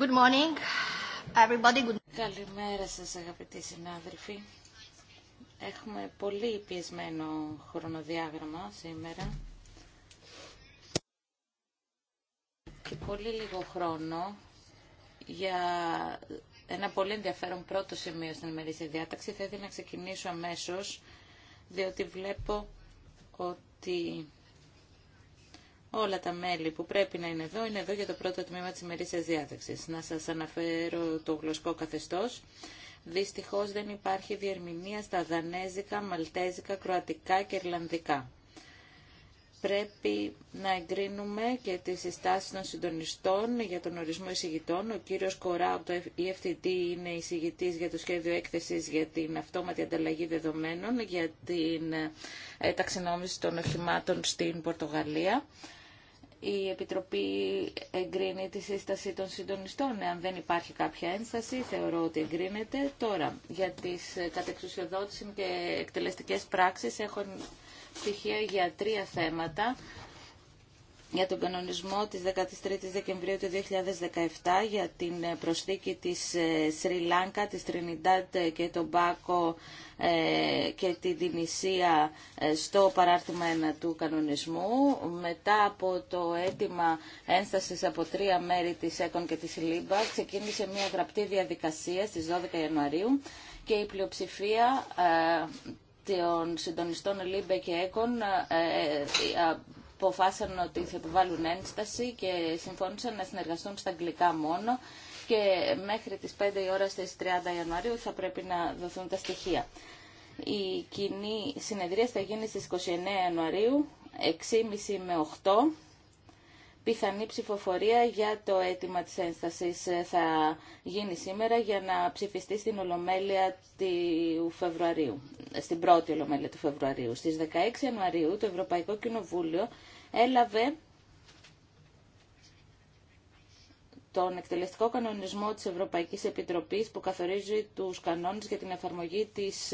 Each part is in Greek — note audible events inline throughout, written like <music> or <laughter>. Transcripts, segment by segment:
Good morning, everybody. Καλημέρα σας αγαπητοί συνάδελφοι. Έχουμε πολύ πιεσμένο χρονοδιάγραμμα σήμερα και πολύ λίγο χρόνο για ένα πολύ ενδιαφέρον πρώτο σημείο στην ημερήσια διάταξη. Θα ήθελα να ξεκινήσω αμέσως, διότι βλέπω ότι Όλα τα μέλη που πρέπει να είναι εδώ είναι εδώ για το πρώτο τμήμα της ημερήσιας διάταξης. Να σας αναφέρω το γλωσσικό καθεστώς. Δυστυχώ δεν υπάρχει διερμηνία στα δανέζικα, μαλτέζικα, κροατικά και ιρλανδικά. Πρέπει να εγκρίνουμε και τις συστάσεις των συντονιστών για τον ορισμό εισηγητών. Ο κύριος Κορά από το EFTD είναι εισηγητή για το σχέδιο έκθεσης για την αυτόματη ανταλλαγή δεδομένων για την ε, ταξινόμηση των οχημάτων στην Πορτογαλία η Επιτροπή εγκρίνει τη σύσταση των συντονιστών. Εάν δεν υπάρχει κάποια ένσταση, θεωρώ ότι εγκρίνεται. Τώρα, για τις ε, κατεξουσιοδότηση και εκτελεστικές πράξεις έχω στοιχεία για τρία θέματα για τον κανονισμό της 13ης Δεκεμβρίου του 2017 για την ε, προσθήκη της ε, Σρι Λάνκα, της Τρινιντάτ ε, και τον Πάκο και τη Δινησία... στο παράρτημα 1 του κανονισμού. Μετά από το αίτημα ένστασης από τρία μέρη της ΕΚΟΝ και της ΛΥΜΠΑ ξεκίνησε μια γραπτή διαδικασία στις 12 Ιανουαρίου και η πλειοψηφία των συντονιστών ΛΥΜΠΕ και ΕΚΟΝ αποφάσισαν ότι θα επιβάλλουν ένσταση και συμφώνησαν να συνεργαστούν στα αγγλικά μόνο και μέχρι τις 5 η ώρα στις 30 Ιανουαρίου θα πρέπει να δοθούν τα στοιχεία. Η κοινή συνεδρία θα γίνει στις 29 Ιανουαρίου, 6.30 με 8. Πιθανή ψηφοφορία για το αίτημα της ένστασης ε, θα γίνει σήμερα για να ψηφιστεί στην Ολομέλεια του Φεβρουαρίου, ε, στην πρώτη Ολομέλεια του Φεβρουαρίου. Στις 16 Ιανουαρίου το Ευρωπαϊκό Κοινοβούλιο έλαβε τον εκτελεστικό κανονισμό της Ευρωπαϊκής Επιτροπής που καθορίζει τους κανόνες για την εφαρμογή της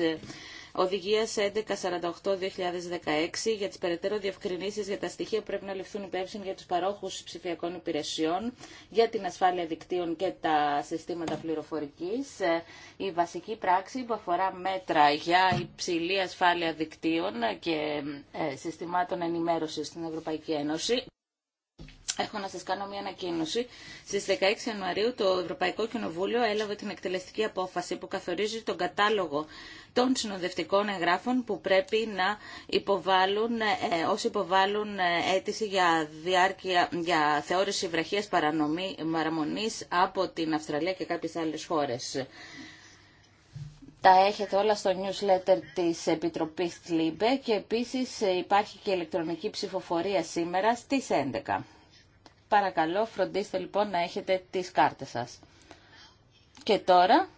οδηγια 1148 1148-2016 για τις περαιτέρω διευκρινήσεις για τα στοιχεία που πρέπει να ληφθούν υπεύθυνοι για τους παρόχους ψηφιακών υπηρεσιών, για την ασφάλεια δικτύων και τα συστήματα πληροφορικής, η βασική πράξη που αφορά μέτρα για υψηλή ασφάλεια δικτύων και ε, συστημάτων ενημέρωσης στην Ευρωπαϊκή Ένωση. Έχω να σας κάνω μια ανακοίνωση. Στις 16 Ιανουαρίου το Ευρωπαϊκό Κοινοβούλιο έλαβε την εκτελεστική απόφαση που καθορίζει τον κατάλογο των συνοδευτικών εγγράφων που πρέπει να υποβάλουν, ε, όσοι υποβάλλουν ε, αίτηση για, διάρκεια, για θεώρηση βραχίας παραμονής από την Αυστραλία και κάποιες άλλες χώρες. Τα έχετε όλα στο newsletter της Επιτροπής ΤΛΙΜΠΕ και επίσης υπάρχει και ηλεκτρονική ψηφοφορία σήμερα στις 11. Παρακαλώ φροντίστε λοιπόν να έχετε τις κάρτες σας. Και τώρα,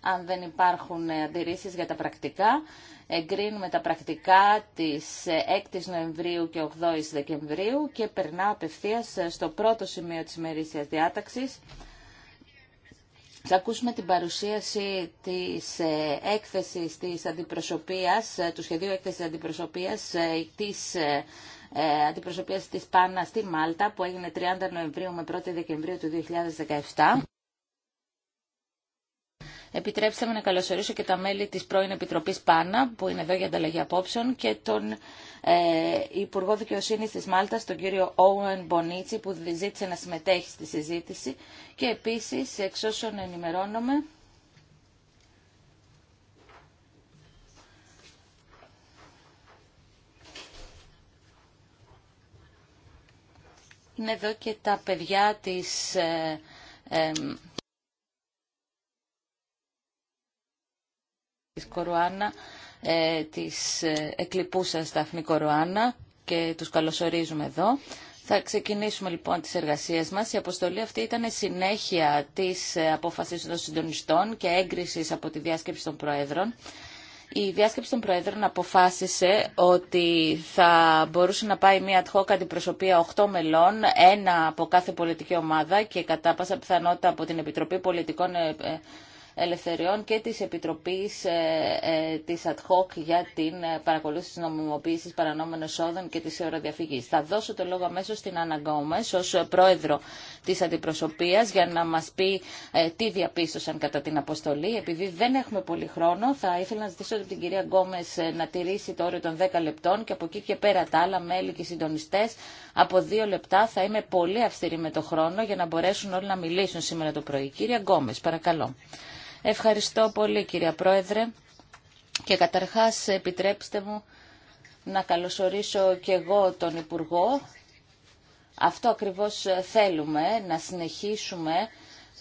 αν δεν υπάρχουν ε, αντιρρήσεις για τα πρακτικά, εγκρίνουμε τα πρακτικά της 6ης ε, Νοεμβρίου και 8ης Δεκεμβρίου και περνάω απευθείας ε, στο πρώτο σημείο της ημερήσια διάταξης. Θα ακούσουμε την παρουσίαση της έκθεσης της αντιπροσωπείας, του σχεδίου έκθεσης της αντιπροσωπείας της ε, αντιπροσωπείας της ΠΑΝΑ στη Μάλτα που έγινε 30 Νοεμβρίου με 1 Δεκεμβρίου του 2017. Επιτρέψτε μου να καλωσορίσω και τα μέλη της πρώην Επιτροπής ΠΑΝΑ που είναι εδώ για ανταλλαγή απόψεων και τον ε, Υπουργό Δικαιοσύνη της Μάλτας, τον κύριο Όουεν Μπονίτσι που ζήτησε να συμμετέχει στη συζήτηση και επίσης εξ όσων ενημερώνομαι είναι εδώ και τα παιδιά της ε, ε, της Κορουάνα, ε, της ε, εκλειπούσας Κορουάνα και τους καλωσορίζουμε εδώ. Θα ξεκινήσουμε λοιπόν τις εργασίες μας. Η αποστολή αυτή ήταν συνέχεια της ε, απόφασης των συντονιστών και έγκρισης από τη διάσκεψη των Προέδρων η διάσκεψη των Προέδρων αποφάσισε ότι θα μπορούσε να πάει μια ad hoc αντιπροσωπεία 8 μελών, ένα από κάθε πολιτική ομάδα και κατά πάσα πιθανότητα από την Επιτροπή Πολιτικών ε, ε, Ελευθεριών και της Επιτροπής ε, ε, της ΑΤΧΟΚ για την ε, παρακολούθηση της νομιμοποίησης παρανόμενων εσόδων και της ευρωδιαφυγής. Θα δώσω το λόγο αμέσως στην Άννα Γκόμες ως πρόεδρο της Αντιπροσωπείας για να μας πει τι διαπίστωσαν κατά την αποστολή. Επειδή δεν έχουμε πολύ χρόνο, θα ήθελα να ζητήσω την κυρία Γκόμες να τηρήσει το όριο των 10 λεπτών και από εκεί και πέρα τα άλλα μέλη και συντονιστέ από δύο λεπτά θα είμαι πολύ αυστηρή με το χρόνο για να μπορέσουν όλοι να μιλήσουν σήμερα το πρωί. Κυρία Γκόμες, παρακαλώ. Ευχαριστώ πολύ κυρία Πρόεδρε και καταρχάς επιτρέψτε μου να καλωσορίσω και εγώ τον Υπουργό. Αυτό ακριβώς θέλουμε, να συνεχίσουμε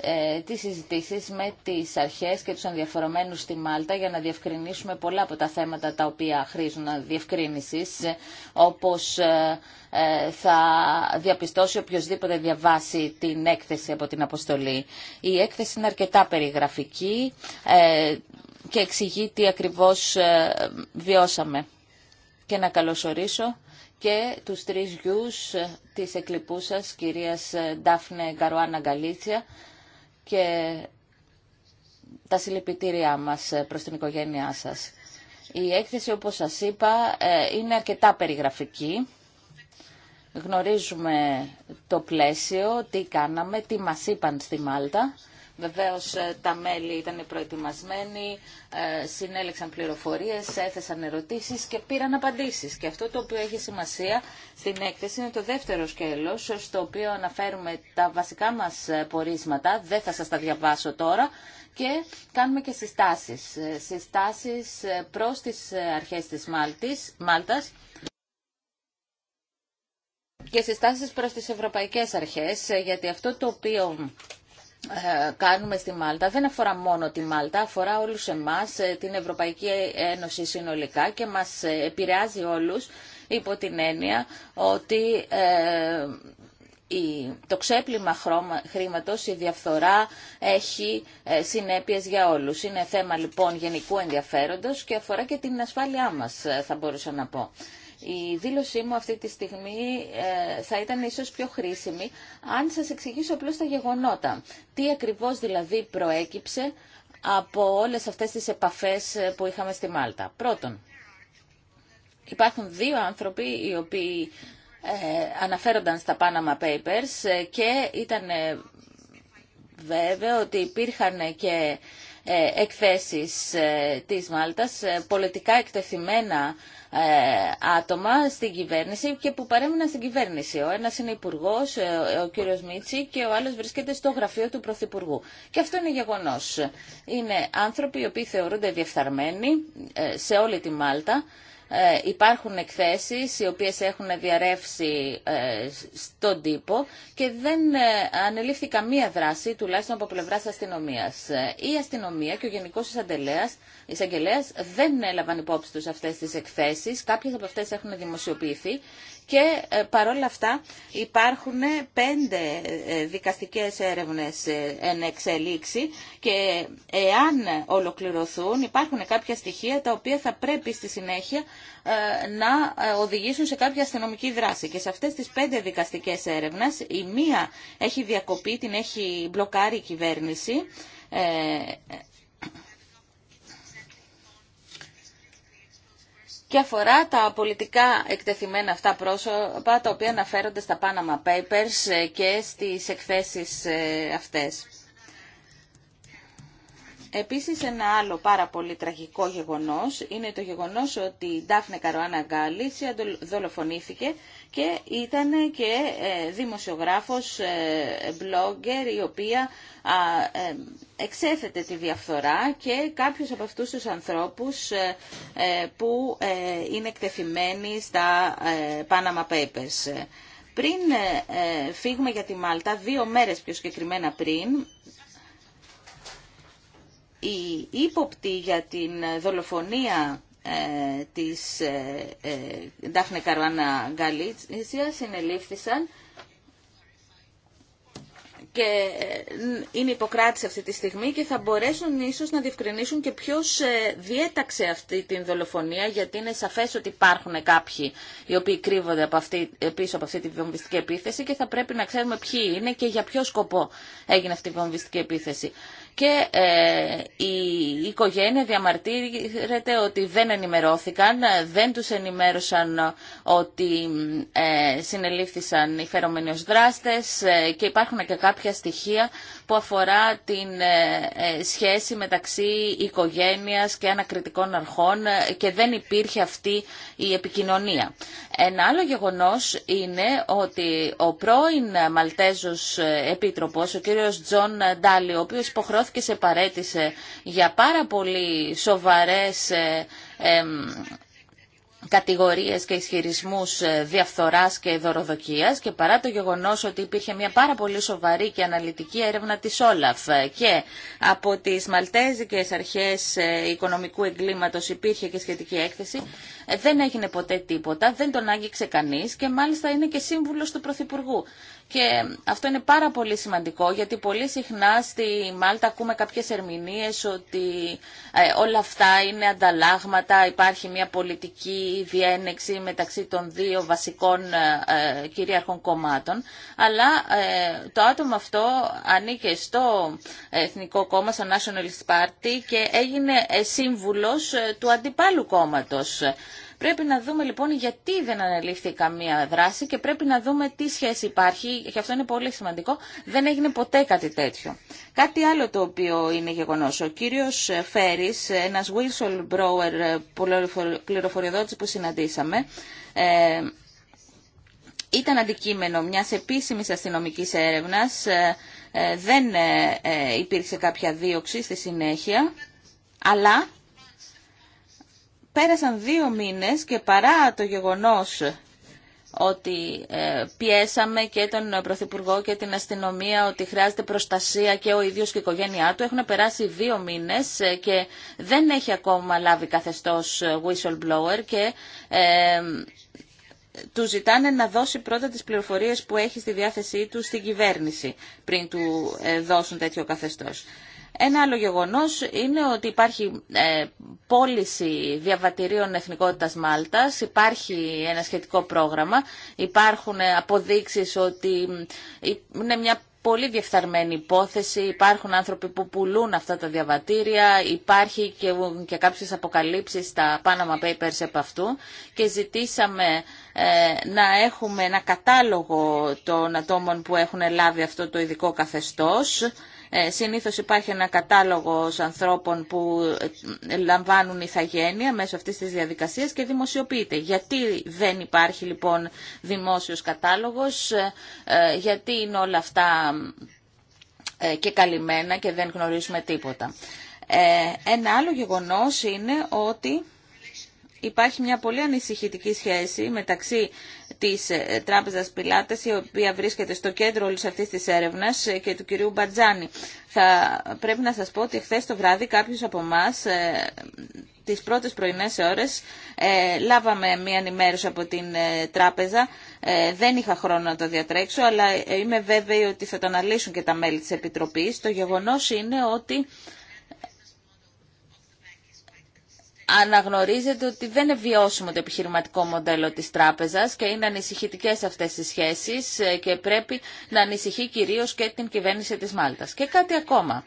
ε, τις συζητήσεις με τις αρχές και τους ενδιαφορομένους στη Μάλτα για να διευκρινίσουμε πολλά από τα θέματα τα οποία χρήζουν διευκρίνησης όπως ε, ε, θα διαπιστώσει οποιοδήποτε διαβάσει την έκθεση από την αποστολή. Η έκθεση είναι αρκετά περιγραφική ε, και εξηγεί τι ακριβώς βιώσαμε. Και να καλωσορίσω και τους τρεις γιους της εκλειπούσας κυρίας Ντάφνε Γκαρουάνα Γκαλίτσια και τα συλληπιτήριά μας προς την οικογένειά σας. Η έκθεση, όπως σας είπα, ε, είναι αρκετά περιγραφική. Γνωρίζουμε το πλαίσιο, τι κάναμε, τι μας είπαν στη Μάλτα Βεβαίως ε, τα μέλη ήταν προετοιμασμένοι, ε, συνέλεξαν πληροφορίες, έθεσαν ερωτήσεις και πήραν απαντήσεις. Και αυτό το οποίο έχει σημασία στην έκθεση είναι το δεύτερο σκέλος, στο οποίο αναφέρουμε τα βασικά μας ε, πορίσματα, δεν θα σας τα διαβάσω τώρα, και κάνουμε και συστάσεις. Συστάσεις προς τις αρχές της Μάλτης, Μάλτας και συστάσεις προς τις ευρωπαϊκές αρχές, γιατί αυτό το οποίο ε, κάνουμε στη Μάλτα δεν αφορά μόνο τη Μάλτα, αφορά όλους εμάς, ε, την Ευρωπαϊκή Ένωση συνολικά και μας ε, επηρεάζει όλους υπό την έννοια ότι το ξέπλυμα χρώμα, χρήματος, η διαφθορά έχει ε, συνέπειες για όλους. Είναι θέμα λοιπόν γενικού ενδιαφέροντος και αφορά και την ασφάλειά μας θα μπορούσα να πω. Η δήλωσή μου αυτή τη στιγμή ε, θα ήταν ίσως πιο χρήσιμη αν σας εξηγήσω απλώς τα γεγονότα. Τι ακριβώς δηλαδή προέκυψε από όλες αυτές τις επαφές ε, που είχαμε στη Μάλτα. Πρώτον, υπάρχουν δύο άνθρωποι οι οποίοι ε, αναφέρονταν στα Panama Papers και ήταν βέβαιο ότι υπήρχαν και ε, εκθέσεις ε, της Μάλτας, ε, πολιτικά εκτεθειμένα άτομα στην κυβέρνηση και που παρέμειναν στην κυβέρνηση. Ο ένας είναι υπουργό, ο κύριος Μίτσι και ο άλλος βρίσκεται στο γραφείο του Πρωθυπουργού. Και αυτό είναι γεγονός. Είναι άνθρωποι οι οποίοι θεωρούνται διεφθαρμένοι σε όλη τη Μάλτα ε, υπάρχουν εκθέσεις οι οποίες έχουν διαρρεύσει ε, στον τύπο και δεν ε, ανελήφθη καμία δράση, τουλάχιστον από πλευράς αστυνομίας. Η αστυνομία και ο Γενικός Εισαγγελέας δεν έλαβαν υπόψη τους αυτές τις εκθέσεις. Κάποιες από αυτές έχουν δημοσιοποιηθεί και ε, παρόλα αυτά υπάρχουν πέντε ε, δικαστικές έρευνες ε, εν εξελίξη και εάν ολοκληρωθούν υπάρχουν κάποια στοιχεία τα οποία θα πρέπει στη συνέχεια να οδηγήσουν σε κάποια αστυνομική δράση. Και σε αυτές τις πέντε δικαστικές έρευνες η μία έχει διακοπεί, την έχει μπλοκάρει η κυβέρνηση και αφορά τα πολιτικά εκτεθειμένα αυτά πρόσωπα τα οποία αναφέρονται στα Panama Papers ε, και στις εκθέσεις ε, αυτές. Επίσης ένα άλλο πάρα πολύ τραγικό γεγονός είναι το γεγονός ότι η Ντάφνε Καρούανα Γκάλη δολοφονήθηκε και ήταν και ε, δημοσιογράφος, blogger η οποία εξέθετε τη διαφθορά και κάποιους από αυτούς τους ανθρώπους ε, ε, που ε, είναι εκτεθειμένοι στα Panama Papers. Πριν φύγουμε για τη Μάλτα, δύο μέρες πιο συγκεκριμένα πριν, η ύποπτη για την δολοφονία της Ντάφνε Καρουάνα Γκαλίτσια συνελήφθησαν και ε, είναι υποκράτηση αυτή τη στιγμή και θα μπορέσουν ίσως να διευκρινίσουν και ποιος ε, διέταξε αυτή την δολοφονία γιατί είναι σαφές ότι υπάρχουν κάποιοι οι οποίοι κρύβονται από αυτή, ε, πίσω από αυτή τη βομβιστική επίθεση και θα πρέπει να ξέρουμε ποιοι είναι και για ποιο σκοπό έγινε αυτή η βομβιστική επίθεση και ε, η οικογένεια διαμαρτύρεται ότι δεν ενημερώθηκαν, δεν τους ενημέρωσαν ότι ε, συνελήφθησαν οι φερόμενοι δράστες ε, και υπάρχουν και κάποια στοιχεία που αφορά την ε, ε, σχέση μεταξύ οικογένειας και ανακριτικών αρχών ε, και δεν υπήρχε αυτή η επικοινωνία. Ένα άλλο γεγονός είναι ότι ο πρώην Μαλτέζος Επίτροπος, ο κύριος Τζον Ντάλι, ο οποίος υποχρώθηκε σε παρέτησε για πάρα πολύ σοβαρές κατηγορίες και ισχυρισμούς ε, διαφθοράς και δωροδοκίας και παρά το γεγονός ότι υπήρχε μια πάρα πολύ σοβαρή και αναλυτική έρευνα της Όλαφ ε, και από τις Μαλτέζικες αρχές ε, οικονομικού εγκλήματος υπήρχε και σχετική έκθεση, δεν έγινε ποτέ τίποτα, δεν τον άγγιξε κανείς και μάλιστα είναι και σύμβουλος του Πρωθυπουργού. Και αυτό είναι πάρα πολύ σημαντικό γιατί πολύ συχνά στη Μάλτα ακούμε κάποιες ερμηνείες ότι ε, όλα αυτά είναι ανταλλάγματα, υπάρχει μια πολιτική διένεξη μεταξύ των δύο βασικών ε, ε, κυρίαρχων κομμάτων. Αλλά το άτομο αυτό ανήκε στο Εθνικό Κόμμα, στο Nationalist Party και έγινε σύμβουλος του αντιπάλου κόμματος. Πρέπει να δούμε λοιπόν γιατί δεν αναλήφθη καμία δράση και πρέπει να δούμε τι σχέση υπάρχει και αυτό είναι πολύ σημαντικό. Δεν έγινε ποτέ κάτι τέτοιο. Κάτι άλλο το οποίο είναι γεγονό. Ο κύριο Φέρη, ένα whistleblower πληροφοριοδότη που συναντήσαμε, ε, ήταν αντικείμενο μιας επίσημης αστυνομικής έρευνας, ε, ε, δεν υπήρξε κάποια δίωξη στη συνέχεια, αλλά Πέρασαν δύο μήνες και παρά το γεγονός ότι ε, πιέσαμε και τον Πρωθυπουργό και την αστυνομία ότι χρειάζεται προστασία και ο ίδιος και η οικογένειά του. Έχουν περάσει δύο μήνες ε, και δεν έχει ακόμα λάβει καθεστώς ε, whistleblower και του ζητάνε να δώσει πρώτα τις πληροφορίες που έχει στη διάθεσή του στην κυβέρνηση πριν του δώσουν τέτοιο καθεστώς. Ένα άλλο γεγονός είναι ότι υπάρχει ε, πώληση διαβατηρίων εθνικότητας Μάλτα, υπάρχει ένα σχετικό πρόγραμμα, υπάρχουν ε, αποδείξεις ότι είναι μια πολύ διεφθαρμένη υπόθεση, υπάρχουν άνθρωποι που πουλούν αυτά τα διαβατήρια, υπάρχει και, και κάποιες αποκαλύψεις στα Panama Papers επ' αυτού και ζητήσαμε ε, να έχουμε ένα κατάλογο των ατόμων που έχουν λάβει αυτό το ειδικό καθεστώς ε, συνήθως υπάρχει ένα κατάλογος ανθρώπων που ε, λαμβάνουν ηθαγένεια μέσω αυτής της διαδικασίας και δημοσιοποιείται. Γιατί δεν υπάρχει λοιπόν δημόσιος κατάλογος, ε, γιατί είναι όλα αυτά και καλυμμένα και δεν γνωρίζουμε τίποτα. Ένα άλλο γεγονός είναι ότι υπάρχει μια πολύ ανησυχητική σχέση μεταξύ της ε, Τράπεζας Πιλάτες, η οποία βρίσκεται στο κέντρο όλης αυτής της έρευνας ε, και του κυρίου Μπατζάνη. Θα πρέπει να σας πω ότι χθε το βράδυ κάποιος από εμά ε, τις πρώτες πρωινές ώρες ε, λάβαμε μία ενημέρωση από την τράπεζα. δεν είχα χρόνο να το διατρέξω, αλλά είμαι βέβαιη ότι θα το αναλύσουν και τα μέλη της Επιτροπής. Το γεγονός είναι ότι αναγνωρίζετε ότι δεν είναι το επιχειρηματικό μοντέλο της τράπεζας και είναι ανησυχητικές αυτές οι σχέσεις ε, και πρέπει να ανησυχεί κυρίως και την κυβέρνηση της Μάλτας. Και κάτι ακόμα.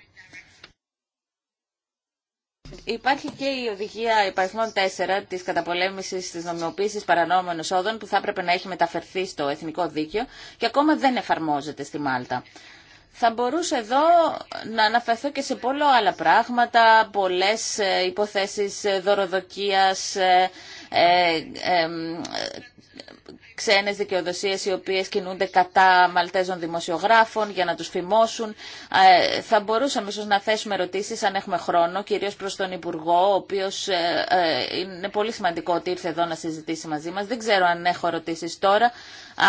Υπάρχει και η οδηγία υπαριθμών 4 της καταπολέμησης της νομιμοποίηση παρανόμων εσόδων που θα έπρεπε να έχει μεταφερθεί στο εθνικό δίκαιο και ακόμα δεν εφαρμόζεται στη Μάλτα. Θα μπορούσα εδώ να αναφερθώ και σε πολλά άλλα πράγματα, πολλές ε, υποθέσεις ε, δωροδοκίας, ε, ξένες δικαιοδοσίες οι οποίες κινούνται κατά Μαλτέζων δημοσιογράφων για να τους φημώσουν. Ε, θα μπορούσαμε ίσως να θέσουμε ερωτήσεις αν έχουμε χρόνο, κυρίως προς τον Υπουργό, ο οποίος ε, ε, είναι πολύ σημαντικό ότι ήρθε εδώ να συζητήσει μαζί μας. Δεν ξέρω αν έχω ερωτήσεις τώρα.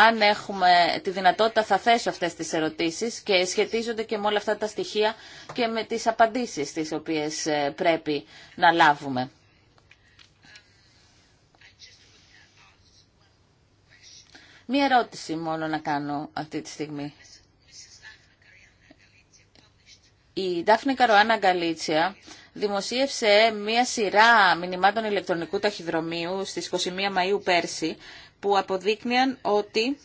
Αν έχουμε τη δυνατότητα θα θέσω αυτές τις ερωτήσεις και σχετίζονται και με όλα αυτά τα στοιχεία και με τις απαντήσεις τις οποίες πρέπει να λάβουμε. Μία ερώτηση μόνο να κάνω αυτή τη στιγμή. Η Ντάφνη Καροάνα Γκαλίτσια δημοσίευσε μία σειρά μηνυμάτων ηλεκτρονικού ταχυδρομείου στις 21 Μαΐου πέρσι που αποδείκνυαν ότι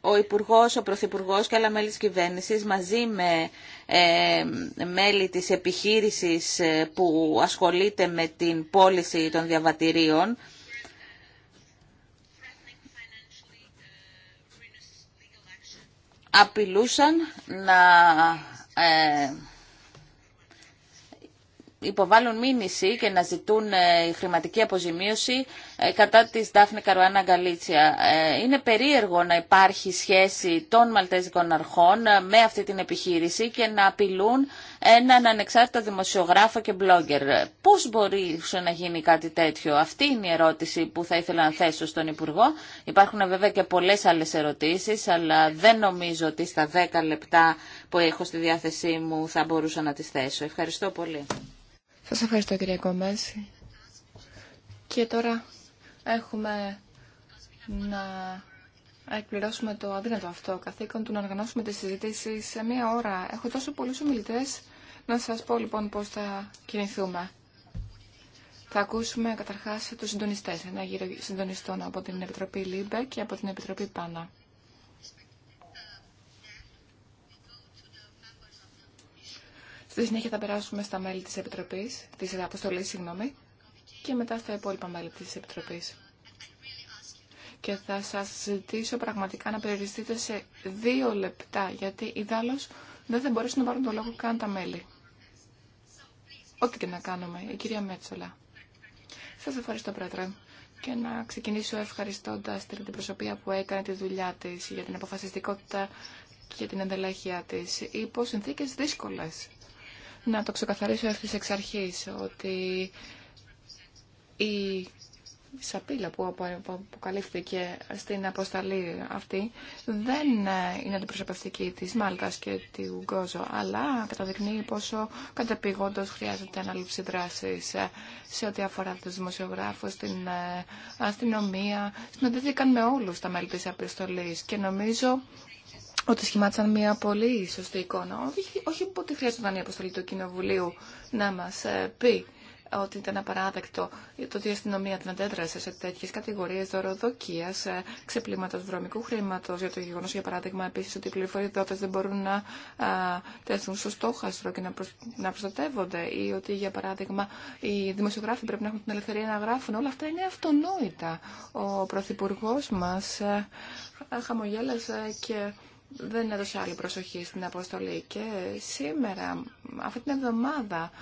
ο Υπουργός, ο Πρωθυπουργός και άλλα μέλη της κυβέρνησης μαζί με ε, μέλη της επιχείρησης ε, που ασχολείται με την πώληση των διαβατηρίων. απειλούσαν να ε, Υποβάλλουν μήνυση και να ζητούν ε, χρηματική αποζημίωση ε, κατά της Δάφνη Καρουάνα Γκαλίτσια. Είναι περίεργο να υπάρχει σχέση των Μαλτέζικων αρχών ε, με αυτή την επιχείρηση και να απειλούν έναν ανεξάρτητο δημοσιογράφο και blogger. Πώς μπορεί να γίνει κάτι τέτοιο. Αυτή είναι η ερώτηση που θα ήθελα να θέσω στον Υπουργό. Υπάρχουν βέβαια και πολλές άλλες ερωτήσεις, αλλά δεν νομίζω ότι στα 10 λεπτά που έχω στη διάθεσή μου θα μπορούσα να τις θέσω. Ευχαριστώ πολύ. Σας ευχαριστώ κυρία Κόμες. Και τώρα έχουμε να εκπληρώσουμε το αδύνατο αυτό καθήκον του να οργανώσουμε τη συζήτηση σε μία ώρα. Έχω τόσο πολλούς ομιλητές. Να σας πω λοιπόν πώς θα κινηθούμε. Θα ακούσουμε καταρχάς τους συντονιστές, ένα γύρο συντονιστών από την Επιτροπή ΛΥΜΠΕ και από την Επιτροπή ΠΑΝΑ. Στη συνέχεια θα περάσουμε στα μέλη της Επιτροπής, της Αποστολής, συγγνώμη, και μετά στα υπόλοιπα μέλη της Επιτροπής. Και θα σας ζητήσω πραγματικά να περιοριστείτε σε δύο λεπτά, γιατί ιδάλω δεν θα μπορέσουν να πάρουν το λόγο καν τα μέλη. Ό,τι και να κάνουμε, η κυρία Μέτσολα. Σας ευχαριστώ, Πρόεδρε. Και να ξεκινήσω ευχαριστώντα την προσωπία που έκανε τη δουλειά τη για την αποφασιστικότητα και την εντελέχεια τη. υπό συνθήκε δύσκολε να το ξεκαθαρίσω ευθύ εξ αρχής, ότι η σαπίλα που αποκαλύφθηκε στην αποσταλή αυτή δεν είναι αντιπροσωπευτική της Μάλτας και του Γκόζο, αλλά καταδεικνύει πόσο κατεπηγόντως χρειάζεται ανάληψη δράσης σε ό,τι αφορά τους δημοσιογράφους, την ε, αστυνομία. Συναντήθηκαν με όλους τα μέλη της αποστολής και νομίζω ότι σχημάτισαν μια πολύ σωστή εικόνα. Όχι, όχι ότι χρειάζονταν η αποστολή του Κοινοβουλίου να μα ε, πει ότι ήταν απαράδεκτο το ότι η αστυνομία την αντέδρασε σε τέτοιε κατηγορίε δωροδοκία, ε, ξεπλήματο δρομικού χρήματο, για το γεγονό, για παράδειγμα, επίση ότι οι πληροφοριδότε δεν μπορούν να τεθούν στο στόχαστρο και να, προσ... να προστατεύονται, ή ότι, για παράδειγμα, οι δημοσιογράφοι πρέπει να έχουν την ελευθερία να γράφουν. Όλα αυτά είναι αυτονόητα. Ο Πρωθυπουργό μα ε, χαμογέλασε και δεν έδωσε άλλη προσοχή στην αποστολή και σήμερα, αυτή την εβδομάδα,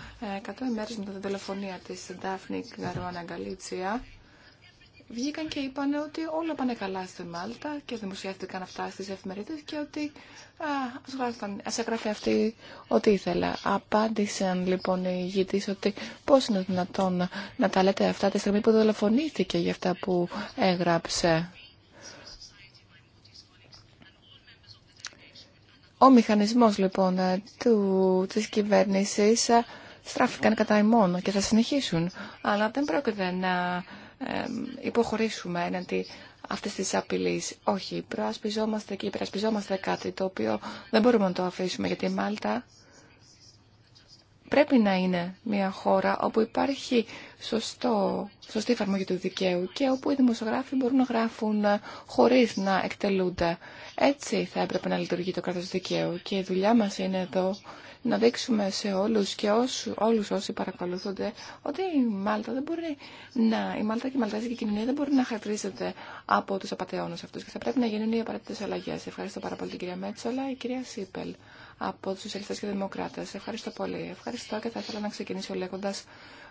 100 ε, ημέρες μετά την τηλεφωνία της Ντάφνη Καρουάνα Γκαλίτσια, βγήκαν και είπαν ότι όλα πάνε καλά στη Μάλτα και δημοσιεύτηκαν αυτά στις εφημερίδες και ότι α, ας, έγραφε αυτή ό,τι ήθελα. Απάντησαν λοιπόν οι ηγητής ότι πώς είναι δυνατόν να τα λέτε αυτά τη στιγμή που δολοφονήθηκε για αυτά που έγραψε. Ο μηχανισμός λοιπόν ε, του, της κυβέρνησης ε, στράφηκαν κατά ημών και θα συνεχίσουν. Αλλά δεν πρόκειται να ε, υποχωρήσουμε έναντι αυτής της Όχι, προασπιζόμαστε και υπερασπιζόμαστε κάτι το οποίο δεν μπορούμε να το αφήσουμε γιατί η Μάλτα πρέπει να είναι μια χώρα όπου υπάρχει σωστό, σωστή εφαρμογή του δικαίου και όπου οι δημοσιογράφοι μπορούν να γράφουν ε, χωρίς να εκτελούνται. Έτσι θα έπρεπε να λειτουργεί το κράτος δικαίου και η δουλειά μας είναι εδώ να δείξουμε σε όλους και όσου, όλους όσοι παρακολουθούνται ότι η Μάλτα, δεν μπορεί να, η Μάλτα και η Μαλτάζικη κοινωνία δεν μπορεί να χαρακτηρίζεται από τους απαταιώνους αυτούς και θα πρέπει να γίνουν οι απαραίτητες αλλαγές. Ευχαριστώ πάρα πολύ την κυρία Μέτσολα, η κυρία Σίπελ από τους Σοσιαλιστές και Δημοκράτες. Ευχαριστώ πολύ. Ευχαριστώ και θα ήθελα να ξεκινήσω λέγοντας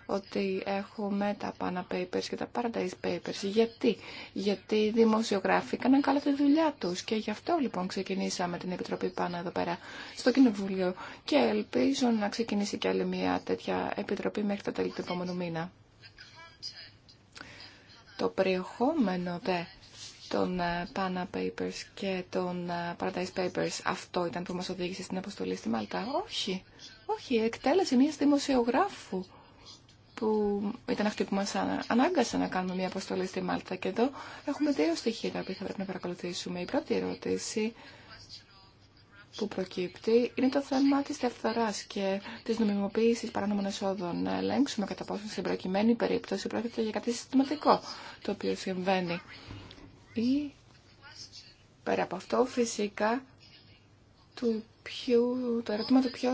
ότι έχουμε τα Pana Papers και τα Paradise Papers. Γιατί? Γιατί οι δημοσιογράφοι έκαναν καλά τη δουλειά τους και γι' αυτό λοιπόν ξεκινήσαμε την Επιτροπή πάνω εδώ πέρα στο Κοινοβούλιο και ελπίζω να ξεκινήσει και άλλη μια τέτοια Επιτροπή μέχρι τα τέλη του επόμενου μήνα. Το περιεχόμενο δε των ε, Pana Papers και των ε, Paradise Papers αυτό ήταν που μας οδήγησε στην αποστολή στη Μαλτά. Όχι, όχι, εκτέλεση μιας δημοσιογράφου που ήταν αυτή που μας ανάγκασε να κάνουμε μια αποστολή στη Μάλτα και εδώ έχουμε δύο στοιχεία τα οποία θα πρέπει να παρακολουθήσουμε. Η πρώτη ερώτηση που προκύπτει είναι το θέμα τη διαφθορά και τη νομιμοποίηση παράνομων εσόδων. Να ελέγξουμε κατά πόσο στην προκειμένη περίπτωση πρόκειται για κάτι συστηματικό το οποίο συμβαίνει πει Πέρα από αυτό, φυσικά, του ποιου, το ερώτημα του ποιο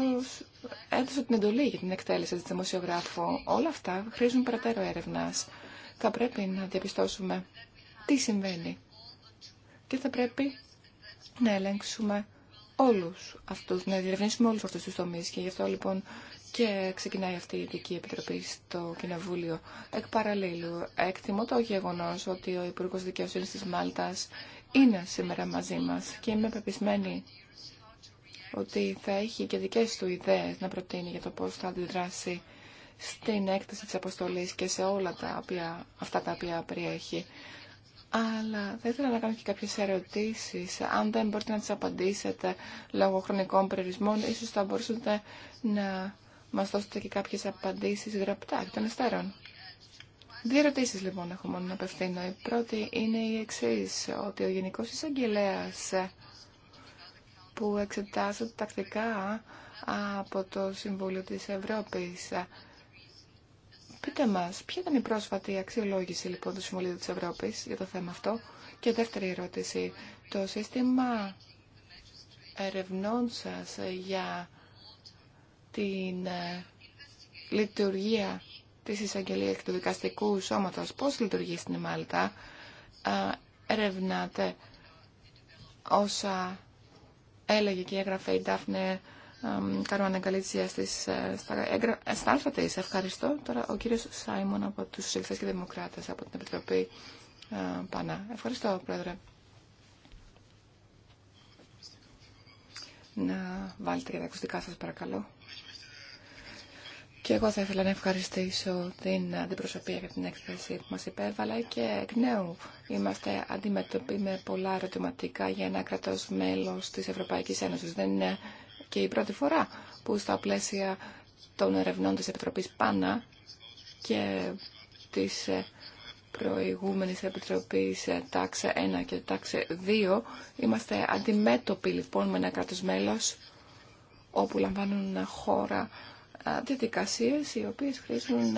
έδωσε την εντολή για την εκτέλεση της δημοσιογράφου. Όλα αυτά χρήζουν περαιτέρω έρευνας. Θα πρέπει να διαπιστώσουμε τι συμβαίνει. Και θα πρέπει να ελέγξουμε όλους αυτούς, να διερευνήσουμε όλους αυτούς τους τομείς. Και γι' αυτό λοιπόν και ξεκινάει αυτή η ειδική επιτροπή στο Κοινοβούλιο. Εκ παραλλήλου, εκτιμώ το γεγονό ότι ο Υπουργό Δικαιοσύνη τη Μάλτα είναι σήμερα μαζί μα και είμαι πεπισμένη ότι θα έχει και δικέ του ιδέε να προτείνει για το πώ θα αντιδράσει στην έκταση της αποστολής και σε όλα τα οποία, αυτά τα οποία περιέχει. Αλλά θα ήθελα να κάνω και κάποιες ερωτήσεις. Αν δεν μπορείτε να τις απαντήσετε λόγω χρονικών περιορισμών, ίσως θα μπορούσατε να μας δώσετε και κάποιες απαντήσει γραπτά εκ των υστέρων. Δύο ερωτήσει λοιπόν έχω μόνο να απευθύνω. Η πρώτη είναι η εξή, ότι ο Γενικό Εισαγγελέα που εξετάζεται τακτικά από το Συμβούλιο της Ευρώπης. Πείτε μας, ποια ήταν η πρόσφατη αξιολόγηση λοιπόν του Συμβουλίου της Ευρώπης για το θέμα αυτό. Και δεύτερη ερώτηση, το σύστημα ερευνών σας για την ε, λειτουργία της εισαγγελία και του δικαστικού σώματος, πώς λειτουργεί στην Μάλτα, ερευνάτε όσα έλεγε και έγραφε η Ντάφνε ε, Καρουάνα Γκαλίτσια ε, στα, Ευχαριστώ. Τώρα ο κύριος Σάιμον από τους Σοσιαλιστές και Δημοκράτες από την Επιτροπή Πανά. Ευχαριστώ, Πρόεδρε. Να βάλετε και τα ακουστικά σας, παρακαλώ. Και εγώ θα ήθελα να ευχαριστήσω την αντιπροσωπεία για την έκθεση που μας υπέβαλα και εκ νέου είμαστε αντιμετωποί με πολλά ερωτηματικά για ένα κρατός μέλος της Ευρωπαϊκής Ένωσης. Δεν είναι και η πρώτη φορά που στα πλαίσια των ερευνών της Επιτροπής ΠΑΝΑ και της προηγούμενης Επιτροπής ε, τάξε 1 και τάξε 2 είμαστε αντιμέτωποι λοιπόν με ένα κράτος μέλος όπου λαμβάνουν χώρα ε, διαδικασίες οι οποίες χρήζουν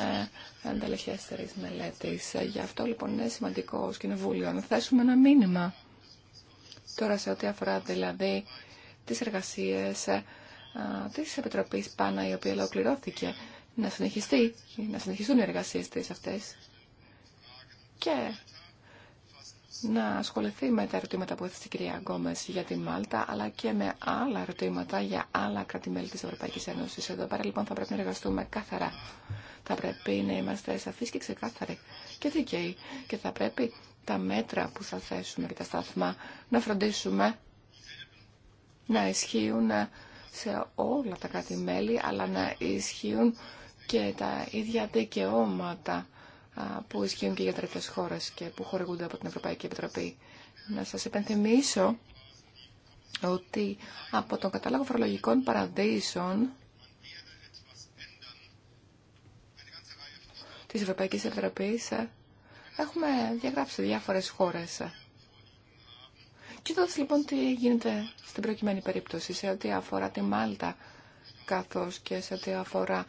ανταλλαχέστερης ε, μελέτης. Ε, γι' αυτό λοιπόν είναι σημαντικό ως Κοινοβούλιο να θέσουμε ένα μήνυμα. Τώρα σε ό,τι αφορά δηλαδή τις εργασίες της Επιτροπής Πάνα η οποία ολοκληρώθηκε να συνεχιστεί, να συνεχιστούν οι εργασίες της αυτές και να ασχοληθεί με τα ερωτήματα που έθεσε η κυρία Γκόμε για τη Μάλτα, αλλά και με άλλα ερωτήματα για άλλα κράτη-μέλη τη Ευρωπαϊκή Ένωση. Εδώ πέρα λοιπόν θα πρέπει να εργαστούμε καθαρά. Θα πρέπει να είμαστε σαφεί και ξεκάθαροι και δικαίοι. Και θα πρέπει τα μέτρα που θα θέσουμε και τα σταθμά να φροντίσουμε να ισχύουν σε όλα τα κράτη-μέλη, αλλά να ισχύουν και τα ίδια δικαιώματα που ισχύουν και για τρίτε χώρες και που χορηγούνται από την Ευρωπαϊκή Επιτροπή. Να σα υπενθυμίσω ότι από τον κατάλογο φορολογικών παραδείσων της Ευρωπαϊκής Επιτροπής έχουμε διαγράψει διάφορες χώρες. Κοιτώντας λοιπόν τι γίνεται στην προκειμένη περίπτωση σε ό,τι αφορά τη Μάλτα καθώς και σε ό,τι αφορά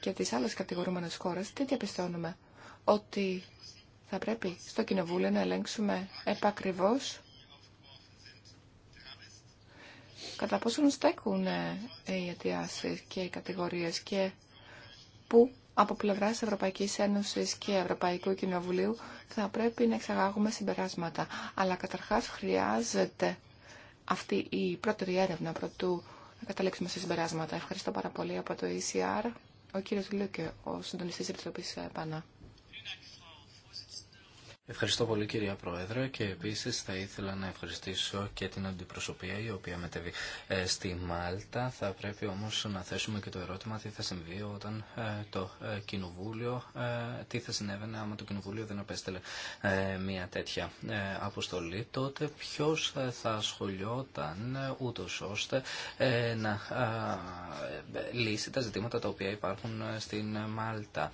και τις άλλες κατηγορούμενες χώρες, τι διαπιστώνουμε ότι θα πρέπει στο Κοινοβούλιο να ελέγξουμε επακριβώς κατά πόσον στέκουν ε, οι αιτιάσεις και οι κατηγορίες και που από πλευράς Ευρωπαϊκής Ένωσης και Ευρωπαϊκού Κοινοβουλίου θα πρέπει να εξαγάγουμε συμπεράσματα. Αλλά καταρχάς χρειάζεται αυτή η πρώτη έρευνα πρωτού να καταλήξουμε σε συμπεράσματα. Ευχαριστώ πάρα πολύ από το ECR. Ο κύριος Λούκε, ο συντονιστής της Επιτροπής έπανα να Ευχαριστώ πολύ κυρία Πρόεδρε και επίσης θα ήθελα να ευχαριστήσω και την αντιπροσωπεία η οποία μετέβη ε, στη Μάλτα. Θα πρέπει όμως να θέσουμε και το ερώτημα τι θα συμβεί όταν ε, το ε, Κοινοβούλιο, τι θα συνέβαινε άμα το Κοινοβούλιο δεν απέστελε μια τέτοια αποστολή. Τότε ποιος θα ασχολιόταν ούτως ώστε να λύσει τα ζητήματα τα οποία υπάρχουν στην Μάλτα.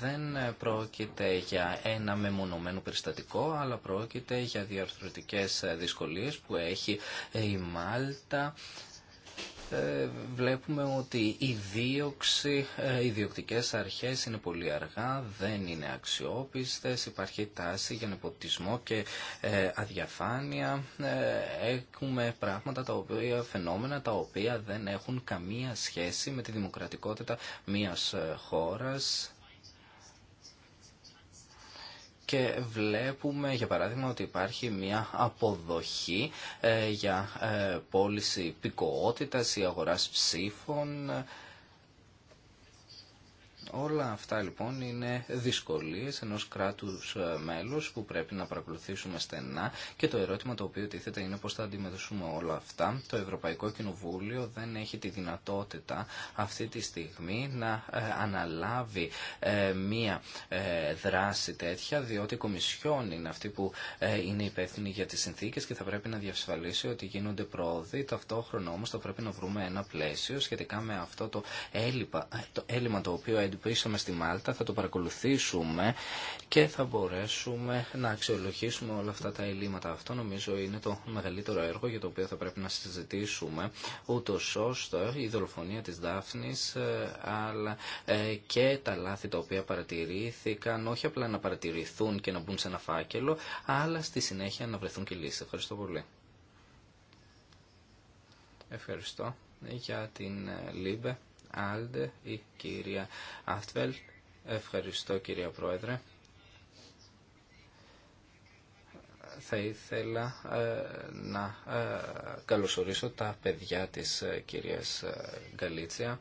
Δεν πρόκειται για ένα μεμονωμένο συγκεκριμένο αλλά πρόκειται για διαρθρωτικές ε, δυσκολίες που έχει ε, η Μάλτα ε, βλέπουμε ότι οι δίωξη, οι διοκτικές αρχές είναι πολύ αργά, δεν είναι αξιόπιστες, υπάρχει τάση για νεποτισμό και αδιαφάνεια. Έχουμε πράγματα, τα οποία, φαινόμενα τα οποία δεν έχουν καμία σχέση με τη δημοκρατικότητα μιας χώρας και βλέπουμε για παράδειγμα ότι υπάρχει μια αποδοχή ε, για ε, πώληση υπηκοότητας ή αγοράς ψήφων Όλα αυτά λοιπόν είναι δυσκολίες ενός κράτους ε, μέλους που πρέπει να παρακολουθήσουμε στενά και το ερώτημα το οποίο τίθεται είναι πώς θα αντιμετωπίσουμε όλα αυτά. Το Ευρωπαϊκό Κοινοβούλιο δεν έχει τη δυνατότητα αυτή τη στιγμή να ε, αναλάβει ε, μία δράση τέτοια διότι η Κομισιόν είναι αυτή που είναι υπεύθυνη για τις συνθήκες και θα πρέπει να διασφαλίσει ότι γίνονται πρόοδοι. Ταυτόχρονα όμως θα πρέπει να βρούμε ένα πλαίσιο σχετικά με αυτό το έλλειμμα το, οποίο το οποίο είσαμε στη Μάλτα, θα το παρακολουθήσουμε και θα μπορέσουμε να αξιολογήσουμε όλα αυτά τα ελλείμματα. Αυτό νομίζω είναι το μεγαλύτερο έργο για το οποίο θα πρέπει να συζητήσουμε, ούτω ώστε η δολοφονία της Δάφνης ε, αλλά ε, και τα λάθη τα οποία παρατηρήθηκαν, όχι απλά να παρατηρηθούν και να μπουν σε ένα φάκελο, αλλά στη συνέχεια να βρεθούν και λύσει. Ευχαριστώ πολύ. Ευχαριστώ για την ε, Λίμπε. Άλντε, η κυρία Ευχαριστώ κυρία Πρόεδρε. Θα ήθελα ε, να ε, καλωσορίσω τα παιδιά της ε, κυρίας Γκαλίτσια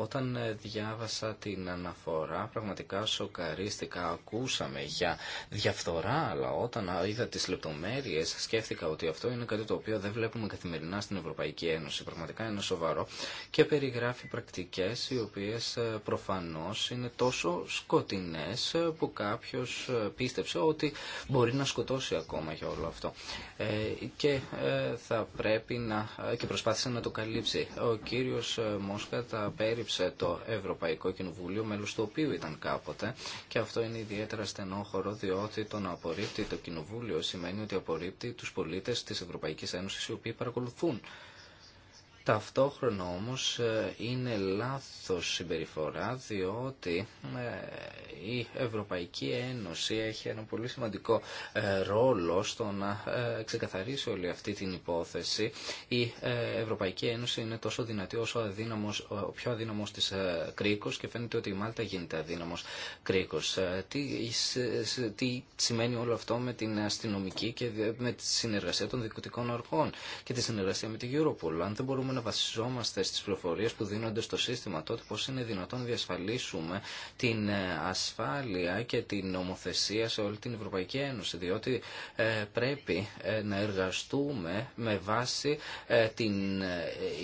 όταν ε, διάβασα την αναφορά πραγματικά σοκαρίστηκα, ακούσαμε για διαφθορά, αλλά όταν είδα τις λεπτομέρειες σκέφτηκα ότι αυτό είναι κάτι το οποίο δεν βλέπουμε καθημερινά στην Ευρωπαϊκή Ένωση. Πραγματικά είναι σοβαρό και περιγράφει πρακτικές οι οποίες ε, προφανώς είναι τόσο σκοτεινές ε, που κάποιος πίστεψε ότι μπορεί να σκοτώσει ακόμα για όλο αυτό. και θα πρέπει να... και προσπάθησε να το καλύψει. Ο κύριος Μόσκα τα σε το Ευρωπαϊκό Κοινοβούλιο, μέλο του οποίου ήταν κάποτε. Και αυτό είναι ιδιαίτερα στενόχωρο, διότι το να απορρίπτει το Κοινοβούλιο σημαίνει ότι απορρίπτει τους πολίτες της Ευρωπαϊκής Ένωσης, οι οποίοι παρακολουθούν Ταυτόχρονα όμως ε, είναι λάθος συμπεριφορά διότι ε, η Ευρωπαϊκή Ένωση έχει ένα πολύ σημαντικό ε, ρόλο στο να ξεκαθαρίσει όλη αυτή την υπόθεση. Η Ευρωπαϊκή Ένωση είναι τόσο δυνατή όσο ο πιο αδύναμος της Κρήκος και φαίνεται ότι η Μάλτα γίνεται αδύναμος Κρήκος. Τι, τι σημαίνει όλο αυτό με την αστυνομική και με τη συνεργασία των δικωτικών αρχών και τη συνεργασία με την Europol. Αν δεν μπορούμε να βασιζόμαστε στις πληροφορίες που δίνονται στο σύστημα, τότε πώς είναι δυνατόν να διασφαλίσουμε την ε, ασφάλεια και την νομοθεσία σε όλη την Ευρωπαϊκή Ένωση, διότι ε, πρέπει ε, να εργαστούμε με βάση την,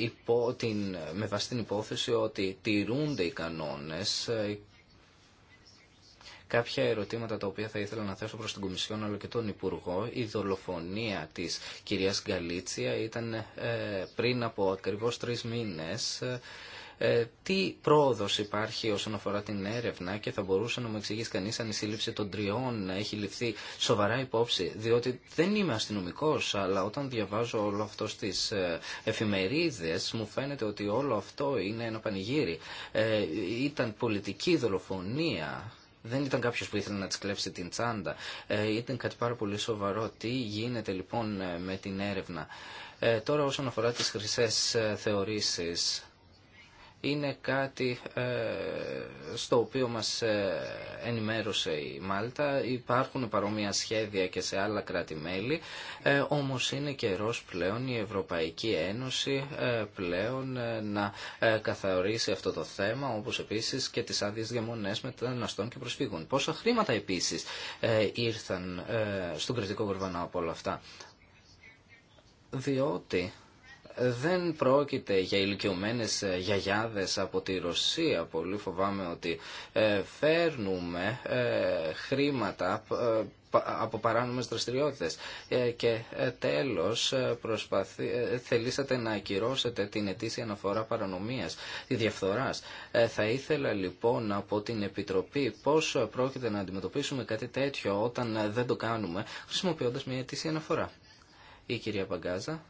υπό, την, με βάση την υπόθεση ότι τηρούνται οι κανόνες κάποια ερωτήματα τα οποία θα ήθελα να θέσω προς την Κομισιόν αλλά και τον Υπουργό. Η δολοφονία της κυρίας Γκαλίτσια ήταν ε, πριν από ακριβώς τρεις μήνες. Ε, τι πρόοδος υπάρχει όσον αφορά την έρευνα και θα μπορούσε να μου εξηγήσει κανείς αν η σύλληψη των τριών έχει ληφθεί σοβαρά υπόψη. Διότι δεν είμαι αστυνομικός, αλλά όταν διαβάζω όλο αυτό στις ε, εφημερίδες μου φαίνεται ότι όλο αυτό είναι ένα πανηγύρι. ήταν πολιτική δολοφονία δεν ήταν κάποιο που ήθελε να τη κλέψει την τσάντα. Ε, ήταν κάτι πάρα πολύ σοβαρό. Τι γίνεται λοιπόν ε, με την έρευνα. Ε, τώρα όσον αφορά τις χρυσές θεωρήσεις είναι κάτι ε, στο οποίο μας ε, ενημέρωσε η Μάλτα. Υπάρχουν παρόμοια σχέδια και σε άλλα κράτη-μέλη, ε, όμως είναι καιρός πλέον η Ευρωπαϊκή Ένωση πλέον να καθαρίσει αυτό το θέμα, όπως επίσης και τις άδειες διαμονές μεταναστών και προσφύγων. Πόσα χρήματα επίσης ήρθαν στον κριτικό κορβανά από όλα αυτά. Διότι δεν πρόκειται για ηλικιωμένε ε, γιαγιάδε από τη Ρωσία. Πολύ φοβάμαι ότι ε, φέρνουμε ε, χρήματα από παράνομες δραστηριότητες. Και τέλος, προσπαθή, θελήσατε να ακυρώσετε την αιτήσια αναφορά παρανομίας, τη διαφθοράς. Θα ήθελα λοιπόν από την Επιτροπή πώς πρόκειται να αντιμετωπίσουμε κάτι τέτοιο όταν δεν το κάνουμε, χρησιμοποιώντας μια αιτήσια αναφορά. Η κυρία Παγκάζα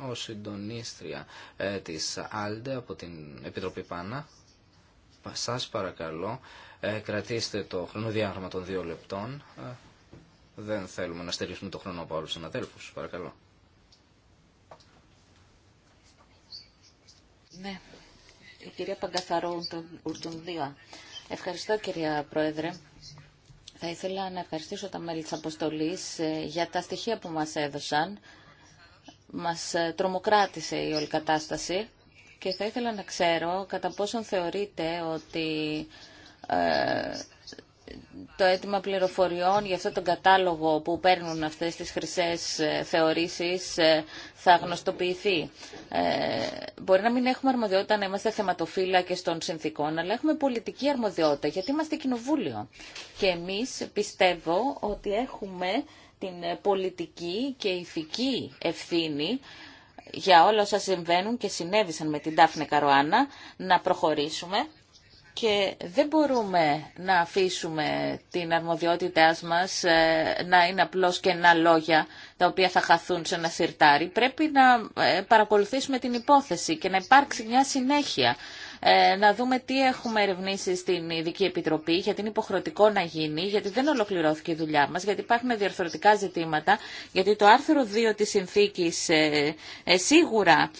ως συντονίστρια ε, της ΑΛΔΕ από την Επιτροπή ΠΑΝΑ. Σας παρακαλώ, ε, κρατήστε το χρονοδιάγραμμα των δύο λεπτών. Ε, δεν θέλουμε να στερήσουμε το χρόνο από του συναδέλφου. Παρακαλώ. Ναι, η κυρία Παγκαθαρό Ουρτουνδία. Ευχαριστώ κυρία Πρόεδρε. Θα ήθελα να ευχαριστήσω τα μέλη της Αποστολής για τα στοιχεία που μας έδωσαν μας ε, τρομοκράτησε η όλη κατάσταση και θα ήθελα να ξέρω κατά πόσον θεωρείτε ότι ε, το αίτημα πληροφοριών για αυτό τον κατάλογο που παίρνουν αυτές τις χρυσές ε, θεωρήσεις θα γνωστοποιηθεί. Ε, μπορεί να μην έχουμε αρμοδιότητα να είμαστε θεματοφύλακες των συνθήκων, αλλά έχουμε πολιτική αρμοδιότητα, γιατί είμαστε κοινοβούλιο. Και εμείς πιστεύω ότι έχουμε την ε, πολιτική και ηθική ευθύνη για όλα όσα συμβαίνουν και συνέβησαν με την Τάφνε καρούανα να προχωρήσουμε και δεν μπορούμε να αφήσουμε την αρμοδιότητά μας ε, να είναι απλώς κενά λόγια τα οποία θα χαθούν σε ένα σιρτάρι. Πρέπει να ε, παρακολουθήσουμε την υπόθεση και να υπάρξει μια συνέχεια. Ε, να δούμε τι έχουμε ερευνήσει στην Ειδική Επιτροπή, γιατί είναι υποχρεωτικό να γίνει, γιατί δεν ολοκληρώθηκε η δουλειά μας, γιατί υπάρχουν διαρθρωτικά ζητήματα, γιατί το άρθρο 2 της συνθήκης ε, ε, σίγουρα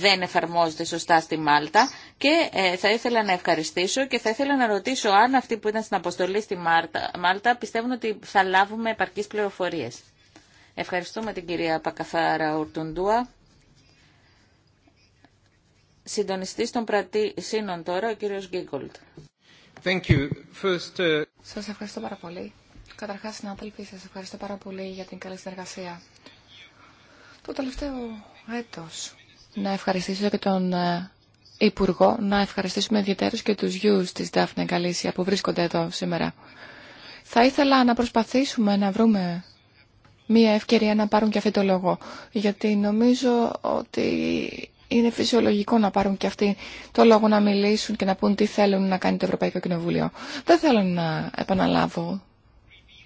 δεν εφαρμόζεται σωστά στη Μάλτα και θα ήθελα να ευχαριστήσω και θα ήθελα να ρωτήσω αν αυτοί που ήταν στην αποστολή στη Μάλτα πιστεύουν ότι θα λάβουμε επαρκείς πληροφορίες. Ευχαριστούμε την κυρία Πακαθάρα Ουρτουντούα. Συντονιστής των πρατήσεων τώρα, ο κύριος Γκίγκολτ. Uh, σας ευχαριστώ πάρα πολύ. Καταρχάς, συνάδελφοι, σας ευχαριστώ πάρα πολύ για την καλή συνεργασία. Το τελευταίο έτος να ευχαριστήσω και τον ε, Υπουργό, να ευχαριστήσουμε ιδιαίτερως και τους γιους της Δάφνη Καλήσια που βρίσκονται εδώ σήμερα. Θα ήθελα να προσπαθήσουμε να βρούμε μία ευκαιρία να πάρουν και αυτό το λόγο, γιατί νομίζω ότι είναι φυσιολογικό να πάρουν και αυτοί το λόγο να μιλήσουν και να πούν τι θέλουν να κάνει το Ευρωπαϊκό Κοινοβούλιο. Δεν θέλω να επαναλάβω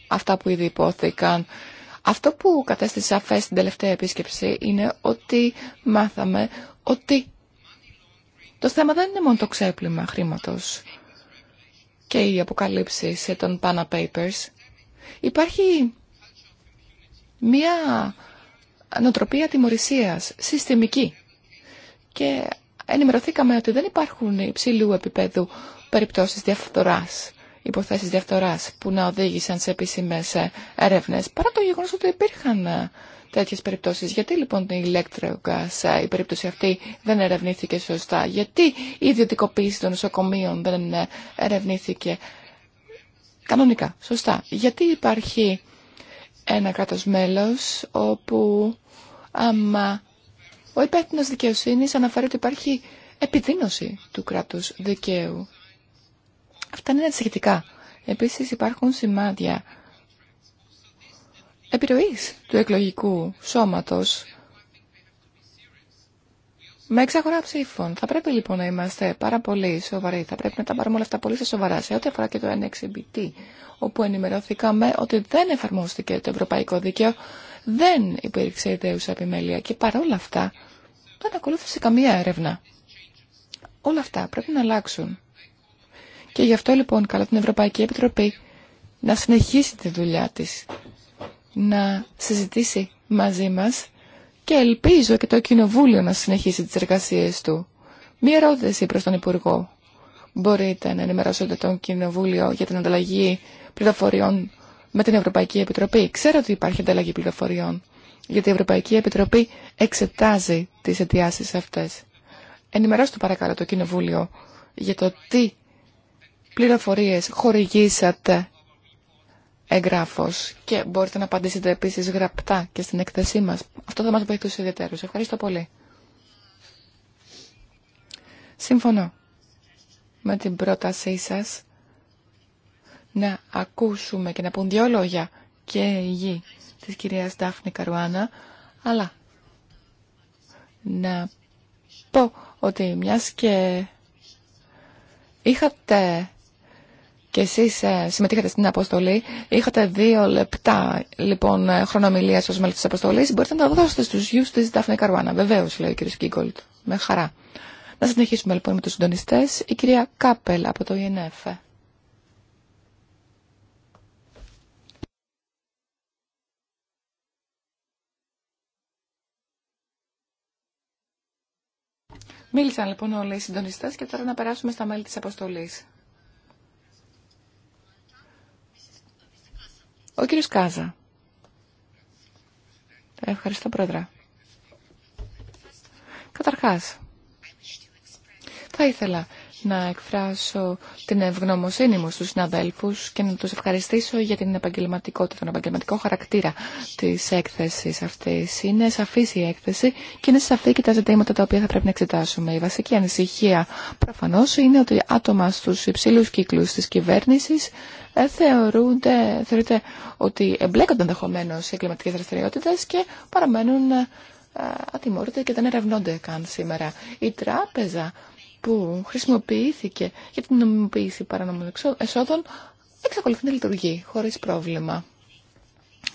αυτά που ήδη υπόθηκαν. Αυτό που κατέστησε σαφέ στην τελευταία επίσκεψη είναι ότι μάθαμε ότι το θέμα δεν είναι μόνο το ξέπλυμα χρήματος και οι αποκαλύψει σε των Pana Papers. Υπάρχει μία νοοτροπία τιμωρησίας συστημική και ενημερωθήκαμε ότι δεν υπάρχουν υψηλού επίπεδου περιπτώσεις διαφθοράς, υποθέσεις διαφθοράς που να οδήγησαν σε επίσημες ε, έρευνες, παρά το γεγονός ότι υπήρχαν ε, τέτοιες περιπτώσεις. Γιατί λοιπόν η ηλέκτρογας ε, η περίπτωση αυτή δεν ερευνήθηκε σωστά, γιατί η ιδιωτικοποίηση των νοσοκομείων δεν ερευνήθηκε κανονικά, σωστά. Γιατί υπάρχει ένα κράτος μέλος όπου άμα ο υπεύθυνο δικαιοσύνη αναφέρει ότι υπάρχει επιδείνωση του κράτου δικαίου. Αυτά είναι ανησυχητικά. Επίση υπάρχουν σημάδια επιρροή του εκλογικού σώματο. με εξαγορά ψήφων. Θα πρέπει λοιπόν να είμαστε πάρα πολύ σοβαροί. Θα πρέπει να τα πάρουμε όλα αυτά πολύ σε σοβαρά σε ό,τι αφορά και το NXBT, όπου ενημερωθήκαμε ότι δεν εφαρμόστηκε το ευρωπαϊκό δίκαιο δεν υπήρξε ιδέουσα επιμέλεια και παρόλα αυτά δεν ακολούθησε καμία έρευνα. Όλα αυτά πρέπει να αλλάξουν. Και γι' αυτό λοιπόν καλώ την Ευρωπαϊκή Επιτροπή να συνεχίσει τη δουλειά της, να συζητήσει μαζί μας και ελπίζω και το Κοινοβούλιο να συνεχίσει τις εργασίες του. Μία ερώτηση προς τον Υπουργό. Μπορείτε να ενημερώσετε τον Κοινοβούλιο για την ανταλλαγή πληροφοριών με την Ευρωπαϊκή Επιτροπή. Ξέρω ότι υπάρχει ανταλλαγή πληροφοριών, γιατί η Ευρωπαϊκή Επιτροπή εξετάζει τις αιτιάσεις αυτές. Ενημερώστε παρακαλώ το Κοινοβούλιο για το τι πληροφορίες χορηγήσατε εγγράφος και μπορείτε να απαντήσετε επίσης γραπτά και στην εκθεσή μας. Αυτό θα μας βοηθούσε ιδιαίτερως. Ευχαριστώ πολύ. Συμφωνώ με την πρότασή σας να ακούσουμε και να πούν δύο λόγια και η γη της κυρίας Ντάφνη Καρουάνα, αλλά να πω ότι μιας και είχατε και εσείς ε, συμμετείχατε στην αποστολή, είχατε δύο λεπτά λοιπόν ε, χρονομιλίας ως μέλη της αποστολής, μπορείτε να τα δώσετε στους γιους της Ντάφνη Καρουάνα. Βεβαίως, λέει ο κύριος Κίγκολτ, με χαρά. Να συνεχίσουμε λοιπόν με τους συντονιστές. Η κυρία Κάπελ από το ΙΝΕΦΕ. Μίλησαν λοιπόν όλοι οι συντονιστέ και τώρα να περάσουμε στα μέλη της αποστολής. Ο κύριος Κάζα. Ευχαριστώ πρόεδρε. Καταρχάς, θα ήθελα να εκφράσω την ευγνωμοσύνη μου στους συναδέλφους και να τους ευχαριστήσω για την επαγγελματικότητα, τον επαγγελματικό χαρακτήρα της έκθεσης αυτής. Είναι σαφής η έκθεση και είναι σαφή και τα ζητήματα τα οποία θα πρέπει να εξετάσουμε. Η βασική ανησυχία προφανώς είναι ότι άτομα στους υψηλούς κύκλους της κυβέρνησης ε, θεωρούνται, θεωρείται ότι εμπλέκονται ενδεχομένω σε εγκληματικέ δραστηριότητε και παραμένουν ε, ατιμόρυτε και δεν ερευνώνται καν σήμερα. Η τράπεζα που χρησιμοποιήθηκε για την νομιμοποίηση παρανομών εσόδων εξακολουθεί να λειτουργεί χωρίς πρόβλημα.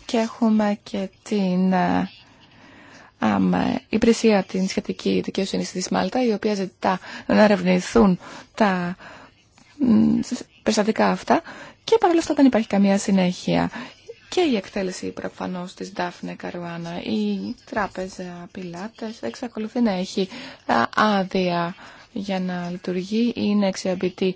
Και έχουμε και την ε, υπηρεσία την σχετική δικαιοσύνη τη Μάλτα, η οποία ζητά να ερευνηθούν τα περιστατικά αυτά και παρόλα αυτά δεν υπάρχει καμία συνέχεια. Και η εκτέλεση προφανώ τη Ντάφνε Καρουάνα, η τράπεζα πιλάτε εξακολουθεί να έχει ε, άδεια για να λειτουργεί. Είναι εξαιρετική,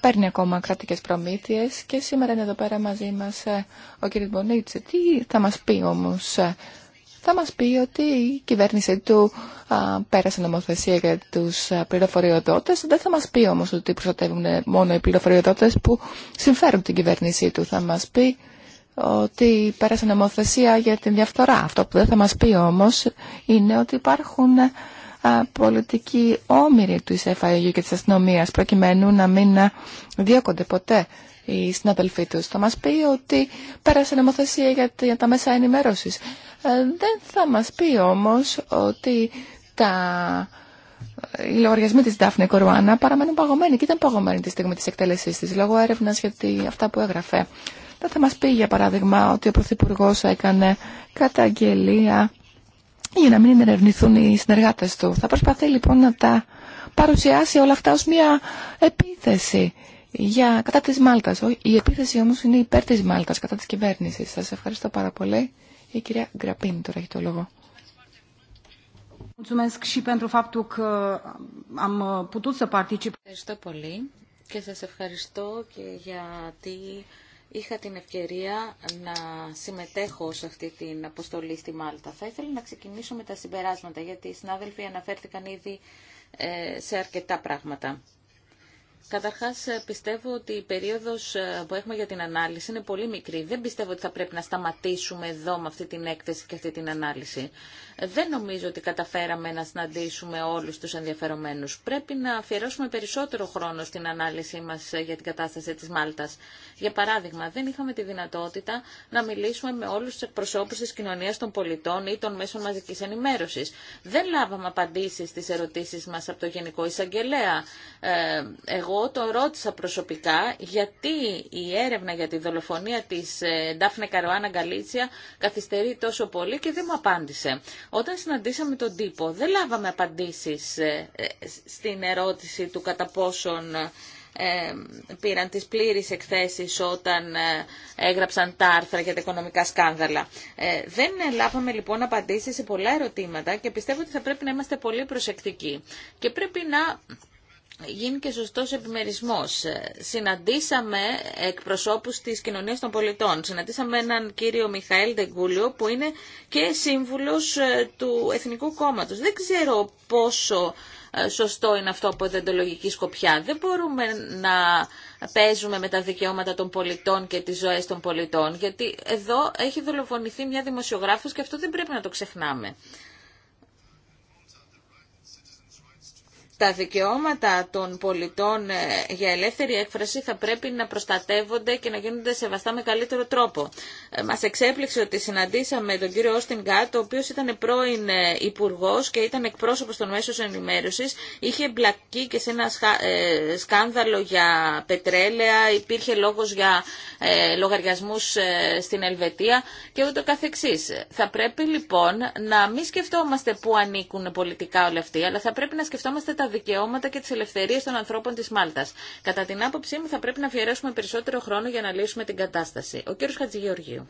παίρνει ακόμα κρατικές προμήθειες και σήμερα είναι εδώ πέρα μαζί μας ε, ο κ. Μπονίτση. Τι θα μας πει όμως. Ε, θα μας πει ότι η κυβέρνηση του πέρασε νομοθεσία για τους ε, πληροφοριοδότες. Δεν θα μας πει όμως ότι προστατεύουν μόνο οι πληροφοριοδότες που συμφέρουν την κυβέρνησή του. Θα μας πει ότι πέρασε νομοθεσία για την διαφθορά. Αυτό που δεν θα μας πει όμως είναι ότι υπάρχουν πολιτικοί όμοιροι του ΕΦΑΙΟ και της αστυνομίας προκειμένου να μην ε, διώκονται ποτέ οι συναδελφοί τους. Θα μας πει ότι πέρασε νομοθεσία για τα μέσα ενημέρωσης. Ε, δεν θα μας πει όμως ότι τα... Ε, οι λογαριασμοί της Ντάφνη Κορουάνα παραμένουν παγωμένοι και ήταν παγωμένοι τη στιγμή της εκτέλεσής της λόγω έρευνας για αυτά που έγραφε. Δεν θα μας πει για παράδειγμα ότι ο Πρωθυπουργό έκανε καταγγελία για να μην ενερευνηθούν οι συνεργάτες του. Θα προσπαθεί λοιπόν να τα παρουσιάσει όλα αυτά ως μια επίθεση για, κατά της Μάλτας. Η επίθεση όμως είναι υπέρ της Μάλτας, κατά της κυβέρνησης. Σας ευχαριστώ πάρα πολύ. Η κυρία Γκραπίνη τώρα έχει το λόγο. Ευχαριστώ πολύ και σας ευχαριστώ και γιατί είχα την ευκαιρία να συμμετέχω σε αυτή την αποστολή στη Μάλτα. Θα ήθελα να ξεκινήσω με τα συμπεράσματα, γιατί οι συνάδελφοι αναφέρθηκαν ήδη ε, σε αρκετά πράγματα. Καταρχάς ε, πιστεύω ότι η περίοδος ε, που έχουμε για την ανάλυση είναι πολύ μικρή. Δεν πιστεύω ότι θα πρέπει να σταματήσουμε εδώ με αυτή την έκθεση και αυτή την ανάλυση. Δεν νομίζω ότι καταφέραμε να συναντήσουμε όλους τους ενδιαφερομένους. Πρέπει να αφιερώσουμε περισσότερο χρόνο στην ανάλυση μας για την κατάσταση της Μάλτας. Για παράδειγμα, δεν είχαμε τη δυνατότητα να μιλήσουμε με όλους τους εκπροσώπου της κοινωνία των πολιτών ή των μέσων μαζικής ενημέρωσης. Δεν λάβαμε απαντήσεις στις ερωτήσεις μας από το Γενικό Εισαγγελέα. Ε, εγώ τον ρώτησα προσωπικά γιατί η των μεσων μαζικης ενημερωσης δεν λαβαμε απαντησεις στις ερωτησει μας απο το γενικο εισαγγελεα ε εγω τον ρωτησα προσωπικα γιατι η ερευνα για τη δολοφονία της ε, Ντάφνε Καρουάνα Γκαλίτσια καθυστερεί τόσο πολύ και δεν μου απάντησε. Όταν συναντήσαμε τον τύπο δεν λάβαμε απαντήσεις ε, ε, στην ερώτηση του κατά πόσον ε, πήραν τις πλήρεις εκθέσεις όταν ε, έγραψαν τα άρθρα για τα οικονομικά σκάνδαλα. Ε, δεν λάβαμε λοιπόν απαντήσεις σε πολλά ερωτήματα και πιστεύω ότι θα πρέπει να είμαστε πολύ προσεκτικοί. Και πρέπει να γίνει και σωστός επιμερισμός. Συναντήσαμε εκπροσώπους της κοινωνίας των πολιτών. Συναντήσαμε έναν κύριο Μιχαήλ Ντεγκούλιο που είναι και σύμβουλος του Εθνικού Κόμματος. Δεν ξέρω πόσο ε, σωστό είναι αυτό από δεντολογική σκοπιά. Δεν μπορούμε να παίζουμε με τα δικαιώματα των πολιτών και τις ζωές των πολιτών, γιατί εδώ έχει δολοφονηθεί μια δημοσιογράφος και αυτό δεν πρέπει να το ξεχνάμε. τα δικαιώματα των πολιτών ε, για ελεύθερη έκφραση θα πρέπει να προστατεύονται και να γίνονται σεβαστά με καλύτερο τρόπο. Ε, μας εξέπληξε ότι συναντήσαμε τον κύριο Όστιν Γκάτ, ο οποίος ήταν πρώην ε, υπουργό και ήταν εκπρόσωπος των μέσων ενημέρωσης. Είχε μπλακεί και σε ένα σκάνδαλο για πετρέλαια, υπήρχε λόγος για λογαριασμούς στην Ελβετία και ούτω καθεξής. Θα πρέπει λοιπόν να μην σκεφτόμαστε πού ανήκουν πολιτικά όλα αυτοί, αλλά θα πρέπει να σκεφτόμαστε τα δικαιώματα και τι ελευθερίε των ανθρώπων τη Μάλτα. Κατά την άποψή μου, θα πρέπει να αφιερώσουμε περισσότερο χρόνο για να λύσουμε την κατάσταση. Ο κ. Χατζηγεωργίου.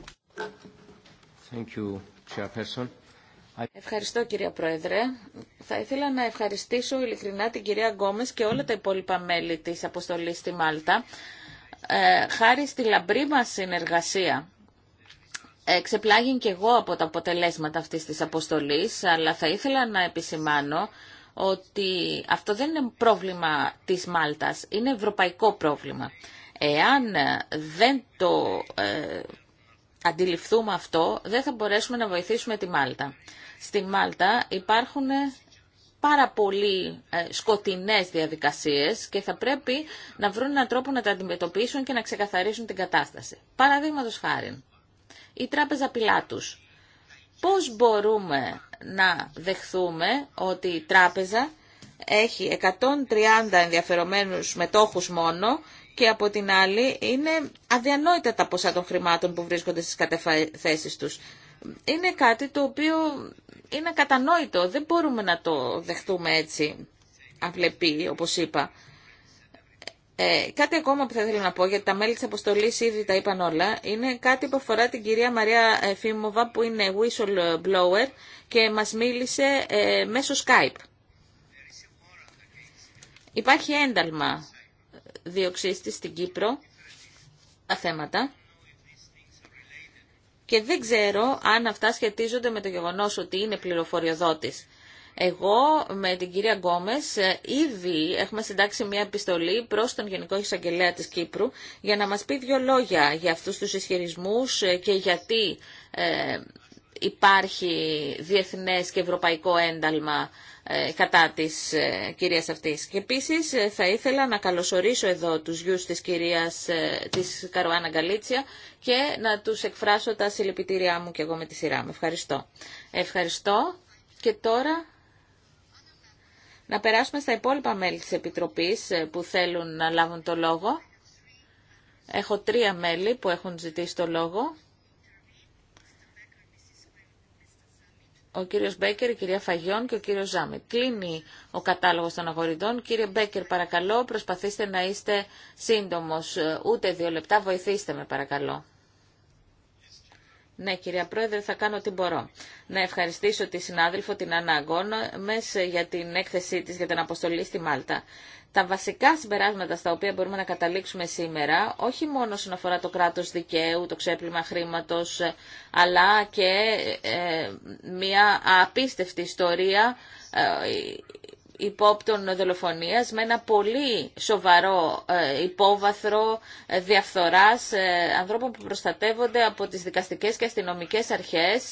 Ευχαριστώ κυρία Πρόεδρε. Θα ήθελα να ευχαριστήσω ειλικρινά την κυρία Γκόμες και όλα τα υπόλοιπα μέλη της αποστολής στη Μάλτα. Ε, χάρη στη λαμπρή μας συνεργασία εξεπλάγει και εγώ από τα αποτελέσματα αυτής της αποστολής, αλλά θα ήθελα να επισημάνω ότι αυτό δεν είναι πρόβλημα της Μάλτας, είναι ευρωπαϊκό πρόβλημα. Εάν δεν το ε, αντιληφθούμε αυτό, δεν θα μπορέσουμε να βοηθήσουμε τη Μάλτα. Στη Μάλτα υπάρχουν πάρα πολύ ε, σκοτεινές διαδικασίες και θα πρέπει να βρουν έναν τρόπο να τα αντιμετωπίσουν και να ξεκαθαρίσουν την κατάσταση. Παραδείγματο χάρη, η Τράπεζα Πιλάτους Πώς μπορούμε να δεχθούμε ότι η τράπεζα έχει 130 ενδιαφερομένους μετόχους μόνο και από την άλλη είναι αδιανόητα τα ποσά των χρημάτων που βρίσκονται στις κατεθέσεις τους. Είναι κάτι το οποίο είναι κατανόητο, δεν μπορούμε να το δεχτούμε έτσι αυλεπή, όπως είπα. Ε, κάτι ακόμα που θα ήθελα να πω, γιατί τα μέλη της αποστολής ήδη τα είπαν όλα, είναι κάτι που αφορά την κυρία Μαρία Φίμωβα που είναι whistleblower και μας μίλησε ε, μέσω Skype. Υπάρχει ένταλμα διοξίστης στην Κύπρο, θέματα. Και δεν ξέρω αν αυτά σχετίζονται με το γεγονός ότι είναι πληροφοριοδότης. Εγώ με την κυρία Γκόμε, ε, ήδη έχουμε συντάξει μια επιστολή προς τον Γενικό Εισαγγελέα της Κύπρου για να μας πει δύο λόγια για αυτού τους ισχυρισμού ε, και γιατί ε, υπάρχει διεθνές και ευρωπαϊκό ένταλμα κατά της κυρίας αυτής. Και επίσης θα ήθελα να καλωσορίσω εδώ τους γιους της κυρίας της Καρουάνα Γκαλίτσια και να τους εκφράσω τα συλληπιτήριά μου και εγώ με τη σειρά μου. Ευχαριστώ. Ευχαριστώ και τώρα να περάσουμε στα υπόλοιπα μέλη της Επιτροπής ε, που θέλουν να λάβουν το λόγο. Έχω τρία μέλη που έχουν ζητήσει το λόγο. Ο κύριος Μπέκερ, η κυρία Φαγιόν και ο κύριος Ζάμι. Κλείνει ο κατάλογος των αγοριτών. Κύριε Μπέκερ, παρακαλώ, προσπαθήστε να είστε σύντομος. Ε, ούτε δύο λεπτά, βοηθήστε με παρακαλώ. Ναι, κυρία Πρόεδρε, θα κάνω ό,τι μπορώ. Να ευχαριστήσω τη συνάδελφο την Ανάγκο, μέσα ε, για την έκθεσή της για την αποστολή στη Μάλτα. Τα βασικά συμπεράσματα στα οποία μπορούμε να καταλήξουμε σήμερα, όχι μόνο όσον αφορά το κράτος δικαίου, το ξέπλυμα χρήματος, ε, αλλά και ε, μια απίστευτη ιστορία υπόπτων δολοφονίας με ένα πολύ σοβαρό ε, υπόβαθρο ε, διαφθοράς ε, ανθρώπων που προστατεύονται από τις δικαστικές και αστυνομικές αρχές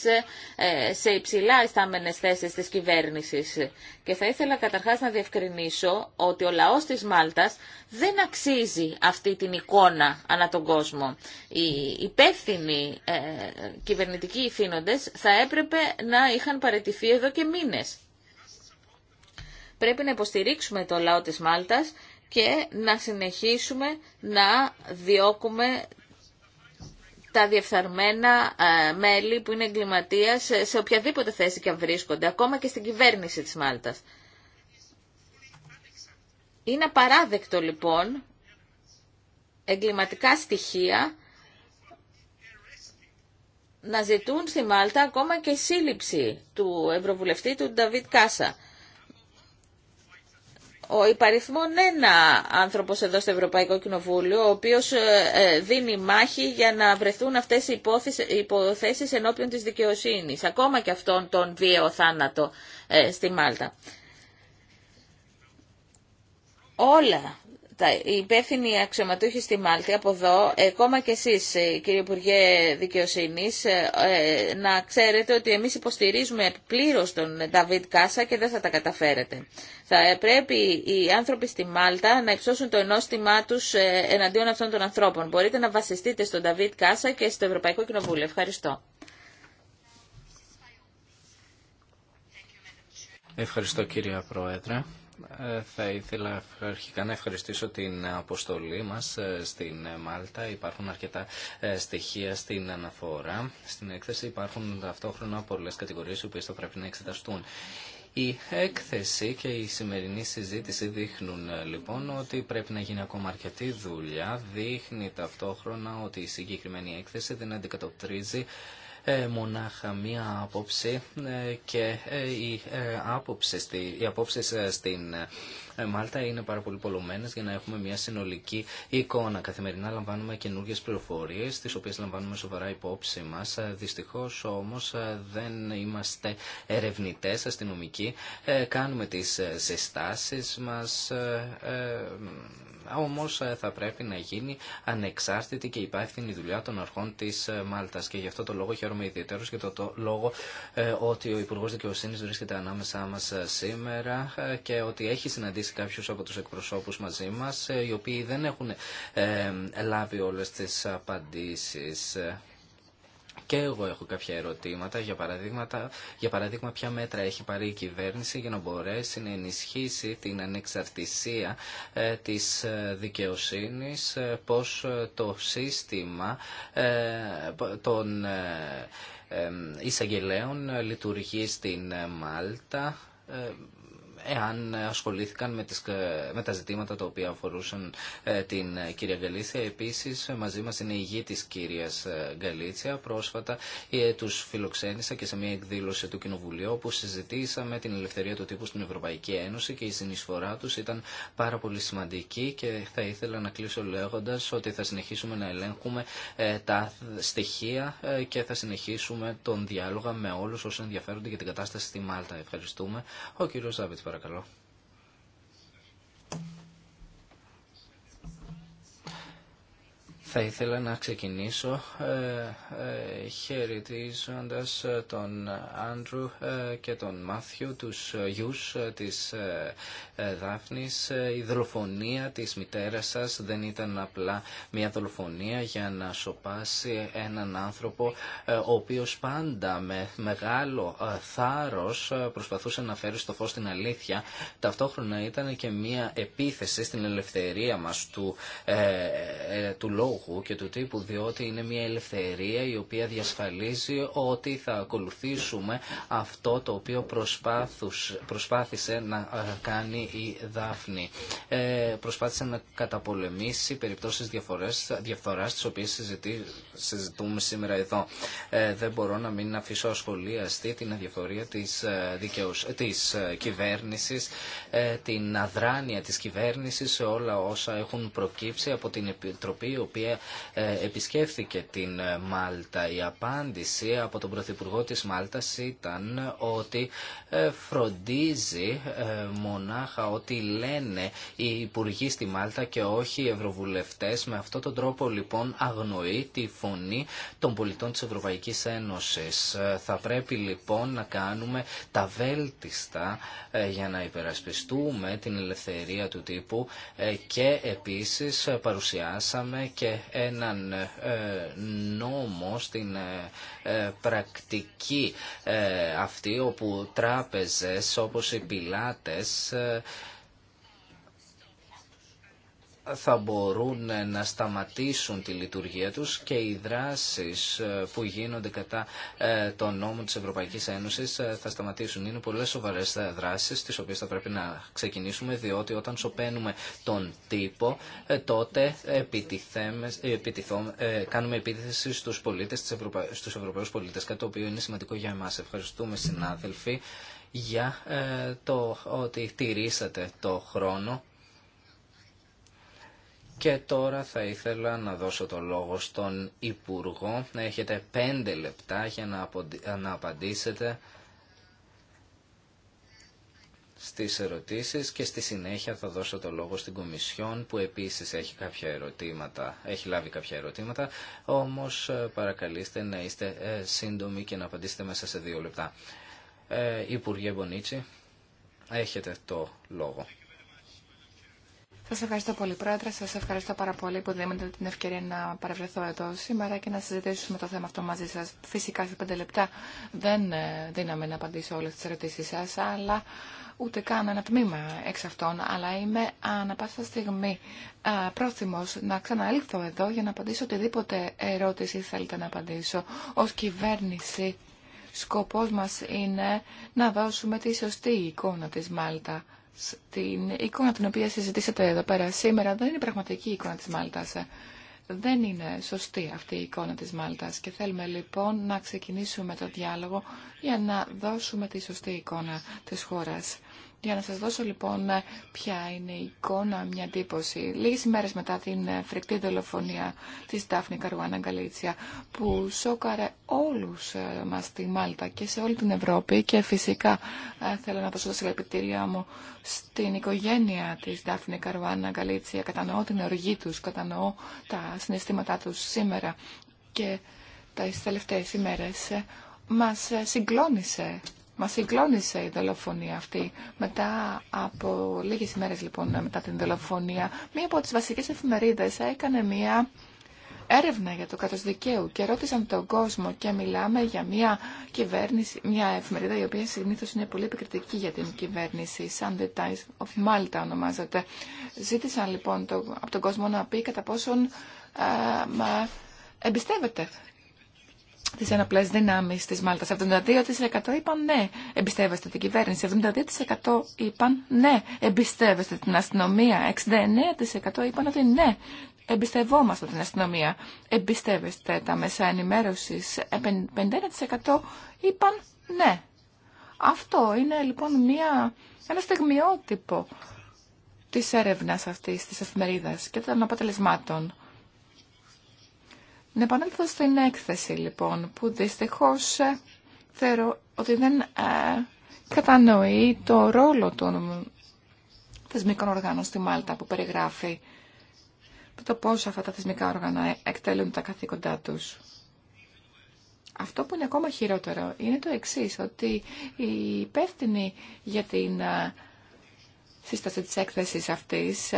σε υψηλά ιστάμενες θέσεις της κυβέρνησης. Και θα ήθελα καταρχάς να διευκρινίσω ότι ο λαός της Μάλτας δεν αξίζει αυτή την εικόνα ανά τον κόσμο. Οι υπεύθυνοι κυβερνητικοί ηθήνοντες θα έπρεπε να είχαν παρετηθεί εδώ και μήνες. Πρέπει να υποστηρίξουμε το λαό της Μάλτας και να συνεχίσουμε να διώκουμε τα διεφθαρμένα ε, μέλη που είναι εγκληματία σε οποιαδήποτε θέση και αν βρίσκονται, ακόμα και στην κυβέρνηση της Μάλτας. Είναι απαράδεκτο λοιπόν εγκληματικά στοιχεία να ζητούν στη Μάλτα ακόμα και η σύλληψη του Ευρωβουλευτή του Νταβίτ Κάσα ο υπαριθμόν ένα άνθρωπος εδώ στο Ευρωπαϊκό Κοινοβούλιο, ο οποίος ε, ε, δίνει μάχη για να βρεθούν αυτές οι υποθέσεις ενώπιον της δικαιοσύνης, ακόμα και αυτόν τον βίαιο θάνατο ε, στη Μάλτα. Όλα οι υπεύθυνοι αξιωματούχοι στη Μάλτη από εδώ, ακόμα και εσείς ε, κύριε Υπουργέ Δικαιοσύνης, ε, ε, να ξέρετε ότι εμείς υποστηρίζουμε πλήρως τον Νταβίτ Κάσα και δεν θα τα καταφέρετε. Θα πρέπει οι άνθρωποι στη Μάλτα να υψώσουν το ενόστημά τους εναντίον αυτών των ανθρώπων. Μπορείτε να βασιστείτε στον Νταβίτ Κάσα και στο Ευρωπαϊκό Κοινοβούλιο. Ευχαριστώ. Ευχαριστώ κύριε Πρόεδρε. Ε, θα ήθελα αρχικά να ευχαριστήσω την αποστολή μας ε, στην Μάλτα. Υπάρχουν αρκετά ε, στοιχεία στην αναφορά. Στην έκθεση υπάρχουν ταυτόχρονα πολλές κατηγορίες οι οποίες θα πρέπει να εξεταστούν. Η έκθεση και η σημερινή συζήτηση δείχνουν λοιπόν ότι πρέπει να γίνει ακόμα αρκετή δουλειά. Δείχνει ταυτόχρονα ότι η συγκεκριμένη έκθεση δεν αντικατοπτρίζει ε, μονάχα μία άποψη ε, και ε, οι άποψεις, άποψεις στην Μάλτα είναι πάρα πολύ πολλωμένες για να έχουμε μία συνολική εικόνα. Καθημερινά λαμβάνουμε καινούργιε πληροφορίες, τις οποίες λαμβάνουμε σοβαρά υπόψη μας. Δυστυχώς όμως δεν είμαστε ερευνητές αστυνομικοί. Κάνουμε τις συστάσεις μας Όμω ε, θα πρέπει να γίνει ανεξάρτητη και υπεύθυνη δουλειά των αρχών της ε, Μάλτας και γι' αυτό το λόγο χαίρομαι ιδιαίτερω για το, το λόγο ε, ότι ο Υπουργό Δικαιοσύνη βρίσκεται ανάμεσά μας σήμερα και ότι έχει συναντήσει κάποιους από τους εκπροσώπους μαζί μας οι οποίοι δεν έχουν λάβει όλες τις απαντήσεις και εγώ έχω κάποια ερωτήματα, για, παραδείγματα, για παραδείγμα ποια μέτρα έχει πάρει η κυβέρνηση για να μπορέσει να ενισχύσει την ανεξαρτησία ε, της ε, δικαιοσύνης, ε, πώς το σύστημα των εισαγγελέων λειτουργεί στην Μάλτα εάν ασχολήθηκαν με, τις, με τα ζητήματα τα οποία αφορούσαν ε, την ε, κυρία Γκαλίτσια. Επίσης, μαζί μας είναι η γη της κυρίας ε, Γκαλίτσια. Πρόσφατα τους φιλοξένησα και σε μια εκδήλωση του Κοινοβουλίου όπου συζητήσαμε την ελευθερία του τύπου στην Ευρωπαϊκή Ένωση και η συνεισφορά τους ήταν πάρα πολύ σημαντική και θα ήθελα να κλείσω λέγοντας ότι θα συνεχίσουμε να ελέγχουμε τα στοιχεία και θα συνεχίσουμε τον διάλογο με όλους όσοι ενδιαφέρονται για την κατάσταση στη Μάλτα. Ευχαριστούμε. Ο κύριος Ζάβιτς, παρακαλώ. Θα ήθελα να ξεκινήσω ε, ε χαιρετίζοντας ε, τον Άντρου ε, και τον Μάθιου, τους γιους της Δάφνης. Η δολοφονία της μητέρας σας δεν ήταν απλά μια δολοφονία για να σοπάσει έναν άνθρωπο ο οποίος πάντα με μεγάλο θάρρος προσπαθούσε να φέρει στο φως την αλήθεια. Ταυτόχρονα ήταν και μια επίθεση στην ελευθερία μας του, του λόγου και του τύπου διότι είναι μια ελευθερία η οποία διασφαλίζει ότι θα ακολουθήσουμε αυτό το οποίο προσπάθησε να ε, κάνει η Δάφνη. Ε, προσπάθησε να καταπολεμήσει περιπτώσεις διαφορές, τι τις οποίες συζητή, συζητούμε σήμερα εδώ. Ε, δεν μπορώ να μην αφήσω ασχολίαστη την αδιαφορία της, ε, δικαιούς, της κυβέρνησης, την αδράνεια της κυβέρνησης σε όλα όσα έχουν προκύψει από την Επιτροπή η οποία οποία ε, επισκέφθηκε την ε, Μάλτα. Η απάντηση από τον Πρωθυπουργό της Μάλτας ήταν ότι ε, φροντίζει μονάχα ότι λένε οι υπουργοί στη Μάλτα και όχι οι ευρωβουλευτές. Με αυτόν τον τρόπο λοιπόν αγνοεί τη φωνή των πολιτών της Ευρωπαϊκής Ένωσης. Θα πρέπει λοιπόν να κάνουμε τα βέλτιστα για να υπερασπιστούμε την ελευθερία του τύπου και επίσης παρουσιάσαμε και έναν ε, νόμο στην ε, ε, πρακτική αυτή όπου τράπεζες όπως οι πιλάτες θα μπορούν να σταματήσουν τη λειτουργία τους και οι δράσεις ε, που γίνονται κατά ε, τον νόμο της Ευρωπαϊκής Ένωσης ε, θα σταματήσουν. Είναι πολλές σοβαρές δράσεις τις οποίες θα πρέπει να ξεκινήσουμε διότι όταν σοπαίνουμε τον τύπο τότε κάνουμε επίθεση στους, πολίτες, στους Ευρωπαίους πολίτες κάτι το οποίο είναι σημαντικό για εμάς. Ευχαριστούμε συνάδελφοι για το ότι τηρήσατε το χρόνο και τώρα θα ήθελα να δώσω το λόγο στον Υπουργό. Να έχετε πέντε λεπτά για να απαντήσετε στις ερωτήσεις και στη συνέχεια θα δώσω το λόγο στην Κομισιόν που επίσης έχει κάποια ερωτήματα, έχει λάβει κάποια ερωτήματα, όμως ε, παρακαλείστε να είστε ε, σύντομοι και να απαντήσετε μέσα σε δύο λεπτά. Ε, Υπουργέ Μπονίτσι, έχετε το λόγο. Σα ευχαριστώ πολύ, Πρόεδρε. Σα ευχαριστώ πάρα πολύ που δίνετε την ευκαιρία να παρευρεθώ εδώ σήμερα και να συζητήσουμε το θέμα αυτό μαζί σα. Φυσικά, σε πέντε λεπτά δεν ε, δίναμε να απαντήσω όλε τι ερωτήσει σα, αλλά ούτε καν ένα τμήμα εξ αυτών, αλλά είμαι ανα πάσα στιγμή πρόθυμο να ξαναέλθω εδώ για να απαντήσω οτιδήποτε ερώτηση θέλετε να απαντήσω. ω κυβέρνηση, σκοπός μας είναι να δώσουμε τη σωστή εικόνα της Μάλτα την εικόνα την οποία συζητήσατε εδώ πέρα σήμερα δεν είναι πραγματική εικόνα της Μάλτας. Δεν είναι σωστή αυτή η εικόνα της Μάλτας και θέλουμε λοιπόν να ξεκινήσουμε το διάλογο για να δώσουμε τη σωστή εικόνα της χώρας. Για να σας δώσω λοιπόν ποια είναι η εικόνα, μια εντύπωση. Λίγες ημέρες μετά την ε, φρικτή δολοφονία της Ντάφνη Καρουάνα Γκαλίτσια που σόκαρε όλους ε, μας στη Μάλτα και σε όλη την Ευρώπη και φυσικά ε, θέλω να δώσω τα συλλαλπιτήριά μου στην οικογένεια της Ντάφνη Καρουάνα Γκαλίτσια. Κατανοώ την οργή τους, κατανοώ τα συναισθήματά τους σήμερα και τις τελευταίες ημέρες μας συγκλώνησε μα συγκλώνησε η δολοφονία αυτή. Μετά από λίγες ημέρε λοιπόν μετά την δολοφονία, μία από τι βασικές εφημερίδες έκανε μία έρευνα για το κράτο δικαίου και ρώτησαν τον κόσμο και μιλάμε για μια κυβέρνηση, μια εφημερίδα η οποία συνήθω είναι πολύ επικριτική για την κυβέρνηση, Sunday Times of Malta ονομάζεται. Ζήτησαν λοιπόν το, από τον κόσμο να πει κατά πόσον ε, εμπιστεύεται τι αναπλέ δυνάμει τη Μάλτα. 72% είπαν ναι, εμπιστεύεστε την κυβέρνηση. 72% είπαν ναι, εμπιστεύεστε την αστυνομία. 69% είπαν ότι ναι, εμπιστευόμαστε την αστυνομία. Εμπιστεύεστε τα μέσα ενημέρωση. 51% είπαν ναι. Αυτό είναι λοιπόν μια, ένα στιγμιότυπο τη έρευνα αυτή τη εφημερίδα και των αποτελεσμάτων. Να επανέλθω στην έκθεση λοιπόν που δυστυχώς ε, θεωρώ ότι δεν ε, κατανοεί το ρόλο των θεσμικών οργάνων στη Μάλτα που περιγράφει το πώς αυτά τα θεσμικά όργανα ε, εκτελούν τα καθήκοντά τους. Αυτό που είναι ακόμα χειρότερο είναι το εξής, ότι οι υπεύθυνοι για την σύσταση της έκθεσης αυτής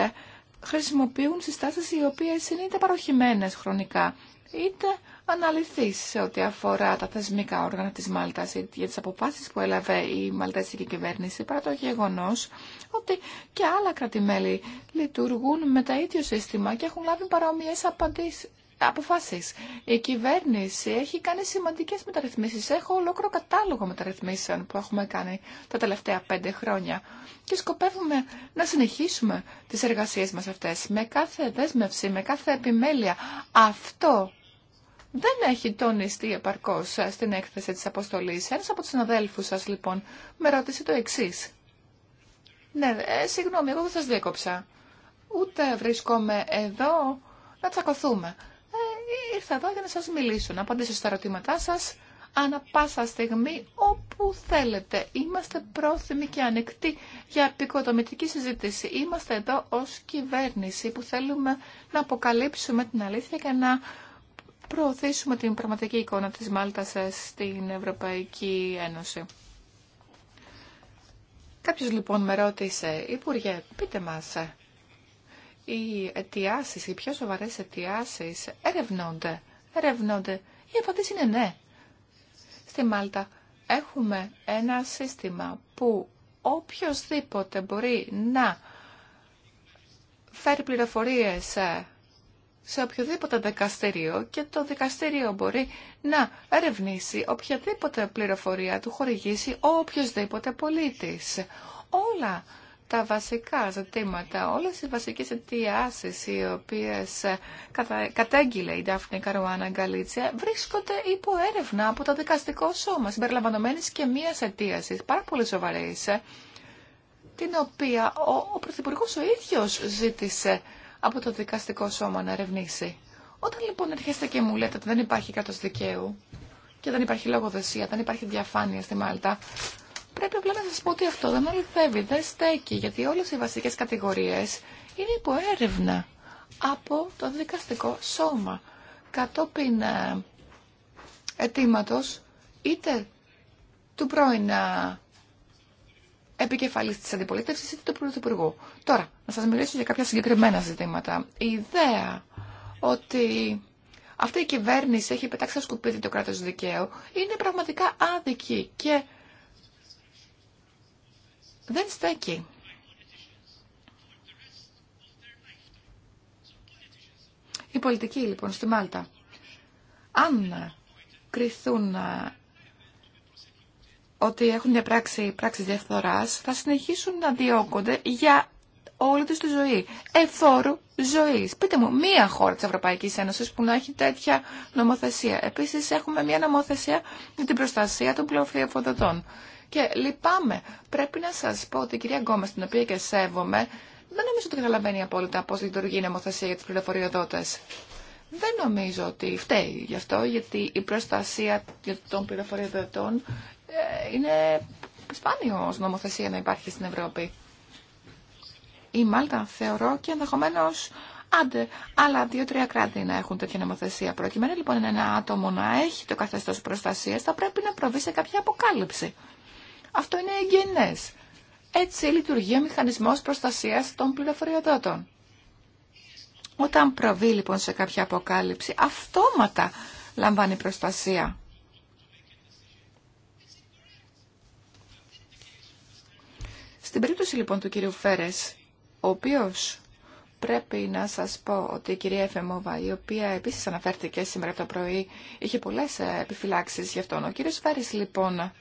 χρησιμοποιούν συστάσεις οι οποίες είναι είτε παροχημένες χρονικά, είτε αναλυθεί σε ό,τι αφορά τα θεσμικά όργανα της Μάλτας για τις αποφάσεις που έλαβε η Μαλτέσικη κυβέρνηση παρά το γεγονός ότι και άλλα κρατημέλη λειτουργούν με τα ίδιο σύστημα και έχουν λάβει παρόμοιες απαντήσεις. Αποφάσεις. Η κυβέρνηση έχει κάνει σημαντικές μεταρρυθμίσεις. Έχω ολόκληρο κατάλογο μεταρρυθμίσεων που έχουμε κάνει τα τελευταία πέντε χρόνια και σκοπεύουμε να συνεχίσουμε τις εργασίες μας αυτές με κάθε δέσμευση, με κάθε επιμέλεια. Αυτό δεν έχει τονιστεί επαρκώ ε, στην έκθεση τη αποστολή ένα από του συναδέλφου σα λοιπόν με ρώτησε το εξή. Ναι, ε, συγγνώμη, εγώ δεν σα διέκοψα. Ούτε βρίσκομαι εδώ να τσακωθούμε. Ε, ήρθα εδώ για να σα μιλήσω, να απαντήσω στα ερωτήματά σα ανά πάσα στιγμή όπου θέλετε. Είμαστε πρόθυμοι και ανοιχτοί για επικοδομητική συζήτηση. Είμαστε εδώ ως κυβέρνηση που θέλουμε να αποκαλύψουμε την αλήθεια και να προωθήσουμε την πραγματική εικόνα της Μάλτας στην Ευρωπαϊκή Ένωση. Κάποιος λοιπόν με ρώτησε, Υπουργέ, πείτε μας, οι αιτιάσεις, οι πιο σοβαρές αιτιάσεις ερευνώνται, ερευνώνται. Η απάντηση είναι ναι. Στη Μάλτα έχουμε ένα σύστημα που οποιοδήποτε μπορεί να φέρει πληροφορίες σε οποιοδήποτε δικαστήριο και το δικαστήριο μπορεί να ερευνήσει οποιαδήποτε πληροφορία του χορηγήσει ο οποιοδήποτε πολίτης. Όλα τα βασικά ζητήματα, όλες οι βασικές αιτιάσεις οι οποίες ε, κατέγγειλε η Ντάφνη Καρουάνα Γκαλίτσια βρίσκονται υπό έρευνα από το δικαστικό σώμα, συμπεριλαμβανομένης και μίας αιτίασης, πάρα πολύ σοβαρής, ε, την οποία ο, ο Πρωθυπουργός ο ίδιος ζήτησε από το δικαστικό σώμα να ερευνήσει. Όταν λοιπόν έρχεστε και μου λέτε ότι δεν υπάρχει κράτος δικαίου και δεν υπάρχει λογοδοσία, δεν υπάρχει διαφάνεια στη Μάλτα, πρέπει απλά να σα πω ότι αυτό δεν αληθεύει, δεν στέκει, γιατί όλε οι βασικές κατηγορίες είναι υπό έρευνα από το δικαστικό σώμα. Κατόπιν ε, αιτήματο είτε του πρώην ε, επικεφαλής της αντιπολίτευσης ή του Πρωθυπουργού. Τώρα, να σας μιλήσω για κάποια συγκεκριμένα ζητήματα. Η ιδέα ότι αυτή η κυβέρνηση έχει πετάξει στο σκουπίδι το κράτος δικαίου είναι πραγματικά άδικη και δεν στέκει. Η πολιτική λοιπόν στη Μάλτα. Αν κρυθούν ότι έχουν διαπράξει πράξεις διαφθοράς θα συνεχίσουν να διώκονται για όλη τους τη ζωή. Εφόρου ζωής. Πείτε μου, μία χώρα της Ευρωπαϊκής Ένωσης που να έχει τέτοια νομοθεσία. Επίσης έχουμε μία νομοθεσία για την προστασία των πληροφοριοδοτών. Και λυπάμαι, πρέπει να σας πω ότι η κυρία Γκόμες, την οποία και σέβομαι, δεν νομίζω ότι καταλαβαίνει απόλυτα πώς λειτουργεί η νομοθεσία για τους πληροφοριοδότες. Δεν νομίζω ότι φταίει γι' αυτό, γιατί η προστασία των πληροφοριοδοτών ε, είναι σπάνιο ως νομοθεσία να υπάρχει στην Ευρώπη. Η Μάλτα θεωρώ και ενδεχομένω άντε άλλα δύο-τρία κράτη να έχουν τέτοια νομοθεσία. Προκειμένου λοιπόν ένα άτομο να έχει το καθεστώ προστασία, θα πρέπει να προβεί σε κάποια αποκάλυψη. Αυτό είναι εγγενέ. Έτσι λειτουργεί ο μηχανισμό προστασίας των πληροφοριοδότων. Όταν προβεί λοιπόν σε κάποια αποκάλυψη, αυτόματα λαμβάνει προστασία. Στην περίπτωση λοιπόν του κύριου Φέρε, ο οποίο πρέπει να σας πω ότι η κυρία Εφεμόβα, η οποία επίσης αναφέρθηκε σήμερα το πρωί, είχε πολλές ε, επιφυλάξεις γι' αυτόν. Ο κύριος Φέρε λοιπόν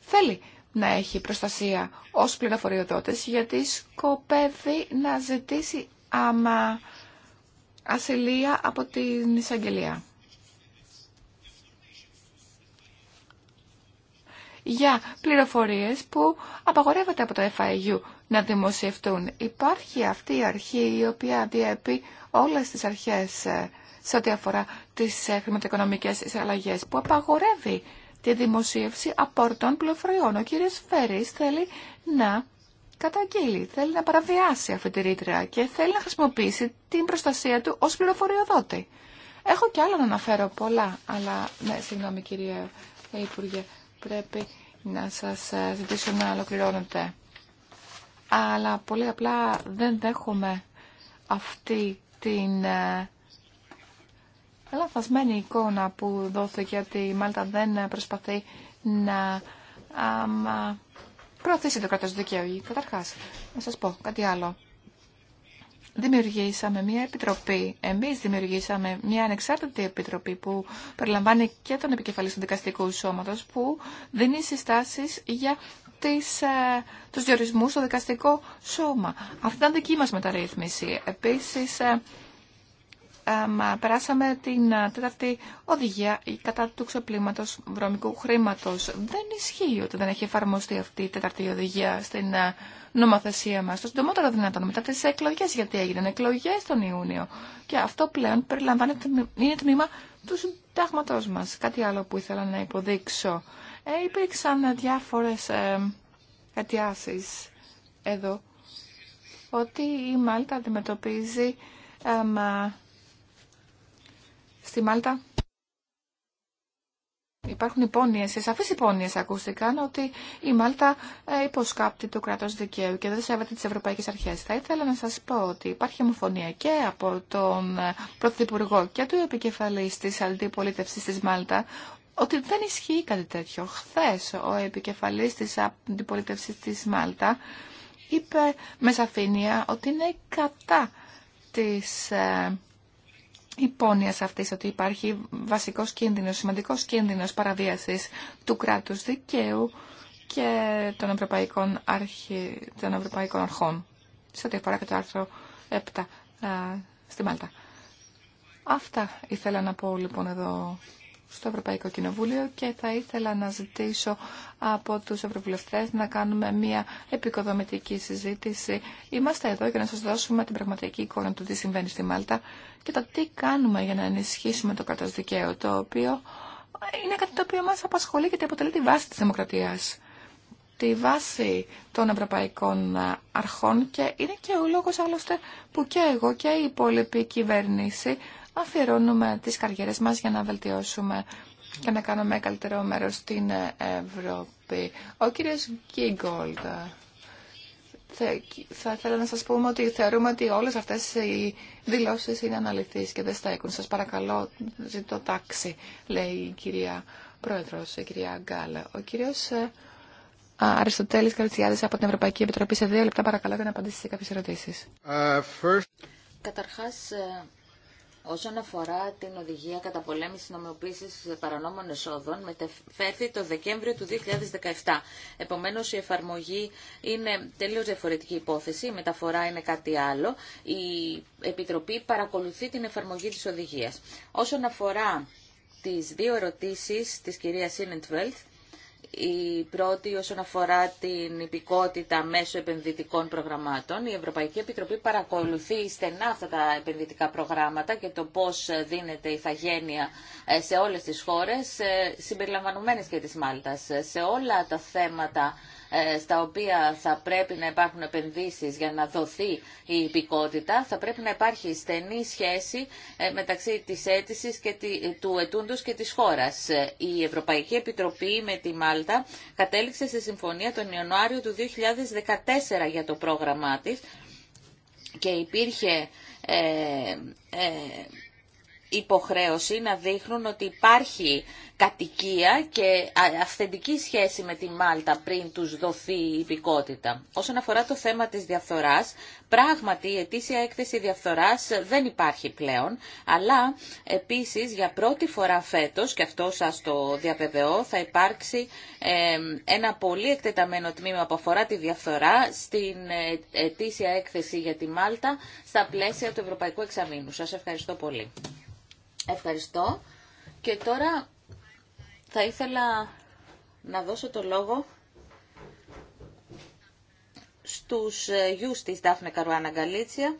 θέλει να έχει προστασία ω πληροφοριοδότη, γιατί σκοπεύει να ζητήσει άμα ασυλία από την εισαγγελία. για πληροφορίες που απαγορεύεται από το FIU να δημοσιευτούν. Υπάρχει αυτή η αρχή η οποία διέπει όλες τις αρχές ε, σε ό,τι αφορά τις ε, χρηματοοικονομικές εισαλλαγές που απαγορεύει τη δημοσίευση απορτών πληροφοριών. Ο κ. Φέρης θέλει να καταγγείλει, θέλει να παραβιάσει αυτή τη ρήτρα και θέλει να χρησιμοποιήσει την προστασία του ως πληροφοριοδότη. Έχω κι άλλα να αναφέρω πολλά, αλλά ναι, συγγνώμη κύριε Υπουργέ, πρέπει να σας ε, ζητήσω να ολοκληρώνετε. Αλλά πολύ απλά δεν δέχομαι αυτή την ε, λαθασμένη εικόνα που δόθηκε γιατί η Μάλτα δεν προσπαθεί να προωθήσει το κράτος δικαίου. Καταρχάς, να σας πω κάτι άλλο δημιουργήσαμε μια επιτροπή. Εμείς δημιουργήσαμε μια ανεξάρτητη επιτροπή που περιλαμβάνει και τον επικεφαλής του δικαστικού σώματος που δίνει συστάσεις για τις, ε, τους διορισμούς στο δικαστικό σώμα. Αυτή ήταν δική μας μεταρρύθμιση. Επίσης, ε, περάσαμε την ε, τέταρτη οδηγία κατά του ξεπλήματος βρώμικου χρήματος. Δεν ισχύει ότι δεν έχει εφαρμοστεί αυτή η τέταρτη οδηγία στην ε, νομοθεσία μας. Το συντομότερο δυνατόν μετά τις εκλογές, γιατί έγιναν εκλογές τον Ιούνιο. Και αυτό πλέον περιλαμβάνεται, είναι τμήμα του συντάγματός μας. Κάτι άλλο που ήθελα να υποδείξω. Ε, υπήρξαν διάφορες ε, αιτιάσεις εδώ ότι η Μάλτα αντιμετωπίζει ε, Στη Μάλτα υπάρχουν υπόνοιες, σαφείς υπόνοιες ακούστηκαν ότι η Μάλτα ε, υποσκάπτει το κράτος δικαίου και δεν σέβεται τις ευρωπαϊκές αρχές. Θα ήθελα να σας πω ότι υπάρχει ομοφωνία και από τον ε, Πρωθυπουργό και του επικεφαλής της αντιπολίτευσης της Μάλτα ότι δεν ισχύει κάτι τέτοιο. Χθε ο επικεφαλής της αντιπολίτευσης της Μάλτα είπε με σαφήνεια ότι είναι κατά της ε, υπόνοια αυτή ότι υπάρχει βασικός κίνδυνος, σημαντικός κίνδυνος παραβίασης του κράτους δικαίου και των ευρωπαϊκών, αρχι... των ευρωπαϊκών αρχών, σε ό,τι αφορά και το άρθρο 7 ε, στη Μάλτα. Αυτά ήθελα να πω λοιπόν εδώ στο Ευρωπαϊκό Κοινοβούλιο και θα ήθελα να ζητήσω από τους ευρωβουλευτές να κάνουμε μια επικοδομητική συζήτηση. Είμαστε εδώ για να σας δώσουμε την πραγματική εικόνα του τι συμβαίνει στη Μάλτα και το τι κάνουμε για να ενισχύσουμε το κράτος δικαίου, το οποίο είναι κάτι το οποίο μας απασχολεί και αποτελεί τη βάση της δημοκρατίας τη βάση των ευρωπαϊκών αρχών και είναι και ο λόγος άλλωστε που και εγώ και η υπόλοιπη κυβέρνηση αφιερώνουμε τις καριέρες μας για να βελτιώσουμε και να κάνουμε καλύτερο μέρος στην Ευρώπη. Ο κύριος Γκίγκολτ, θα ήθελα να σας πούμε ότι θεωρούμε ότι όλες αυτές οι δηλώσεις είναι αναλυθείς και δεν στέκουν. Σας παρακαλώ, ζητώ τάξη, λέει η κυρία Πρόεδρος, η κυρία Γκάλα. Ο κύριος ε, Αριστοτέλης Καρτσιάδης από την Ευρωπαϊκή Επιτροπή σε δύο λεπτά παρακαλώ για να απαντήσει σε κάποιες ερωτήσεις. Ε, first... Ε, Όσον αφορά την οδηγία καταπολέμησης νομιμοποίησης παρανόμων εσόδων, μετεφέρθη το Δεκέμβριο του 2017. Επομένως, η εφαρμογή είναι τελείως διαφορετική υπόθεση, η μεταφορά είναι κάτι άλλο. Η Επιτροπή παρακολουθεί την εφαρμογή της οδηγίας. Όσον αφορά τις δύο ερωτήσεις της κυρίας Σίνεντβελτ, η πρώτη όσον αφορά την υπηκότητα μέσω επενδυτικών προγραμμάτων. Η Ευρωπαϊκή Επιτροπή παρακολουθεί στενά αυτά τα επενδυτικά προγράμματα και το πώς δίνεται η θαγένεια ε, σε όλες τις χώρες, ε, συμπεριλαμβανομένες και της Μάλτας. Ε, σε όλα τα θέματα ε, στα οποία θα πρέπει να υπάρχουν επενδύσεις για να δοθεί η υπηκότητα, θα πρέπει να υπάρχει στενή σχέση ε, μεταξύ της αίτησης και του ετούντος και της χώρας. Ε, η Ευρωπαϊκή Επιτροπή με τη Μάλτα κατέληξε σε συμφωνία τον Ιανουάριο του 2014 για το πρόγραμμά της και υπήρχε υποχρέωση να δείχνουν ότι υπάρχει κατοικία και αυθεντική σχέση με τη Μάλτα πριν τους δοθεί η υπηκότητα. Όσον αφορά το θέμα της διαφθοράς, πράγματι η ετήσια έκθεση διαφθοράς δεν υπάρχει πλέον, αλλά επίσης για πρώτη φορά φέτος, και αυτό σας το διαβεβαιώ, θα υπάρξει ένα πολύ εκτεταμένο τμήμα που αφορά τη διαφθορά στην ε, ετήσια έκθεση για τη Μάλτα στα πλαίσια του Ευρωπαϊκού Εξαμήνου. Σας ευχαριστώ πολύ. Ευχαριστώ. Και τώρα θα ήθελα να δώσω το λόγο στους ε, γιους της Δάφνε Καρουάνα Γκαλίτσια.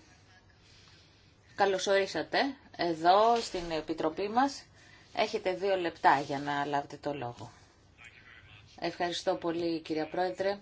Καλώς ορίσατε εδώ στην Επιτροπή μας. Έχετε δύο λεπτά για να λάβετε το λόγο. Ευχαριστώ πολύ κυρία Πρόεδρε.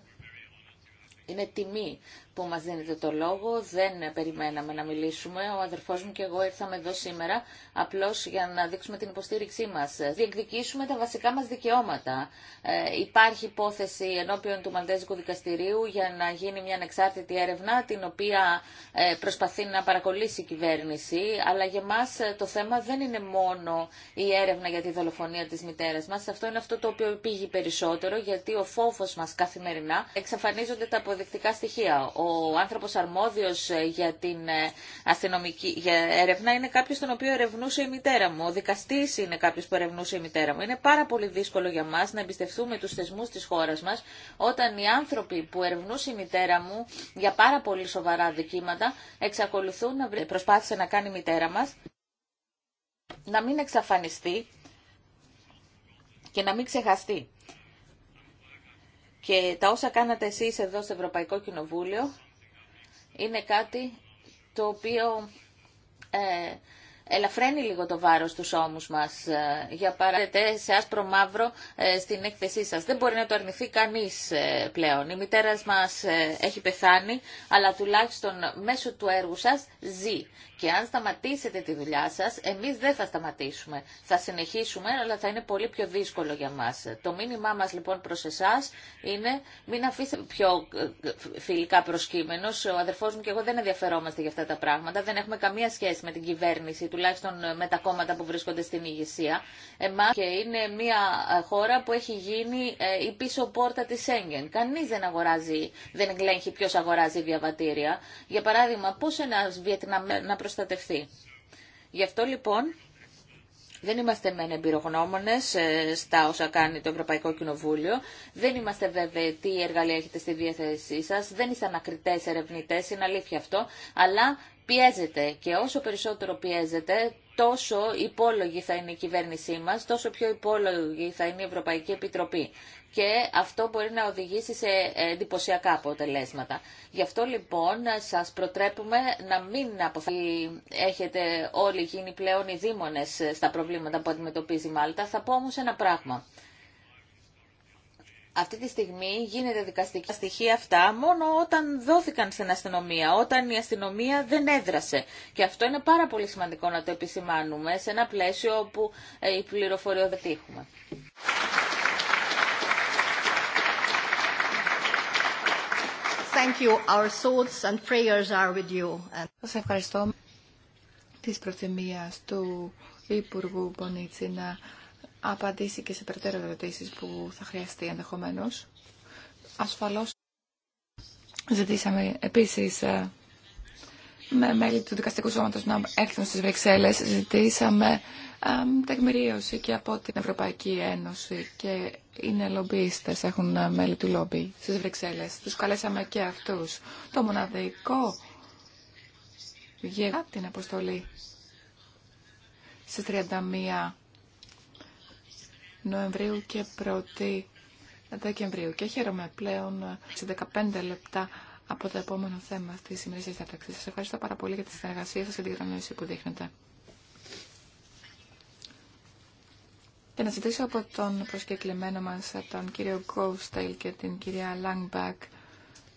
Είναι τιμή που μας δίνετε το λόγο. Δεν περιμέναμε να μιλήσουμε. Ο αδερφός μου και εγώ ήρθαμε εδώ σήμερα απλώς για να δείξουμε την υποστήριξή μας. Διεκδικήσουμε τα βασικά μας δικαιώματα. Ε, υπάρχει υπόθεση ενώπιον του Μαλτέζικου Δικαστηρίου για να γίνει μια ανεξάρτητη έρευνα την οποία ε, προσπαθεί να παρακολύσει η κυβέρνηση. Αλλά για μας ε, το θέμα δεν είναι μόνο η έρευνα για τη δολοφονία της μητέρα μας. Αυτό είναι αυτό το οποίο πήγε περισσότερο γιατί ο φόβος μας καθημερινά εξαφανίζονται τα αποδεικτικά στοιχεία ο άνθρωπος αρμόδιος ε, για την ε, αστυνομική για έρευνα είναι κάποιος τον οποίο ερευνούσε η μητέρα μου. Ο δικαστής είναι κάποιος που ερευνούσε η μητέρα μου. Είναι πάρα πολύ δύσκολο για μας να εμπιστευτούμε τους θεσμούς της χώρας μας όταν οι άνθρωποι που ερευνούσε η μητέρα μου για πάρα πολύ σοβαρά δικήματα εξακολουθούν να προσπάθησε να κάνει η μητέρα μας να μην εξαφανιστεί και να μην ξεχαστεί. Και τα όσα κάνατε εσείς εδώ στο Ευρωπαϊκό Κοινοβούλιο είναι κάτι το οποίο ε, ελαφραίνει λίγο το βάρος στους ώμους μας. Ε, για παράδειγμα, σε άσπρο μαύρο ε, στην έκθεσή σας. Δεν μπορεί να το αρνηθεί κανείς ε, πλέον. Η μητέρα μας έχει πεθάνει, αλλά τουλάχιστον μέσω του έργου σας ζει και αν σταματήσετε τη δουλειά σα, εμεί δεν θα σταματήσουμε. Θα συνεχίσουμε, αλλά θα είναι πολύ πιο δύσκολο για μα. Το μήνυμά μα λοιπόν προ εσά είναι μην αφήσετε πιο ε, φιλικά προσκύμενο. Ο αδερφός μου και εγώ δεν ενδιαφερόμαστε για αυτά τα πράγματα. Δεν έχουμε καμία σχέση με την κυβέρνηση, τουλάχιστον ε, με τα κόμματα που βρίσκονται στην ηγεσία. Εμά και είναι μια ε, χώρα που έχει γίνει η πίσω πόρτα τη Σέγγεν. κανει δεν αγοράζει, δεν ελέγχει ποιο αγοράζει διαβατήρια. Για παράδειγμα, πώ ένα Γι' αυτό λοιπόν δεν είμαστε μεν εμπειρογνώμονε ε, στα όσα κάνει το Ευρωπαϊκό Κοινοβούλιο. Δεν είμαστε βέβαιοι τι εργαλεία έχετε στη διάθεσή σα. Δεν είστε ανακριτέ ερευνητέ, είναι αλήθεια αυτό. Αλλά πιέζετε και όσο περισσότερο πιέζετε, τόσο υπόλογη θα είναι η κυβέρνησή μα, τόσο πιο υπόλογη θα είναι η Ευρωπαϊκή Επιτροπή και αυτό μπορεί να οδηγήσει σε εντυπωσιακά αποτελέσματα. Γι' αυτό λοιπόν σας προτρέπουμε να μην αποφασίσετε. Έχετε όλοι γίνει πλέον οι δήμονες στα προβλήματα που αντιμετωπίζει η Μάλτα. Θα πω όμως ένα πράγμα. Αυτή τη στιγμή γίνεται δικαστική. Τα στοιχεία αυτά μόνο όταν δόθηκαν στην αστυνομία, όταν η αστυνομία δεν έδρασε. Και αυτό είναι πάρα πολύ σημαντικό να το επισημάνουμε σε ένα πλαίσιο όπου η ε, πληροφορία δεν τύχουμε. Thank you. Our thoughts and prayers are with you. Σας ευχαριστώ της προθυμίας του Υπουργού Μπονίτσι να απαντήσει και σε περαιτέρω ερωτήσεις που θα χρειαστεί ενδεχομένως. Ασφαλώς ζητήσαμε επίσης ε, με μέλη του δικαστικού σώματος να έρθουν στις Βρυξέλλες. Ζητήσαμε τεκμηρίωση και από την Ευρωπαϊκή Ένωση και είναι λομπίστες, έχουν ε, μέλη του λόμπι στις Βρυξέλλες. Τους καλέσαμε και αυτούς. Το μοναδικό για την αποστολή στις 31 Νοεμβρίου και 1η Δεκεμβρίου. Και χαίρομαι πλέον ε, σε 15 λεπτά από το επόμενο θέμα τη σημερινή διάταξη. Σα ευχαριστώ πάρα πολύ για τη συνεργασία σα και την κατανόηση που δείχνετε. Και να ζητήσω από τον προσκεκλημένο μα, τον κύριο Γκόουσταϊλ και την κυρία Λάγκμπακ,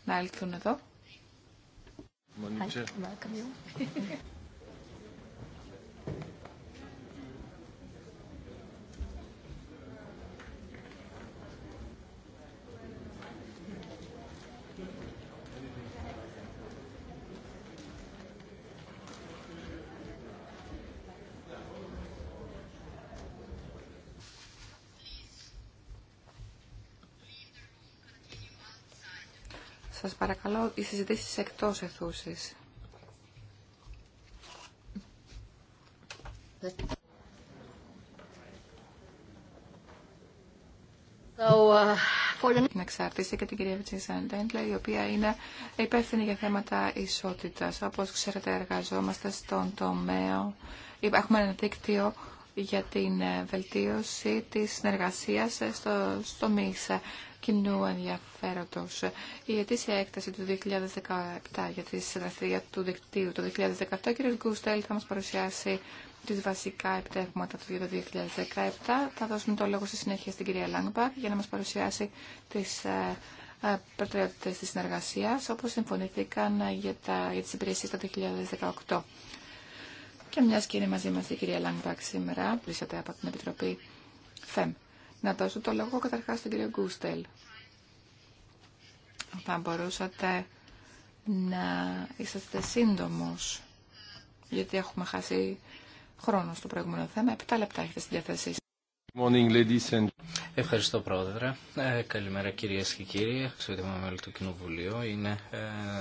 να έλθουν εδώ. <laughs> Σας παρακαλώ, οι συζητήσεις εκτός αιθούσης. So, uh, εξάρτηση και την κυρία Βιτσίνσαν Ντέντλε, η οποία είναι υπεύθυνη για θέματα ισότητας. Όπως ξέρετε, εργαζόμαστε στον τομέα. Έχουμε ένα δίκτυο για την ε, βελτίωση της συνεργασίας ε, στο, στο ΜΙΣ ε, κοινού ενδιαφέροντος. Η ετήσια έκταση του 2017 για τη συνεργασία του δικτύου το 2017, ο κ. Γκούστελ θα μας παρουσιάσει τις βασικά επιτεύγματα του 2017. Θα δώσουμε το λόγο στη συνέχεια στην κυρία Λάγκμπακ για να μας παρουσιάσει τις προτεραιότητες της συνεργασίας, όπως συμφωνήθηκαν για, τα, για τις υπηρεσίες το 2018. Και μια και είναι μαζί μα η κυρία Λάγκμπακ σήμερα, πλήσατε από την Επιτροπή ΦΕΜ. Να δώσω το λόγο καταρχά στον κύριο Γκούστελ. Θα μπορούσατε να είσαστε σύντομο, γιατί έχουμε χάσει χρόνο στο προηγούμενο θέμα. Επτά λεπτά έχετε στη διάθεσή Ευχαριστώ πρόεδρε. Ε, καλημέρα κυρίες και κύριοι, αξιότιμα μέλη του Κοινοβουλίου. Είναι ε,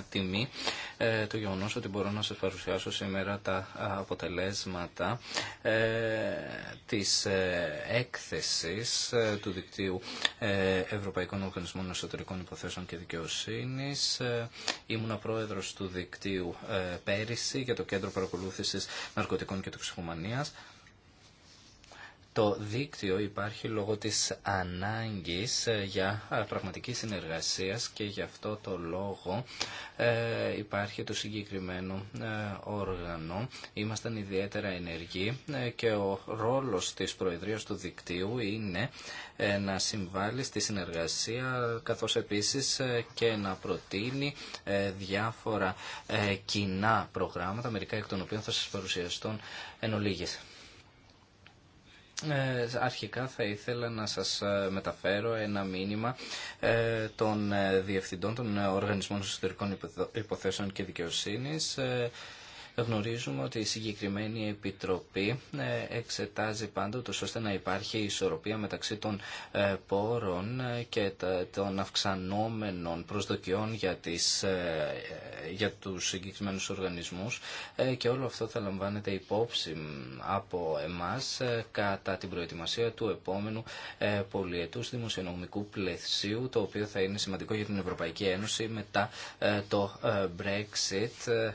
τιμή ε, το γεγονός ότι μπορώ να σας παρουσιάσω σήμερα τα αποτελέσματα ε, της έκθεσης του Δικτύου Ευρωπαϊκών Οργανισμών Εσωτερικών Υποθέσεων και Δικαιοσύνης. Ήμουνα πρόεδρος του Δικτύου πέρυσι για το Κέντρο Παρακολούθησης Ναρκωτικών και Τοξικομανίας. Το δίκτυο υπάρχει λόγω της ανάγκης ε, για πραγματική συνεργασία και γι' αυτό το λόγο ε, υπάρχει το συγκεκριμένο ε, όργανο. Ήμασταν ιδιαίτερα ενεργοί και ο ρόλος της Προεδρίας του Δικτύου είναι να συμβάλλει στη συνεργασία καθώς επίσης και να προτείνει διάφορα κοινά προγράμματα, μερικά εκ των οποίων θα σας παρουσιαστούν εν ολίγες. Ε, αρχικά θα ήθελα να σας ε, μεταφέρω ένα μήνυμα ε, των διευθυντών των Οργανισμών Εσωτερικών Υποθέσεων και Δικαιοσύνης γνωρίζουμε ότι η συγκεκριμένη επιτροπή ε, εξετάζει πάντοτε ώστε να υπάρχει ισορροπία μεταξύ των ε, πόρων ε, και των αυξανόμενων προσδοκιών για, τις, για τους συγκεκριμένους οργανισμούς και όλο αυτό θα λαμβάνεται υπόψη από εμάς κατά την προετοιμασία του επόμενου πολιετούς δημοσιονομικού πλαισίου το οποίο θα είναι σημαντικό για την Ευρωπαϊκή Ένωση μετά το Brexit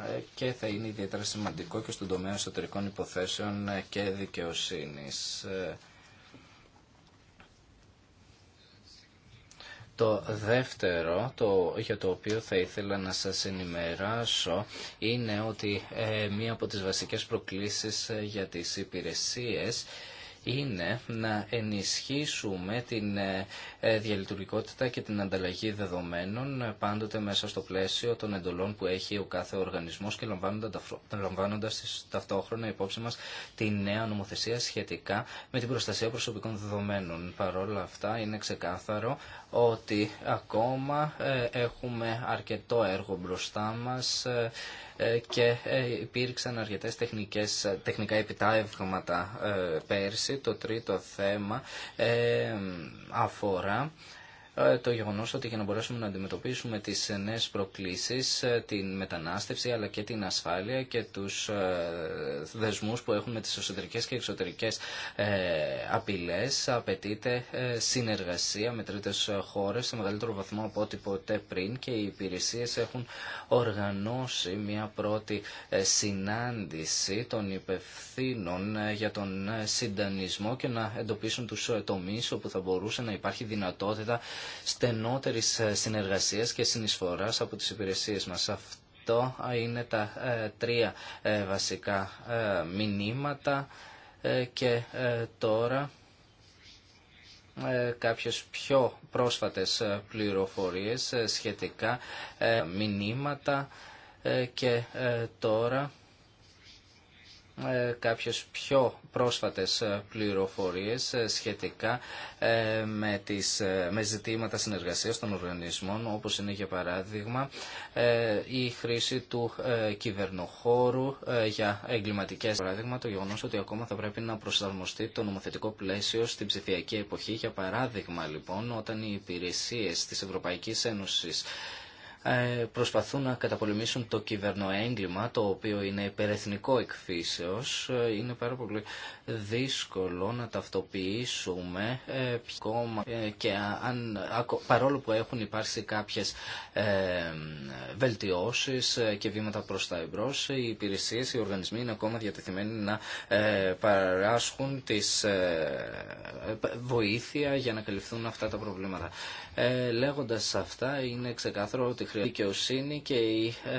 ε, και θα είναι ιδιαίτερα σημαντικό και στον τομέα εσωτερικών υποθέσεων ε, και δικαιοσύνης. Ε, το δεύτερο το, για το οποίο θα ήθελα να σας ενημεράσω είναι ότι μία από τις βασικές προκλήσεις για τις υπηρεσίες είναι να ενισχύσουμε την ε, ε, διαλειτουργικότητα και την ανταλλαγή δεδομένων ε, πάντοτε μέσα στο πλαίσιο των εντολών που έχει ο κάθε οργανισμός και λαμβάνοντας ταυτόχρονα υπόψη μας τη νέα νομοθεσία σχετικά με την προστασία προσωπικών δεδομένων. Παρ' όλα αυτά είναι ξεκάθαρο ότι ακόμα ε, έχουμε αρκετό έργο μπροστά μας ε, ε, και υπήρξαν αρκετές τεχνικές, τεχνικά επιτάευματα πέρσι. Το τρίτο θέμα αφορά ε, το γεγονό ότι για να μπορέσουμε να αντιμετωπίσουμε τις νέε προκλήσεις, ε, την μετανάστευση αλλά και την ασφάλεια και τους ε, δεσμούς που έχουν με τις εσωτερικές και εξωτερικές απειλέ, απαιτείται συνεργασία με τρίτε χώρε σε μεγαλύτερο βαθμό από ό,τι ποτέ πριν και οι υπηρεσίες έχουν οργανώσει μια πρώτη συνάντηση των υπευθύνων για τον συντανισμό και να εντοπίσουν του τομεί όπου θα μπορούσε να υπάρχει δυνατότητα στενότερης ε, συνεργασίας και συνεισφοράς από τις υπηρεσίες μας. Αυτό είναι τα ε, τρία ε, βασικά μηνύματα και τώρα κάποιες πιο πρόσφατες πληροφορίες σχετικά μηνύματα και τώρα ε, κάποιες πιο πρόσφατες ε, πληροφορίες ε, σχετικά με, τις, με ζητήματα συνεργασίας των οργανισμών όπως είναι για παράδειγμα η χρήση του κυβερνοχώρου για εγκληματικές παράδειγμα το γεγονός ότι ακόμα θα πρέπει να προσαρμοστεί το νομοθετικό πλαίσιο στην ψηφιακή εποχή για παράδειγμα λοιπόν όταν οι υπηρεσίες της Ευρωπαϊκής Ένωσης ε, προσπαθούν να καταπολεμήσουν το κυβερνοέγκλημα, το οποίο είναι υπερεθνικό εκφύσεως. Ε, είναι πάρα πολύ δύσκολο να ταυτοποιήσουμε ε, και αν, παρόλο που έχουν υπάρξει κάποιες βελτιώσεις και βήματα προς τα εμπρός, οι υπηρεσίες, οι οργανισμοί είναι ακόμα διατεθειμένοι να παράσχουν τις βοήθεια για να καλυφθούν αυτά τα προβλήματα. Ε, λέγοντας αυτά είναι ξεκάθαρο ότι χρειάζεται δικαιοσύνη και οι ε,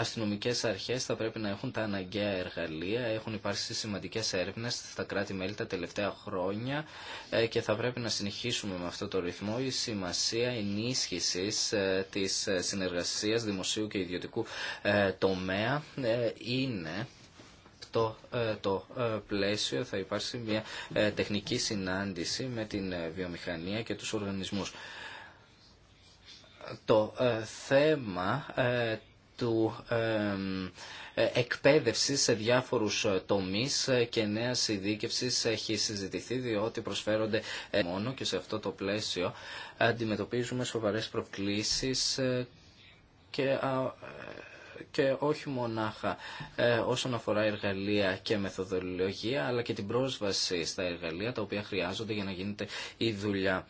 αστυνομικές αρχές θα πρέπει να έχουν τα αναγκαία εργαλεία. Έχουν υπάρξει σημαντικές έρευνες στα κράτη-μέλη τα τελευταία χρόνια ε, και θα πρέπει να συνεχίσουμε με αυτό το ρυθμό. Η σημασία ενίσχυσης ε, της ε, συνεργασίας δημοσίου και ιδιωτικού τομέα είναι το, το πλαίσιο θα υπάρξει μια τεχνική συνάντηση με την βιομηχανία και τους οργανισμούς το ε, θέμα ε, του ε, εκπαίδευσης σε διάφορους τομείς και νέα ειδίκευσης έχει συζητηθεί διότι προσφέρονται μόνο και σε αυτό το πλαίσιο αντιμετωπίζουμε σοβαρές προκλήσεις και και όχι μονάχα όσον αφορά εργαλεία και μεθοδολογία αλλά και την πρόσβαση στα εργαλεία τα οποία χρειάζονται για να γίνεται η δουλειά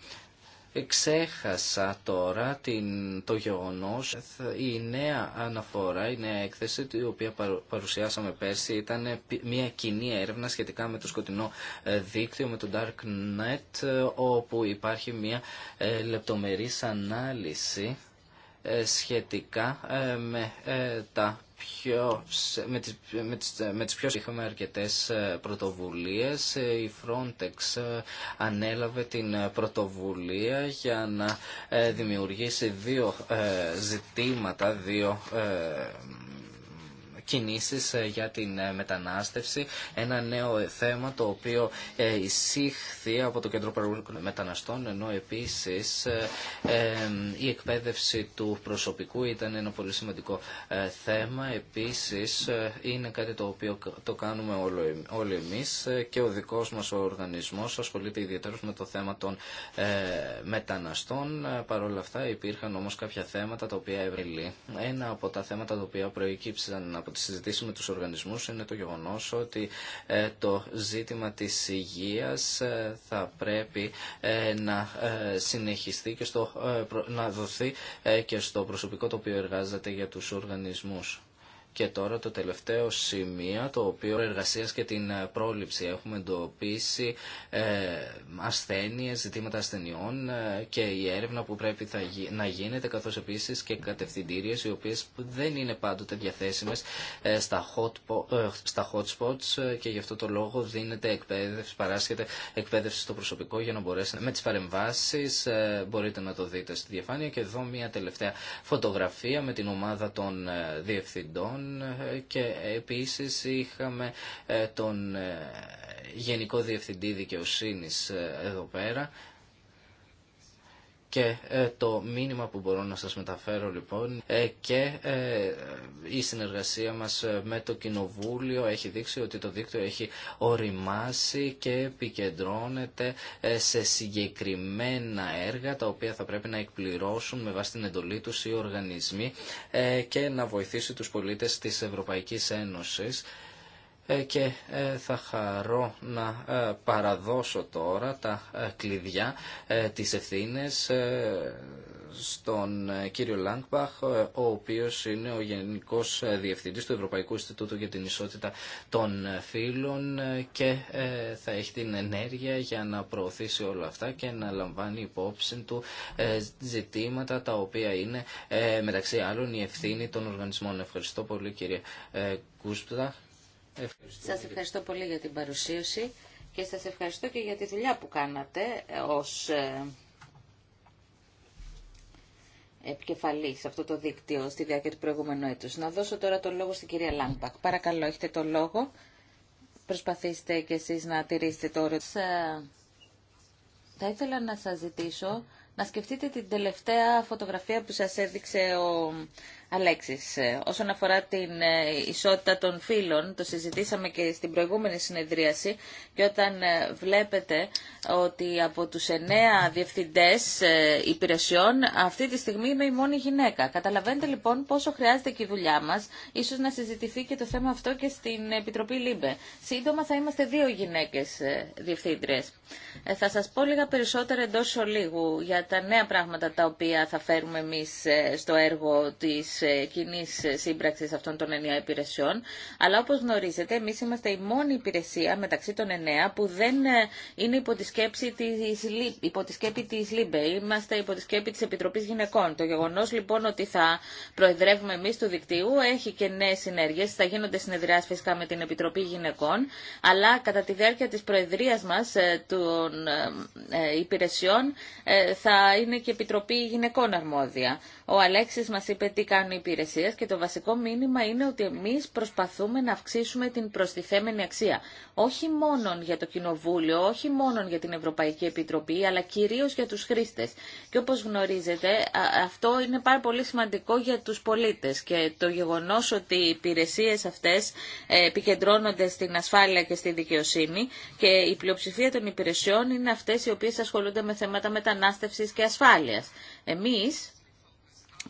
Εξέχασα τώρα την, το γεγονός, η νέα αναφορά, η νέα έκθεση την οποία παρουσιάσαμε πέρσι ήταν μια κοινή έρευνα σχετικά με το σκοτεινό ε, δίκτυο, με το Darknet, ε, όπου υπάρχει μια ε, λεπτομερής ανάλυση σχετικά με τα πιο, με τις, με με πιο είχαμε αρκετές ε, πρωτοβουλίες. Ε, η Frontex ε, ανέλαβε την πρωτοβουλία για να δημιουργήσει δύο ζητήματα, δύο κινήσεις ε, για την ε, μετανάστευση. Ένα νέο ε, θέμα το οποίο εισήχθη από το Κέντρο Παραγωγικών Μεταναστών ενώ επίσης η εκπαίδευση του προσωπικού ήταν ένα πολύ σημαντικό θέμα. Επίσης είναι κάτι το οποίο το κάνουμε όλοι εμείς και ο δικός μας ο οργανισμός ασχολείται ιδιαίτερα με το θέμα των μεταναστών. Παρ' όλα αυτά υπήρχαν όμως κάποια θέματα τα οποία Ένα από τα θέματα τα οποία προεκύψαν από συζητήσει με τους οργανισμούς είναι το γεγονός ότι ε, το ζήτημα της υγείας ε, θα πρέπει ε, να συνεχιστεί και στο, να δοθεί και στο προσωπικό το οποίο εργάζεται για τους οργανισμούς. Και τώρα το τελευταίο σημείο, το οποίο εργασία και την ε, πρόληψη. Έχουμε εντοπίσει ε, ασθένειε, ζητήματα ασθενειών ε, και η έρευνα που πρέπει να γίνεται, καθώς επίσης και κατευθυντήριε, οι οποίε δεν είναι πάντοτε διαθέσιμε ε, στα, hot, spots και γι' αυτό το λόγο δίνεται εκπαίδευση, παράσχεται εκπαίδευση στο προσωπικό για να μπορέσει με τι παρεμβάσει. μπορείτε να το δείτε στη διαφάνεια. Και εδώ μια τελευταία φωτογραφία με την ομάδα των διευθυντών ε, και επίσης είχαμε ε, τον ε, Γενικό Διευθυντή Δικαιοσύνης εδώ πέρα και ε, το μήνυμα που μπορώ να σας μεταφέρω λοιπόν ε, και ε, η συνεργασία μας με το Κοινοβούλιο έχει δείξει ότι το δίκτυο έχει οριμάσει και επικεντρώνεται σε συγκεκριμένα έργα τα οποία θα πρέπει να εκπληρώσουν με βάση την εντολή τους οι οργανισμοί και να βοηθήσει τους πολίτες της Ευρωπαϊκής Ένωσης ε, και ε, θα χαρώ να ε, παραδώσω τώρα τα κλειδιά της ευθύνες στον κύριο Λάγκμπαχ, ο οποίος είναι ο Γενικός Διευθυντής του Ευρωπαϊκού Ινστιτούτου για την Ισότητα των Φύλων και θα έχει την ενέργεια για να προωθήσει όλα αυτά και να λαμβάνει υπόψη του ζητήματα τα οποία είναι μεταξύ άλλων η ευθύνη των οργανισμών. Ευχαριστώ πολύ κύριε Κούσπτα. Ευχαριστώ. Σας ευχαριστώ πολύ για την παρουσίαση και σας ευχαριστώ και για τη δουλειά που κάνατε ως ε, επικεφαλή σε αυτό το δίκτυο στη διάρκεια του προηγούμενου έτους. Να δώσω τώρα το λόγο στην κυρία Λάγκπακ. Παρακαλώ, έχετε το λόγο. Προσπαθήστε και εσείς να τηρήσετε το ε, Θα ήθελα να σας ζητήσω να σκεφτείτε την τελευταία φωτογραφία που σας έδειξε ο Αλέξης, ε, όσον αφορά την ε, ισότητα των φύλων, το συζητήσαμε και στην προηγούμενη συνεδρίαση και όταν ε, βλέπετε ότι από τους εννέα διευθυντές υπηρεσιών αυτή τη στιγμή είμαι η μόνη γυναίκα. Καταλαβαίνετε λοιπόν πόσο χρειάζεται και η δουλειά μας, ίσως να συζητηθεί και το θέμα αυτό και στην Επιτροπή ΛΥΜΠΕ. Σύντομα θα είμαστε δύο γυναίκες διευθύντριες. Ε, θα σας πω λίγα περισσότερα εντός ολίγου για τα νέα πράγματα τα οποία θα φέρουμε εμείς ε, στο έργο της ε, κοινή σύμπραξης αυτών των εννέα υπηρεσιών. Αλλά όπως γνωρίζετε, εμείς είμαστε η μόνη υπηρεσία μεταξύ των εννέα που δεν είναι υπό τη, σκέψη της, υπό τη της ΛΥΜΠΕ. Είμαστε υπό τη σκέπη της Επιτροπής Γυναικών. Το γεγονός λοιπόν ότι θα προεδρεύουμε εμείς του δικτύου έχει και νέες συνέργειες. Θα γίνονται συνεδριάσεις φυσικά με την Επιτροπή Γυναικών. Αλλά κατά τη διάρκεια της προεδρίας μας του των ε, ε, υπηρεσιών ε, θα είναι και Επιτροπή Γυναικών Αρμόδια. Ο Αλέξης μας είπε τι κάνουν οι υπηρεσίες και το βασικό μήνυμα είναι ότι εμείς προσπαθούμε να αυξήσουμε την προστιθέμενη αξία. Όχι μόνον για το Κοινοβούλιο, όχι μόνον για την Ευρωπαϊκή Επιτροπή, αλλά κυρίως για τους χρήστες. Και όπως γνωρίζετε, αυτό είναι πάρα πολύ σημαντικό για τους πολίτες και το γεγονός ότι οι υπηρεσίες αυτές ε, επικεντρώνονται στην ασφάλεια και στη δικαιοσύνη και η πλειοψηφία των υπηρεσιών είναι αυτές οι οποίες ασχολούνται με θέματα μετανάστευσης και ασφάλειας. Εμείς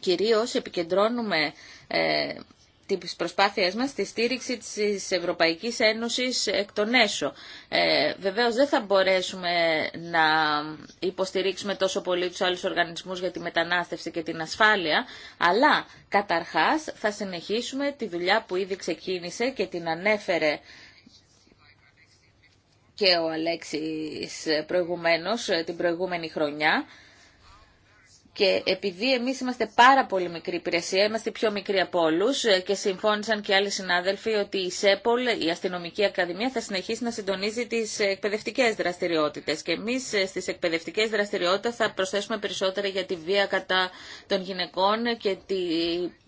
κυρίως επικεντρώνουμε ε, τις προσπάθειές μας στη στήριξη της Ευρωπαϊκής Ένωσης εκ των έσω. Ε, βεβαίως δεν θα μπορέσουμε να υποστηρίξουμε τόσο πολύ τους άλλους οργανισμούς για τη μετανάστευση και την ασφάλεια, αλλά καταρχάς θα συνεχίσουμε τη δουλειά που ήδη ξεκίνησε και την ανέφερε και ο Αλέξης προηγουμένως ε, την προηγούμενη χρονιά, και επειδή εμείς είμαστε πάρα πολύ μικρή υπηρεσία, είμαστε πιο μικροί από όλου ε, και συμφώνησαν και άλλοι συνάδελφοι ότι η ΣΕΠΟΛ, η Αστυνομική Ακαδημία, θα συνεχίσει να συντονίζει τις εκπαιδευτικές δραστηριότητες. Και εμείς ε, στις εκπαιδευτικές δραστηριότητες θα προσθέσουμε περισσότερα για τη βία κατά των γυναικών και τη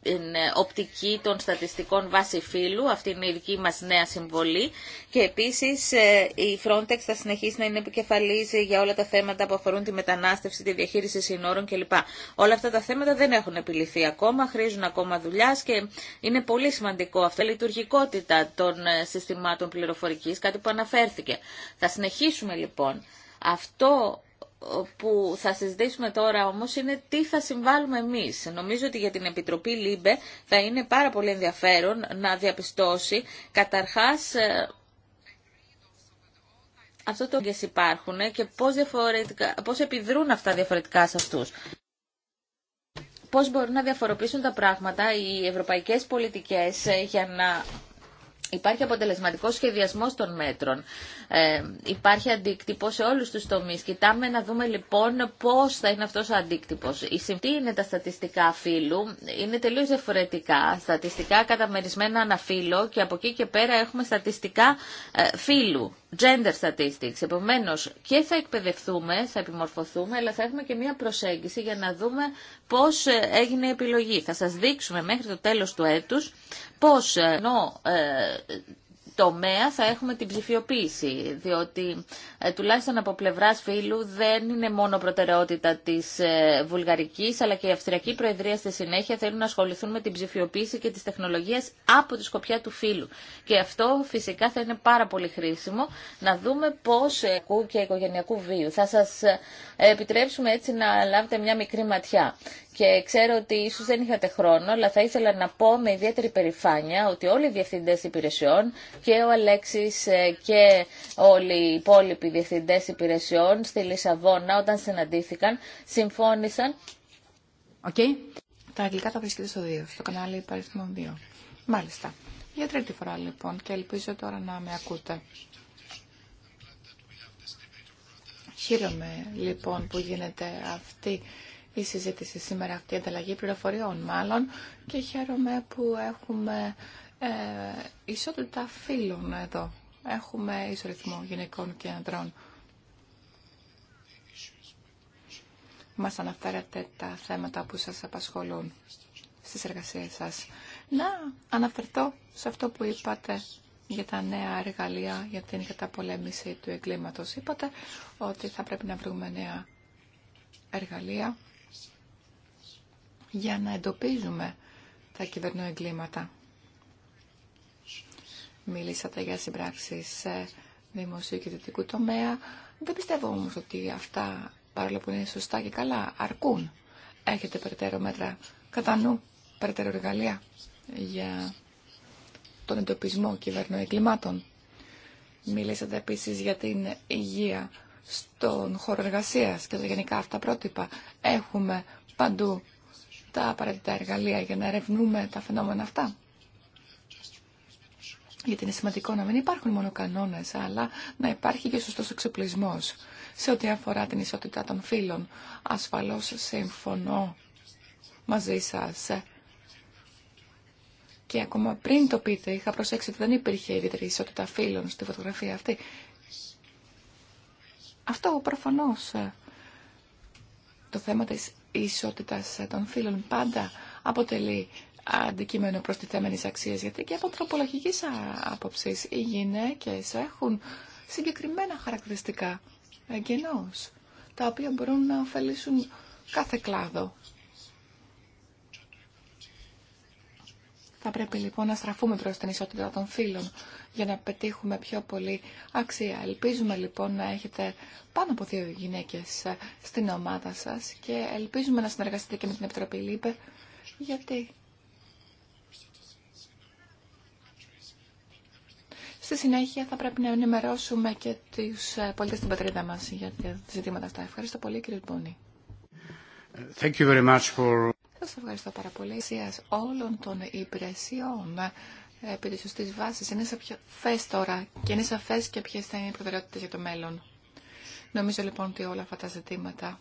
την ε, οπτική των στατιστικών βάση φύλου. Αυτή είναι η δική μας νέα συμβολή. Και επίσης ε, η Frontex θα συνεχίσει να είναι επικεφαλής για όλα τα θέματα που αφορούν τη μετανάστευση, τη διαχείριση συνόρων κλπ. Όλα αυτά τα θέματα δεν έχουν επιληθεί ακόμα, χρήζουν ακόμα δουλειά και είναι πολύ σημαντικό αυτή Η λειτουργικότητα των ε, συστημάτων πληροφορικής, κάτι που αναφέρθηκε. Θα συνεχίσουμε λοιπόν αυτό που θα συζητήσουμε τώρα όμως είναι τι θα συμβάλλουμε εμείς. Νομίζω ότι για την Επιτροπή ΛΥΜΠΕ θα είναι πάρα πολύ ενδιαφέρον να διαπιστώσει καταρχάς ε, αυτό το ποιες υπάρχουν και πώς, διαφορετικά, πώς επιδρούν αυτά διαφορετικά σε αυτούς. Πώς μπορούν να διαφοροποιήσουν τα πράγματα οι ευρωπαϊκές πολιτικές ε, για να Υπάρχει αποτελεσματικό σχεδιασμό των μέτρων. Ε, υπάρχει αντίκτυπο σε όλου του τομεί. Κοιτάμε να δούμε λοιπόν πώ θα είναι αυτό ο αντίκτυπο. Τι είναι τα στατιστικά φύλου. Είναι τελείω διαφορετικά. Στατιστικά καταμερισμένα αναφύλλω και από εκεί και πέρα έχουμε στατιστικά ε, φύλου gender statistics. Επομένως, και θα εκπαιδευτούμε, θα επιμορφωθούμε, αλλά θα έχουμε και μία προσέγγιση για να δούμε πώς ε, έγινε η επιλογή. Θα σας δείξουμε μέχρι το τέλος του έτους πώς ε, ενώ, ε, τομέα θα έχουμε την ψηφιοποίηση, διότι ε, τουλάχιστον από πλευρά φίλου δεν είναι μόνο προτεραιότητα της ε, Βουλγαρικής, αλλά και η Αυστριακή Προεδρία στη συνέχεια θέλουν να ασχοληθούν με την ψηφιοποίηση και τις τεχνολογίες από τη σκοπιά του φίλου. Και αυτό φυσικά θα είναι πάρα πολύ χρήσιμο να δούμε πώς ε, και οικογενειακού βίου. Θα σας επιτρέψουμε έτσι να λάβετε μια μικρή ματιά. Και ξέρω ότι ίσω δεν είχατε χρόνο, αλλά θα ήθελα να πω με ιδιαίτερη περηφάνεια ότι όλοι οι διευθυντέ υπηρεσιών και ο Αλέξη ε, και όλοι οι υπόλοιποι διευθυντέ υπηρεσιών στη Λισαβόνα όταν συναντήθηκαν συμφώνησαν. Okay. Τα αγγλικά θα βρίσκεται στο 2, στο κανάλι Παριθμό 2. Μάλιστα. Για τρίτη φορά λοιπόν και ελπίζω τώρα να με ακούτε. Χαίρομαι λοιπόν που γίνεται αυτή η συζήτηση σήμερα αυτή, η ανταλλαγή πληροφοριών μάλλον και χαίρομαι που έχουμε ε, ισότητα φίλων εδώ. Έχουμε ίσο ρυθμό γυναικών και ανδρών. Μας αναφέρατε τα θέματα που σας απασχολούν στις εργασίες σας. Να αναφερθώ σε αυτό που είπατε για τα νέα εργαλεία για την καταπολέμηση του εγκλήματος. Είπατε ότι θα πρέπει να βρούμε νέα εργαλεία για να εντοπίζουμε τα κυβερνοεγκλήματα. Μίλησατε για συμπράξεις δημοσίου και δυτικού τομέα. Δεν πιστεύω όμως ότι αυτά, παρόλο που είναι σωστά και καλά, αρκούν. Έχετε περαιτέρω μέτρα κατά νου, περαιτέρω εργαλεία για τον εντοπισμό κυβερνοεγκλημάτων. Μιλήσατε επίσης για την υγεία στον χώρο εργασίας και τα γενικά αυτά πρότυπα. Έχουμε παντού τα απαραίτητα εργαλεία για να ερευνούμε τα φαινόμενα αυτά. Γιατί είναι σημαντικό να μην υπάρχουν μόνο κανόνε, αλλά να υπάρχει και σωστό εξοπλισμό σε ό,τι αφορά την ισότητα των φύλων. Ασφαλώ συμφωνώ μαζί σα. Και ακόμα πριν το πείτε, είχα προσέξει ότι δεν υπήρχε ιδιαίτερη ισότητα φύλων στη φωτογραφία αυτή. Αυτό προφανώ. Το θέμα της η ισότητα των φίλων πάντα αποτελεί αντικείμενο προστιθέμενης αξίας, γιατί και από τροπολογικής άποψης οι γυναίκες έχουν συγκεκριμένα χαρακτηριστικά εγγενώς, τα οποία μπορούν να ωφελήσουν κάθε κλάδο Θα πρέπει λοιπόν να στραφούμε προς την ισότητα των φύλων για να πετύχουμε πιο πολύ αξία. Ελπίζουμε λοιπόν να έχετε πάνω από δύο γυναίκες ε, στην ομάδα σας και ελπίζουμε να συνεργαστείτε και με την Επιτροπή Λίπε, γιατί Στη συνέχεια θα πρέπει να ενημερώσουμε και τους ε, πολίτες στην πατρίδα μας για τα ζητήματα αυτά. Ευχαριστώ πολύ κύριε Πόνη. Σας ευχαριστώ πάρα πολύ. όλων των υπηρεσιών επί της σωστής βάσης είναι σαφές τώρα και είναι σαφές και ποιες θα είναι οι προτεραιότητες για το μέλλον. Νομίζω λοιπόν ότι όλα αυτά τα ζητήματα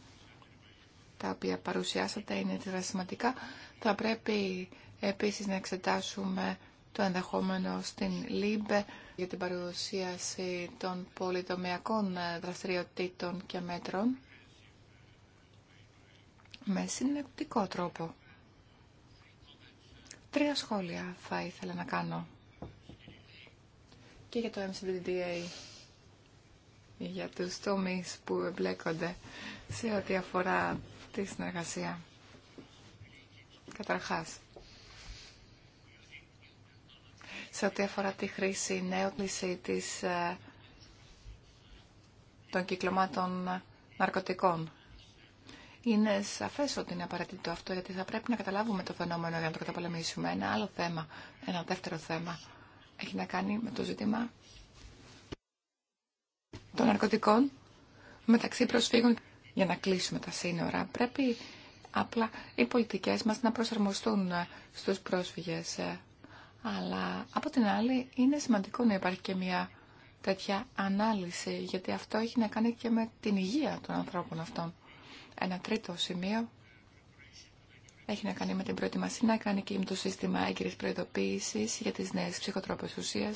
τα οποία παρουσιάσατε είναι σημαντικά. Θα πρέπει επίσης να εξετάσουμε το ενδεχόμενο στην ΛΥΜΠΕ για την παρουσίαση των πολυτομιακών δραστηριοτήτων και μέτρων με συνεπτικό τρόπο. Τρία σχόλια θα ήθελα να κάνω και για το MCDDA για τους τομείς που εμπλέκονται σε ό,τι αφορά τη συνεργασία. Καταρχάς, σε ό,τι αφορά τη χρήση νέοπληση της, ε, των κυκλωμάτων ναρκωτικών είναι σαφέ ότι είναι απαραίτητο αυτό, γιατί θα πρέπει να καταλάβουμε το φαινόμενο για να το καταπολεμήσουμε. Ένα άλλο θέμα, ένα δεύτερο θέμα, έχει να κάνει με το ζήτημα των ναρκωτικών μεταξύ προσφύγων. Για να κλείσουμε τα σύνορα, πρέπει απλά οι πολιτικές μας να προσαρμοστούν στους πρόσφυγες. Αλλά από την άλλη είναι σημαντικό να υπάρχει και μια τέτοια ανάλυση, γιατί αυτό έχει να κάνει και με την υγεία των ανθρώπων αυτών. Ένα τρίτο σημείο έχει να κάνει με την προετοιμασία, να κάνει και με το σύστημα έγκυρης προειδοποίησης για τις νέες ψυχοτρόπες ουσία.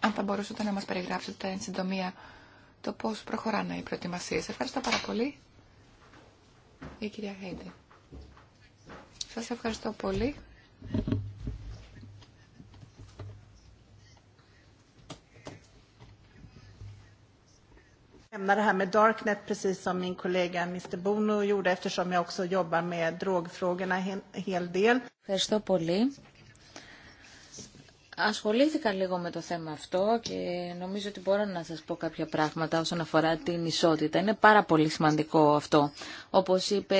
Αν θα μπορούσατε να μας περιγράψετε εν συντομία το πώς προχωράνε οι προετοιμασίες. Ευχαριστώ πάρα πολύ. Η κυρία Χέιντε. Σας ευχαριστώ πολύ. nämna det här med Darknet precis som min kollega Mr. Bono gjorde eftersom jag också jobbar med drogfrågorna en hel del. Ευχαριστώ πολύ. Ασχολήθηκα λίγο με το θέμα αυτό και νομίζω ότι μπορώ να σας πω κάποια πράγματα όσον αφορά την ισότητα. Είναι πάρα πολύ σημαντικό αυτό. Όπως είπε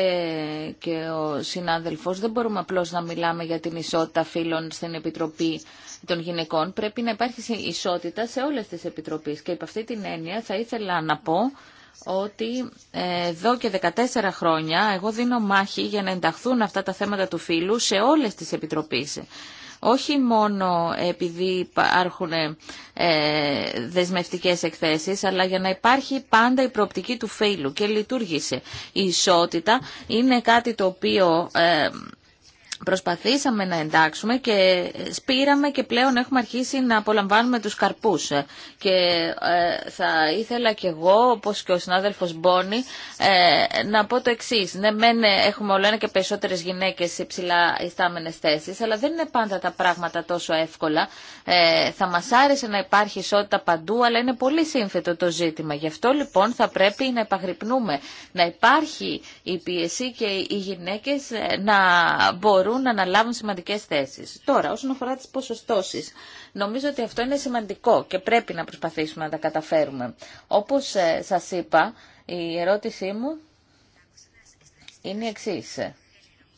και ο συνάδελφος, δεν μπορούμε απλώς να μιλάμε για την ισότητα φίλων στην Επιτροπή των Γυναικών. Πρέπει να υπάρχει ισότητα σε όλες τις Επιτροπές. Και υπ' αυτή την έννοια θα ήθελα να πω ότι ε, εδώ και 14 χρόνια εγώ δίνω μάχη για να ενταχθούν αυτά τα θέματα του φίλου σε όλες τις επιτροπές όχι μόνο επειδή υπάρχουν ε, δεσμευτικές εκθέσεις, αλλά για να υπάρχει πάντα η προοπτική του φέιλου και λειτουργήσε. Η ισότητα είναι κάτι το οποίο ε, προσπαθήσαμε να εντάξουμε και σπήραμε και πλέον έχουμε αρχίσει να απολαμβάνουμε τους καρπούς. Και ε, θα ήθελα και εγώ, όπως και ο συνάδελφος Μπόνι, ε, να πω το εξή. Ναι, έχουμε όλο ένα και περισσότερες γυναίκες σε ψηλά ιστάμενες θέσεις, αλλά δεν είναι πάντα τα πράγματα τόσο εύκολα. Ε, θα μας άρεσε να υπάρχει ισότητα παντού, αλλά είναι πολύ σύνθετο το ζήτημα. Γι' αυτό λοιπόν θα πρέπει να επαγρυπνούμε, να υπάρχει η πίεση και οι γυναίκες να μπορούν μπορούν να αναλάβουν σημαντικέ θέσεις. Τώρα, όσον αφορά τι ποσοστώσει, νομίζω ότι αυτό είναι σημαντικό και πρέπει να προσπαθήσουμε να τα καταφέρουμε. Όπως ε, σα είπα, η ερώτησή μου είναι η εξή.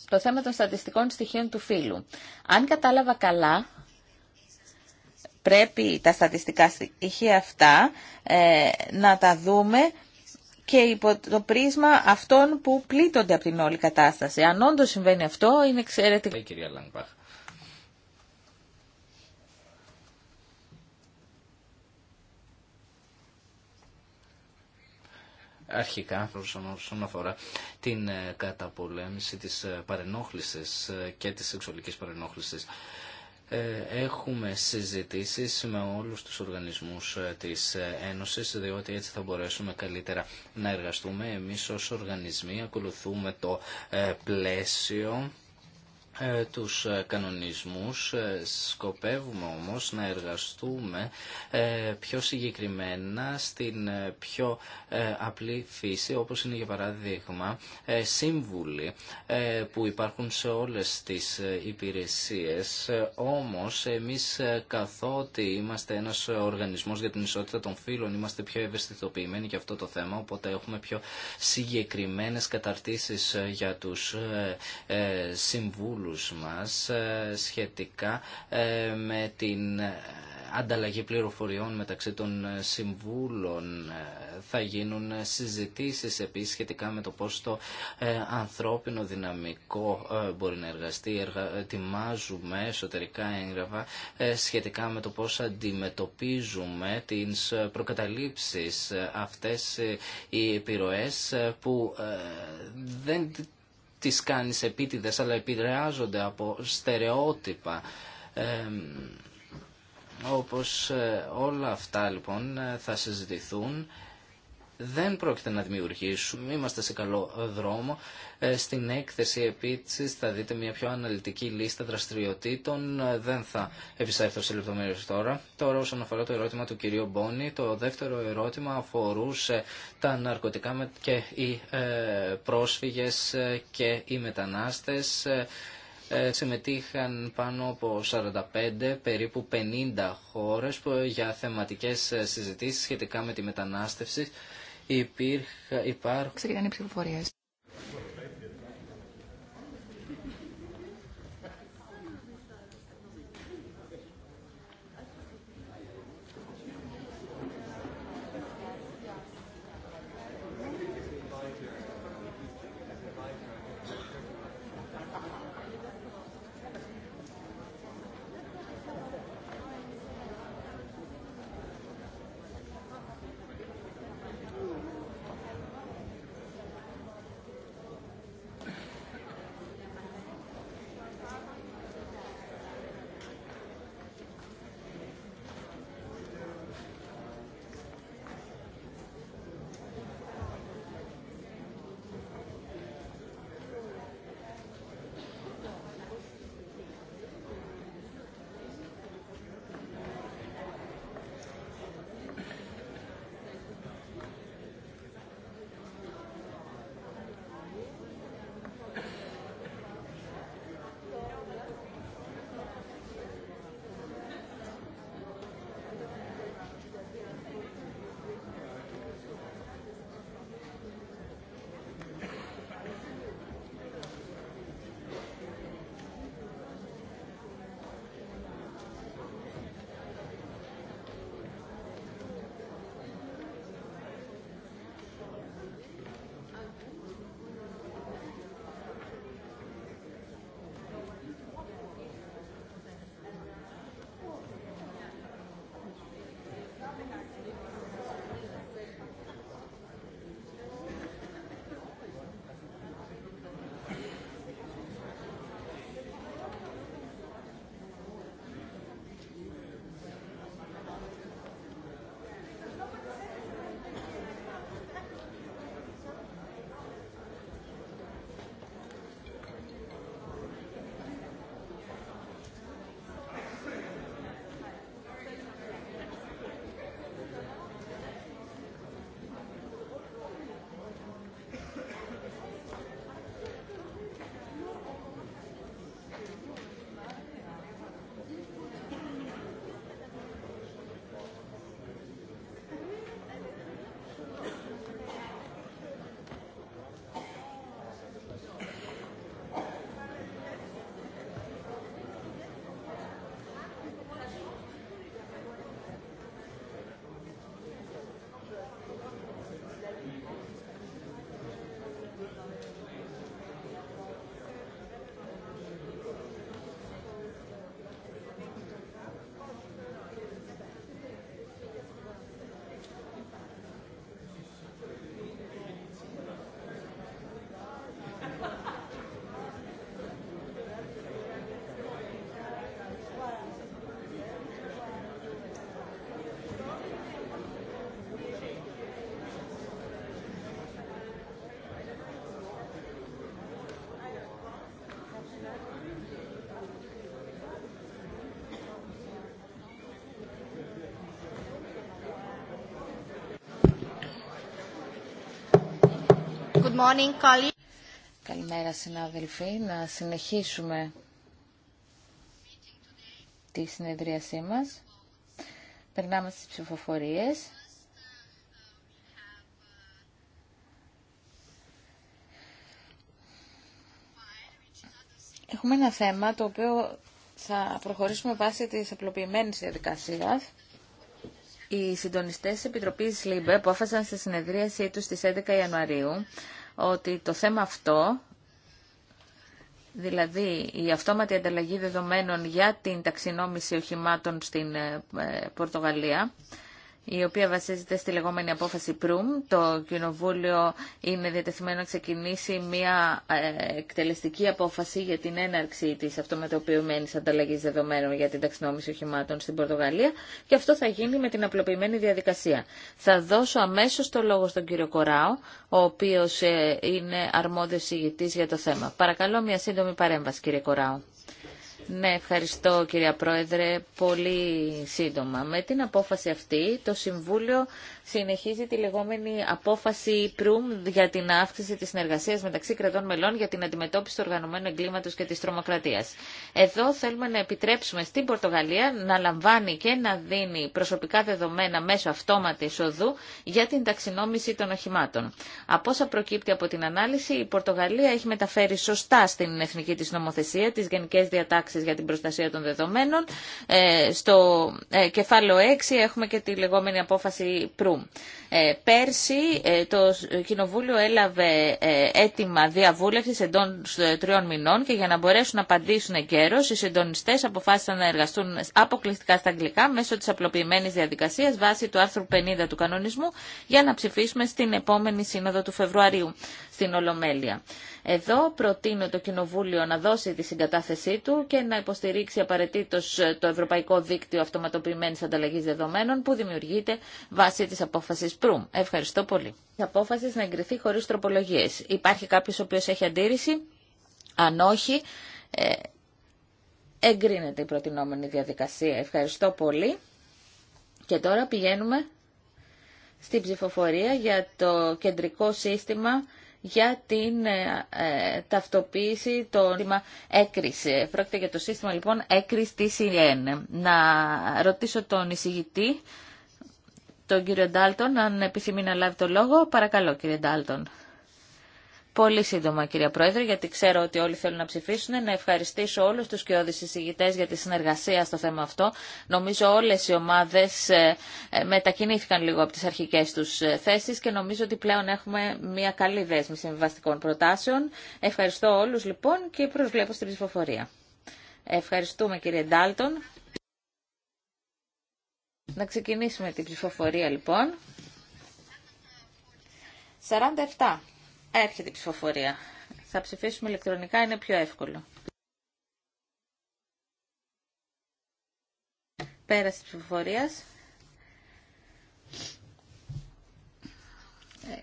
Το θέμα των στατιστικών στοιχείων του φίλου. Αν κατάλαβα καλά, πρέπει τα στατιστικά στοιχεία αυτά ε, να τα δούμε και υπό το πρίσμα αυτών που πλήττονται από την όλη κατάσταση. Αν όντω συμβαίνει αυτό, είναι εξαιρετικό. Η κυρία αρχικά όσον αφορά την ε, καταπολέμηση της ε, παρενόχλησης ε, και της σεξουαλικής παρενόχλησης. Ε, έχουμε συζητήσεις με όλους τους οργανισμούς ε, της ε, Ένωσης διότι έτσι θα μπορέσουμε καλύτερα να εργαστούμε. Εμείς ως οργανισμοί ακολουθούμε το πλαίσιο ε, τους ε, κανονισμούς. Ε, σκοπεύουμε όμως να εργαστούμε πιο συγκεκριμένα στην πιο απλή φύση όπως είναι για παράδειγμα σύμβουλοι που υπάρχουν σε όλες τις υπηρεσίες. Όμως εμείς καθότι είμαστε ένας οργανισμός για την ισότητα των φύλων είμαστε πιο ευαισθητοποιημένοι για αυτό το θέμα οπότε έχουμε πιο συγκεκριμένες καταρτήσεις για τους συμβούλους όλους μας ε, σχετικά ε, με την ε, ανταλλαγή πληροφοριών μεταξύ των συμβούλων. Θα γίνουν συζητήσεις επίσης σχετικά με το πώς το ανθρώπινο δυναμικό μπορεί να εργαστεί. Ετοιμάζουμε εσωτερικά έγγραφα σχετικά με το πώς αντιμετωπίζουμε τις προκαταλήψεις αυτές οι επιρροές που δεν τις κάνεις επίτηδες αλλά επηρεάζονται από στερεότυπα όπως ε, όλα αυτά λοιπόν ε, θα συζητηθούν δεν πρόκειται να δημιουργήσουμε, είμαστε σε καλό δρόμο. Ε, στην έκθεση επίση θα δείτε μια πιο αναλυτική λίστα δραστηριοτήτων, ε, δεν θα επισέλθω σε λεπτομέρειε τώρα. Τώρα όσον αφορά το ερώτημα του κυρίου Μπόνι, το δεύτερο ερώτημα αφορούσε τα ναρκωτικά και οι ε, πρόσφυγε και οι μετανάστες συμμετείχαν πάνω από 45, περίπου 50 χώρες για θεματικές συζητήσεις σχετικά με τη μετανάστευση υπήρχε, υπάρχουν... Ξεκινάνε οι ψηφοφορίε. Καλημέρα συνάδελφοι. Να συνεχίσουμε τη συνεδρίασή μας. Περνάμε στις ψηφοφορίες. Έχουμε ένα θέμα το οποίο θα προχωρήσουμε βάσει της απλοποιημένης διαδικασίας. Οι συντονιστές της Επιτροπής ΛΥΜΠΕ απόφασαν στη συνεδρίασή τους στις 11 Ιανουαρίου ότι το θέμα αυτό, δηλαδή η αυτόματη ανταλλαγή δεδομένων για την ταξινόμηση οχημάτων στην ε, ε, Πορτογαλία, η οποία βασίζεται στη λεγόμενη απόφαση Προύμ. Το Κοινοβούλιο είναι διατεθειμένο να ξεκινήσει μια ε, εκτελεστική απόφαση για την έναρξη της αυτομετωπιωμένης ανταλλαγή δεδομένων για την ταξινόμηση οχημάτων στην Πορτογαλία και αυτό θα γίνει με την απλοποιημένη διαδικασία. Θα δώσω αμέσως το λόγο στον κύριο Κοράο, ο οποίος ε, είναι αρμόδιο ηγητή για το θέμα. Παρακαλώ μια σύντομη παρέμβαση κύριε Κοράο. Ναι, ευχαριστώ κυρία Πρόεδρε. Πολύ σύντομα. Με την απόφαση αυτή το Συμβούλιο συνεχίζει τη λεγόμενη απόφαση ΠΡΟΥΜ για την αύξηση της συνεργασίας μεταξύ κρατών μελών για την αντιμετώπιση του οργανωμένου εγκλήματος και της τρομοκρατίας. Εδώ θέλουμε να επιτρέψουμε στην Πορτογαλία να λαμβάνει και να δίνει προσωπικά δεδομένα μέσω αυτόματης οδού για την ταξινόμηση των οχημάτων. Από όσα προκύπτει από την ανάλυση, η Πορτογαλία έχει μεταφέρει σωστά στην εθνική της νομοθεσία τις γενικές διατάξεις για την προστασία των δεδομένων. Ε, στο ε, κεφάλαιο 6 έχουμε και τη λεγόμενη απόφαση ΠΡΟΥΜ. Ε, πέρσι ε, το Κοινοβούλιο έλαβε ε, έτοιμα διαβούλευσης εντών τριών μηνών και για να μπορέσουν να απαντήσουν εγκαίρως, οι συντονιστές αποφάσισαν να εργαστούν αποκλειστικά στα αγγλικά μέσω της απλοποιημένης διαδικασίας βάσει του άρθρου 50 του κανονισμού για να ψηφίσουμε στην επόμενη σύνοδο του Φεβρουαρίου στην Ολομέλεια. Εδώ προτείνω το Κοινοβούλιο να δώσει τη συγκατάθεσή του και να υποστηρίξει απαραίτητο ε, το Ευρωπαϊκό Δίκτυο Αυτοματοποιημένη Ανταλλαγή Δεδομένων που δημιουργείται βάσει τη απόφαση ΠΡΟΥΜ. Ευχαριστώ πολύ. Η απόφαση να εγκριθεί χωρί τροπολογίε. Υπάρχει κάποιο ο οποίο έχει αντίρρηση. Αν όχι, ε, εγκρίνεται η προτινόμενη διαδικασία. Ευχαριστώ πολύ. Και τώρα πηγαίνουμε στην ψηφοφορία για το κεντρικό σύστημα για την ε, ε, ταυτοποίηση το σύστημα έκρηση. Πρόκειται για το σύστημα λοιπόν έκρηση της ΙΕΝ. Να ρωτήσω τον εισηγητή, τον κύριο Ντάλτον, αν επιθυμεί να λάβει το λόγο. Παρακαλώ κύριε Ντάλτον. Πολύ σύντομα, κυρία Πρόεδρε, γιατί ξέρω ότι όλοι θέλουν να ψηφίσουν. Να ευχαριστήσω όλου του και συζητητέ για τη συνεργασία στο θέμα αυτό. Νομίζω όλε οι ομάδε ε, ε, μετακινήθηκαν λίγο από τι αρχικέ του ε, θέσει και νομίζω ότι πλέον έχουμε μια καλή δέσμη συμβαστικών προτάσεων. Ευχαριστώ όλου λοιπόν και προσβλέπω στην ψηφοφορία. Ευχαριστούμε κύριε Ντάλτον. Να ξεκινήσουμε την ψηφοφορία λοιπόν. 47. Έρχεται η ψηφοφορία. Θα ψηφίσουμε ηλεκτρονικά, είναι πιο εύκολο. Πέραση της ψηφοφορίας. Ε,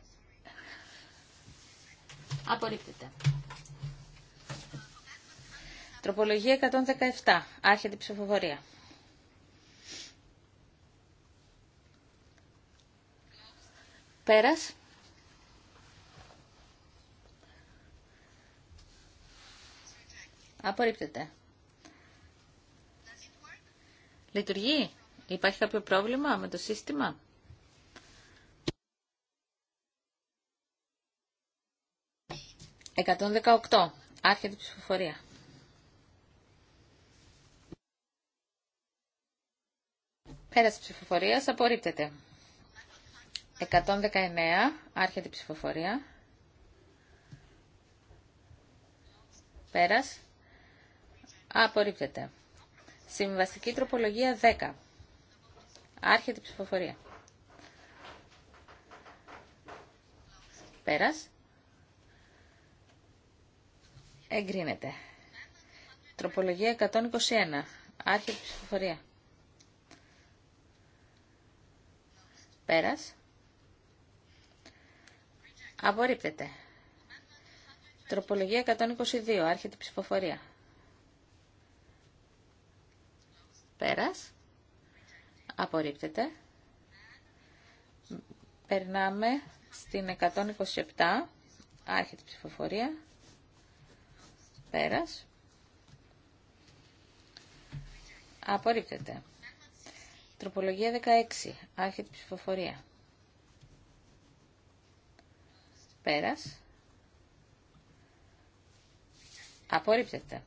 απορρίπτεται. Τροπολογία 117. Άρχεται η ψηφοφορία. Πέρας. Απορρίπτεται. Λειτουργεί. Υπάρχει κάποιο πρόβλημα με το σύστημα. 118. Άρχεται η ψηφοφορία. Πέραση ψηφοφορία. απορρίπτεται. 119, άρχεται η ψηφοφορία. Πέρας. Απορρίπτεται. Συμβαστική τροπολογία 10. Άρχεται η ψηφοφορία. Πέρας. Εγκρίνεται. Τροπολογία 121. Άρχεται η ψηφοφορία. Πέρας. Απορρίπτεται. Τροπολογία 122. Άρχεται η ψηφοφορία. Πέρας. Απορρίπτεται. Περνάμε στην 127. Άρχεται ψηφοφορία. Πέρας. Απορρίπτεται. Τροπολογία 16. Άρχεται ψηφοφορία. Πέρας. Απορρίπτεται.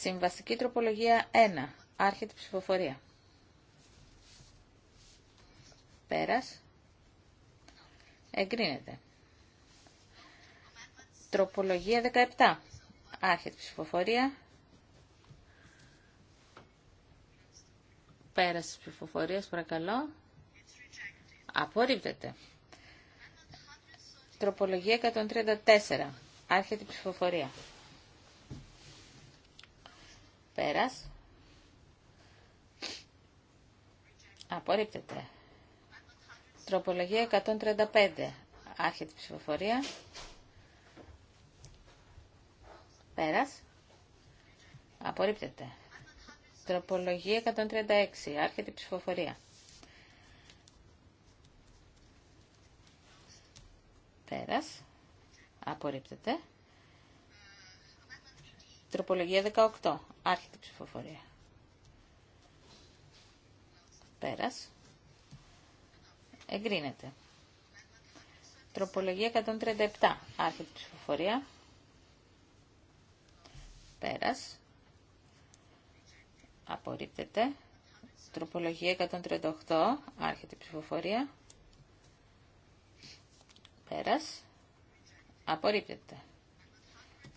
Συμβαστική τροπολογία 1. Άρχεται η ψηφοφορία. Πέρας. Εγκρίνεται. Τροπολογία 17. Άρχεται η ψηφοφορία. Πέρας της ψηφοφορίας, παρακαλώ. Απορρίπτεται. Τροπολογία 134. Άρχεται η ψηφοφορία. Πέρας. Απορρίπτεται. Τροπολογία 135. Άρχεται η ψηφοφορία. Πέρας. Απορρίπτεται. Τροπολογία 136. Άρχεται η ψηφοφορία. Πέρας. Απορρίπτεται. Τροπολογία 18. Άρχεται η ψηφοφορία. Πέρας. Εγκρίνεται. Τροπολογία 137. Άρχεται ψηφοφορία. Πέρας. Απορρίπτεται. Τροπολογία 138. Άρχεται ψηφοφορία. Πέρας. Απορρίπτεται.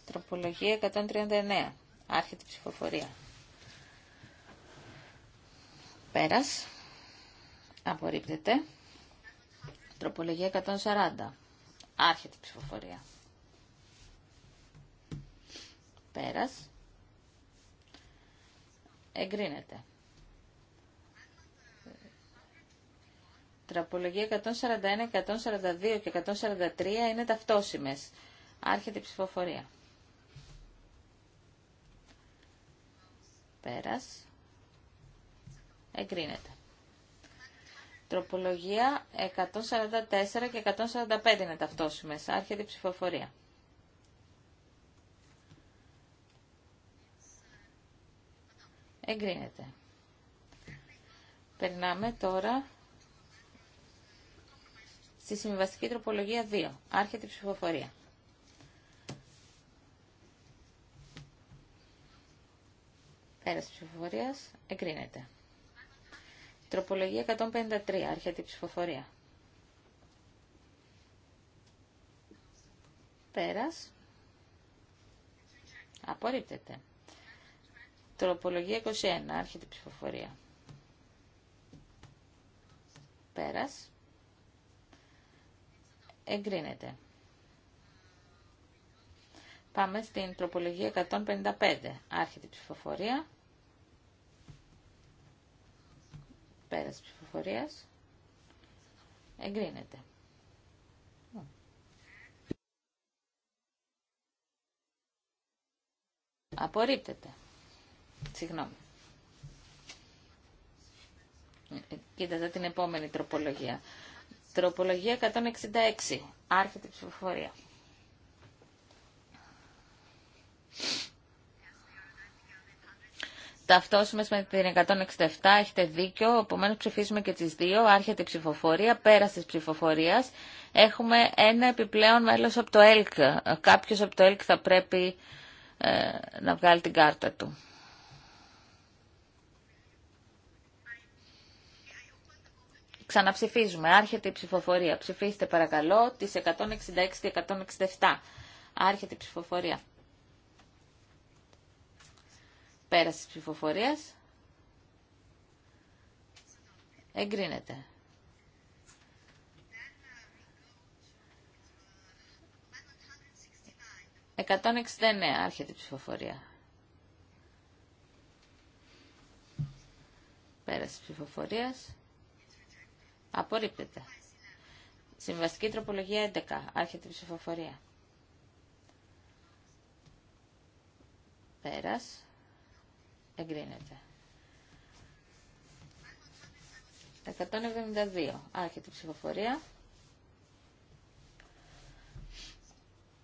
Τροπολογία 139. Άρχεται ψηφοφορία. Πέρας. Απορρίπτεται. Τροπολογία 140. Άρχεται η ψηφοφορία. Πέρας. Εγκρίνεται. Τροπολογία 141, 142 και 143 είναι ταυτόσιμες. Άρχεται η ψηφοφορία. Πέρας. Εγκρίνεται. Τροπολογία 144 και 145 είναι ταυτόσιμες. Άρχεται η ψηφοφορία. Εγκρίνεται. Περνάμε τώρα στη συμβιβαστική τροπολογία 2. Άρχεται η ψηφοφορία. Πέρας ψηφοφορίας εγκρίνεται. Τροπολογία 153, άρχεται ψηφοφορία. Πέρας. Απορρίπτεται. Τροπολογία 21, άρχεται η ψηφοφορία. Πέρας. Εγκρίνεται. Πάμε στην τροπολογία 155, άρχεται η ψηφοφορία. της ψηφοφορίας. Εγκρίνεται. Απορρίπτεται. Συγγνώμη. Κοίταζα την επόμενη τροπολογία. Τροπολογία 166. Άρχεται η ψηφοφορία. ταυτόσιμε με την 167. Έχετε δίκιο. Επομένω ψηφίζουμε και τι δύο. Άρχεται η ψηφοφορία. Πέρα τη ψηφοφορία έχουμε ένα επιπλέον μέλο από το ΕΛΚ. Κάποιο από το ΕΛΚ θα πρέπει ε, να βγάλει την κάρτα του. Ξαναψηφίζουμε. Άρχεται η ψηφοφορία. Ψηφίστε παρακαλώ τις 166-167. και Άρχεται η ψηφοφορία. Πέραση της ψηφοφορίας. Εγκρίνεται. Εκατόν άρχεται η ψηφοφορία. Πέραση της ψηφοφορίας. Απορρίπτεται. Συμβαστική τροπολογία 11. Άρχεται η ψηφοφορία. Πέρας. Εγκρίνεται. 172. Άρχεται η ψηφοφορία.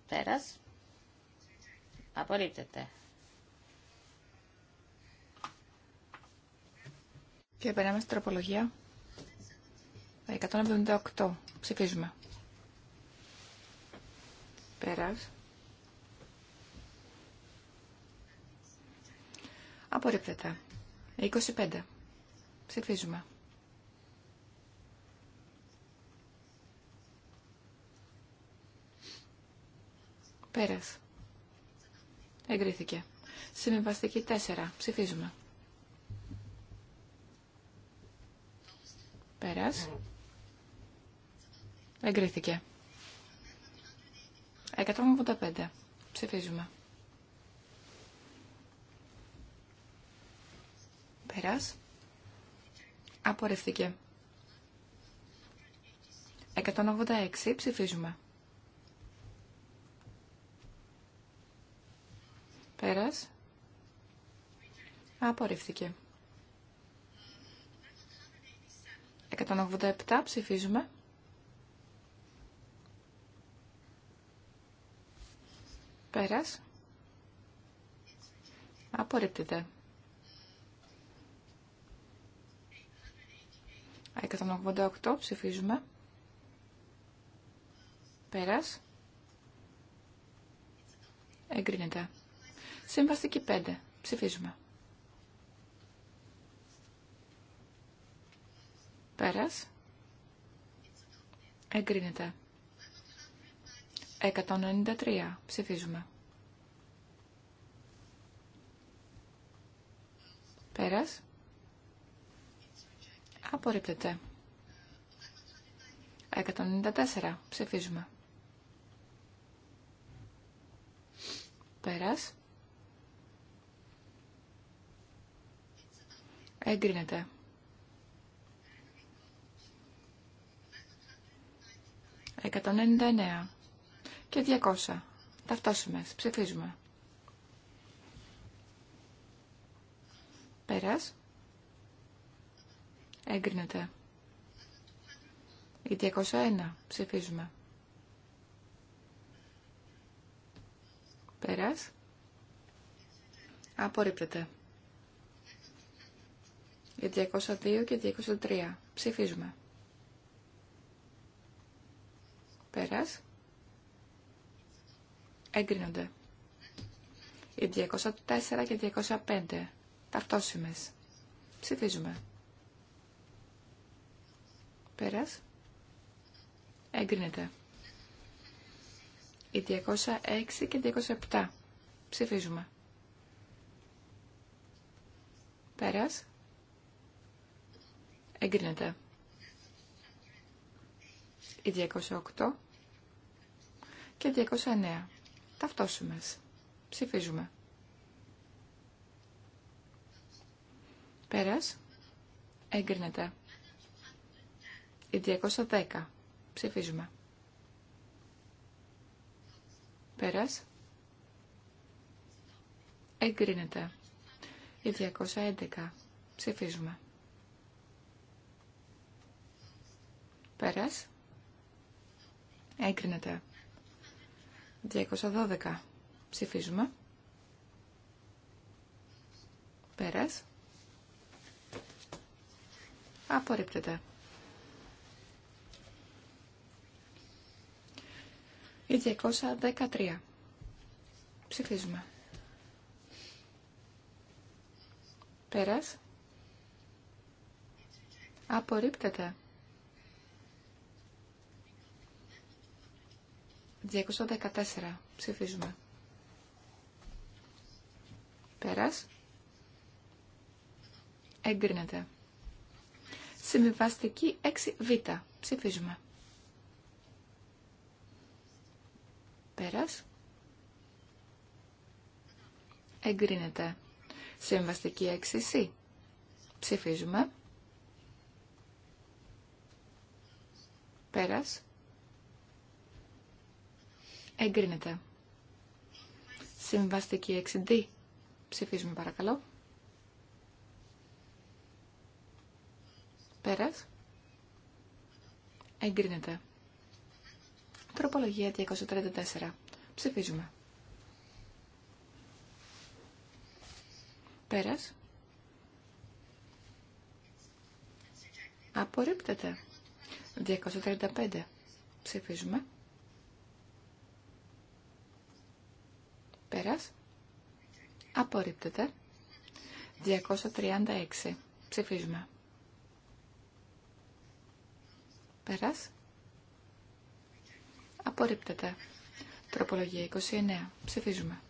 Πέρας. Απορρίπτεται. Και περνάμε στην τροπολογία. 178. Ψηφίζουμε. Πέρας. Απορρίπτεται. 25. Ψηφίζουμε. Πέρας. Εγκρίθηκε. Συμβαστική 4. Ψηφίζουμε. Πέρας. Εγκρίθηκε. 185. Ψηφίζουμε. Πέρας. Απορρεύθηκε. 186. Ψηφίζουμε. Πέρας. Απορρίφθηκε. 187. Ψηφίζουμε. Πέρας. Απορρίπτεται. 188 ψηφίζουμε. Πέρας. Εγκρίνεται. Συμβαστική 5. Ψηφίζουμε. Πέρας. Εγκρίνεται. 193. Ψηφίζουμε. Πέρας. Απορρίπτεται. 194. Ψηφίζουμε. Πέρας. Εγκρίνεται. 199 και 200. Ταυτόσιμες. Ψηφίζουμε. Πέρας. Εγκρίνεται. Η 201. Ψηφίζουμε. Πέρας. Απορρίπτεται. Η 202 και 203. Ψηφίζουμε. Πέρας. Εγκρίνονται. η 204 και 205. Ταυτόσιμες. Ψηφίζουμε. Πέρας. Έγκρινεται. Οι 206 και 207. Ψηφίζουμε. Πέρας. Εγκρίνεται. Η 208 και 209. Ταυτόσιμες. Ψηφίζουμε. Πέρας. Εγκρίνεται. Η 210. Ψηφίζουμε. Πέρας. Εγκρίνεται. Η 211. Ψηφίζουμε. Πέρας. Έγκρινεται. 212. Ψηφίζουμε. Πέρας. Απορρίπτεται. Η 213. Ψηφίζουμε. Πέρας. Απορρίπτεται. 214. Ψηφίζουμε. Πέρας. Εγκρίνεται. Συμβιβαστική 6β. Ψηφίζουμε. Πέρας. Εγκρίνεται. Συμβαστική Ψηφίζουμε. Πέρας. Εγκρίνεται. Συμβαστική Ψηφίζουμε παρακαλώ. Πέρας. Εγκρίνεται. Τροπολογία 234. Ψηφίζουμε. Πέρας. Απορρίπτεται. 235. Ψηφίζουμε. Πέρας. Απορρίπτεται. 236. Ψηφίζουμε. Πέρας. Απορρίπτεται. Τροπολογία 29. Ψηφίζουμε.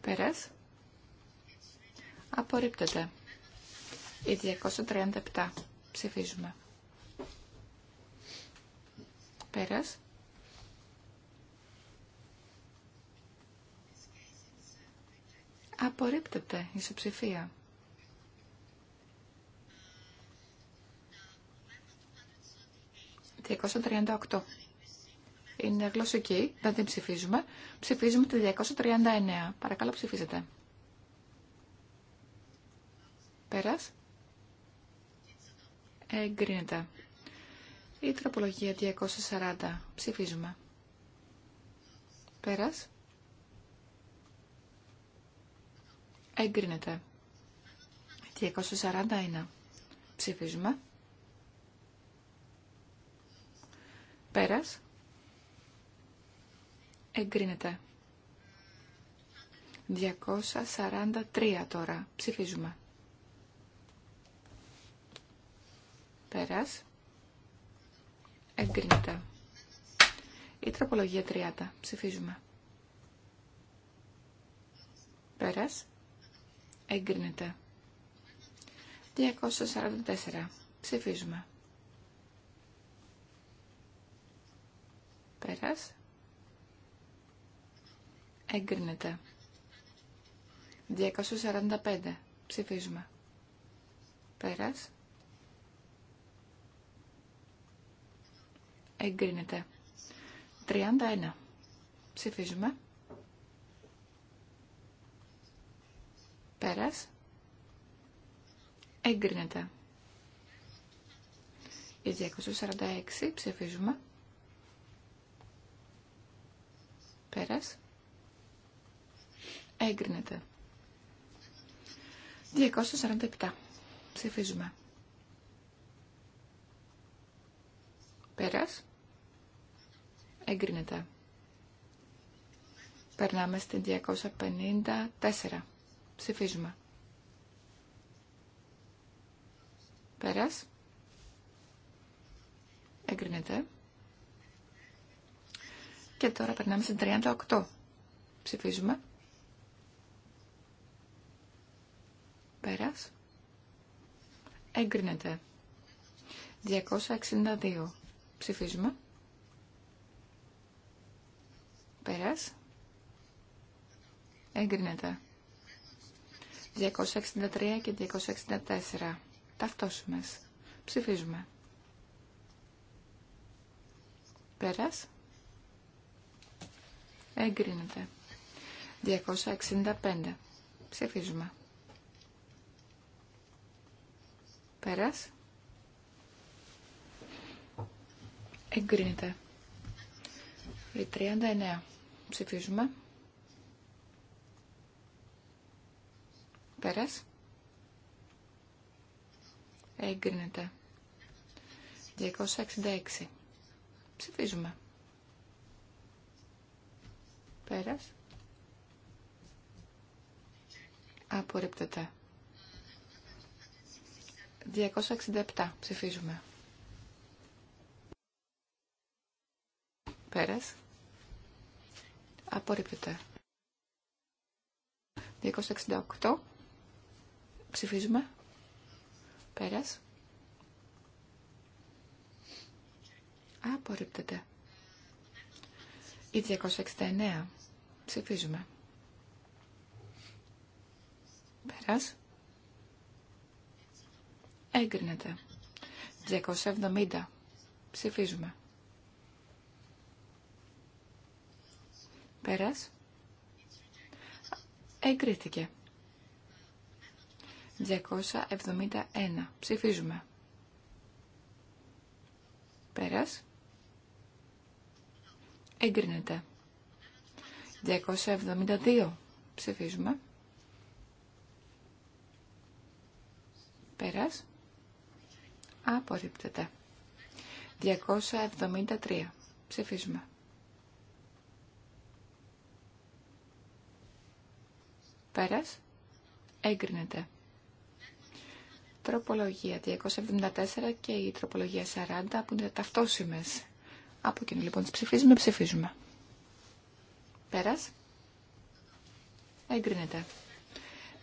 Πέρας. Απορρίπτεται. Η 237. Ψηφίζουμε. Πέρας. Απορρίπτεται η ισοψηφία. 238. Είναι γλωσσική, δεν την ψηφίζουμε. Ψηφίζουμε τη 239. Παρακαλώ ψηφίζετε. Πέρας. Εγκρίνεται. Η τροπολογία 240. Ψηφίζουμε. Πέρας. Εγκρίνεται. 241. Ψηφίζουμε. Πέρας. Εγκρίνεται. 243 τώρα. Ψηφίζουμε. Πέρας. Εγκρίνεται. Η τροπολογία 30. Ψηφίζουμε. Πέρας. Εγκρίνεται. 244. Ψηφίζουμε. Πέρας. Έγκρινεται. 245. Ψηφίζουμε. Πέρας. Εγκρίνεται. 31. Ψηφίζουμε. Πέρας. Εγκρίνεται. 246. Ψηφίζουμε. Πέρας. Έγκρινεται. 247. Ψηφίζουμε. Πέρας. Έγκρινεται. Περνάμε στην 254. Ψηφίζουμε. Πέρας. Έγκρινεται. Και τώρα περνάμε στην 38. Ψηφίζουμε. Πέρας. Εγκρίνεται. 262. Ψηφίζουμε. Πέρας. Εγκρίνεται. 263 και 264. Ταυτόσιμες. Ψηφίζουμε. Πέρας. Εγκρίνεται. 265. Ψηφίζουμε. Πέρας. Εγκρίνεται. Η 39. Ψηφίζουμε. Πέρας. Εγκρίνεται. 266. Ψηφίζουμε. Πέρας. Απορρίπτεται. 267. Ψηφίζουμε. Πέρας. Απορρίπτεται. 268. Ψηφίζουμε. Πέρας. Απορρίπτεται. Η 269. Ψηφίζουμε. Πέρας. Έγκρινεται. 270. Ψηφίζουμε. Πέρας. Εγκρίθηκε. 271. Ψηφίζουμε. Πέρας. Εγκρίνεται. 272 ψηφίζουμε. Πέρας. Απορρίπτεται. 273 ψηφίζουμε. Πέρας. Έγκρινεται. Τροπολογία 274 και η τροπολογία 40 που είναι ταυτόσιμες. Από κοινού λοιπόν τις ψηφίζουμε, ψηφίζουμε. Πέρας. Εγκρίνεται.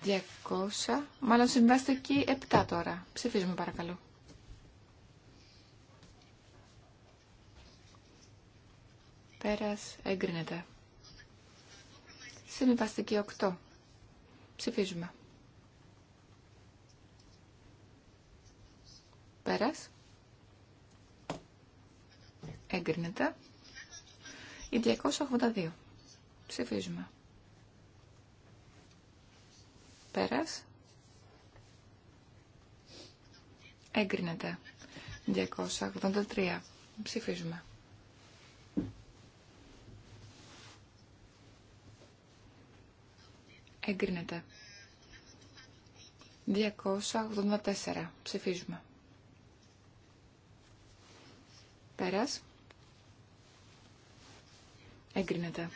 200, μάλλον συμβαστική 7 τώρα. Ψηφίζουμε παρακαλώ. Πέρας εγκρίνεται. Συμβαστική 8. Ψηφίζουμε. Πέρας. Εγκρίνεται. Η 282. Ψηφίζουμε. Πέρας. Έγκρινεται. 283. Ψηφίζουμε. Εγκρίνεται. 284. Ψηφίζουμε. Πέρας. Εγκρίνεται.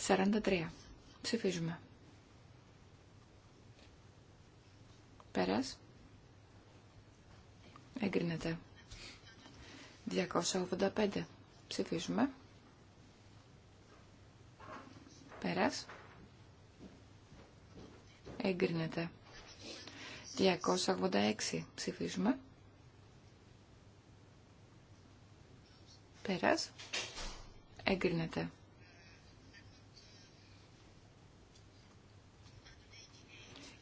43. Ψηφίζουμε. Πέρας. Εγκρίνεται. 285. Ψηφίζουμε. Πέρας. Εγκρίνεται. 286. Ψηφίζουμε. Πέρας. Εγκρίνεται.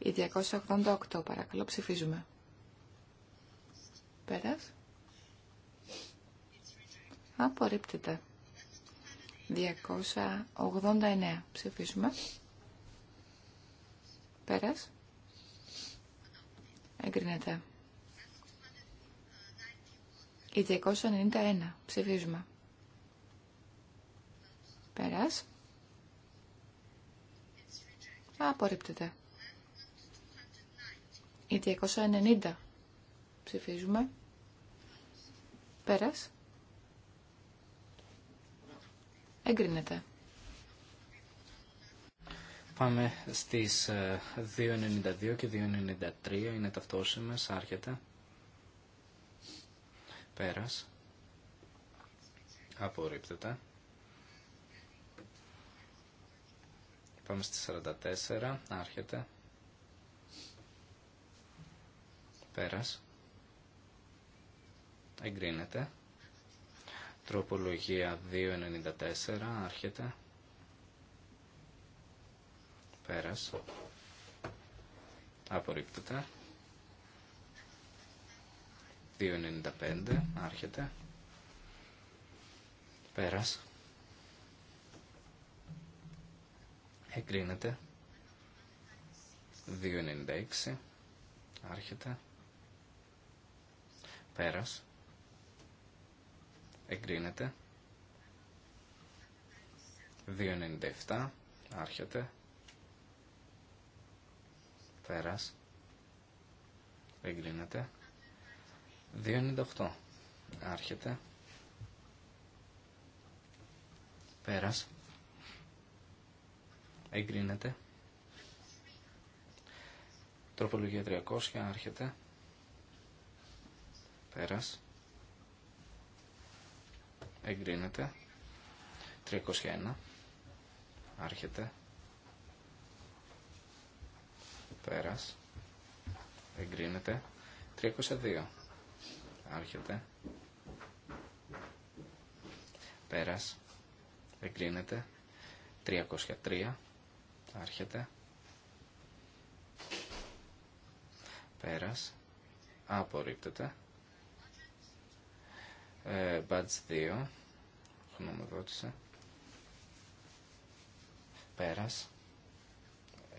Η 288 παρακαλώ ψηφίζουμε. Πέρας. Απορρίπτεται. 289 ψηφίζουμε. Πέρας. Εγκρίνεται. Η 291 ψηφίζουμε. Πέρας. Απορρίπτεται. Η 290 ψηφίζουμε. Πέρας. Εγκρίνεται. Πάμε στις 2.92 ε, και 2.93, είναι ταυτόσιμες, άρχεται. Πέρας. Απορρίπτεται. Πάμε στις 44, άρχεται. Πέρας. Εγκρίνεται. Τροπολογία 2.94. Άρχεται. Πέρας. Απορρίπτεται. 2.95. Άρχεται. Πέρας. Εγκρίνεται. 2.96. Άρχεται. Πέρας. Εγκρίνεται. 2.97. Άρχεται. Πέρας. Εγκρίνεται. 2.98. Άρχεται. Πέρας. Εγκρίνεται. Τροπολογία 300. Άρχεται. Πέρας. Εγκρίνεται. 301. Άρχεται. Πέρας. Εγκρίνεται. 302. Άρχεται. Πέρας. Εγκρίνεται. 303. Άρχεται. Πέρας. Απορρίπτεται ε, 2 γνωμοδότησε πέρας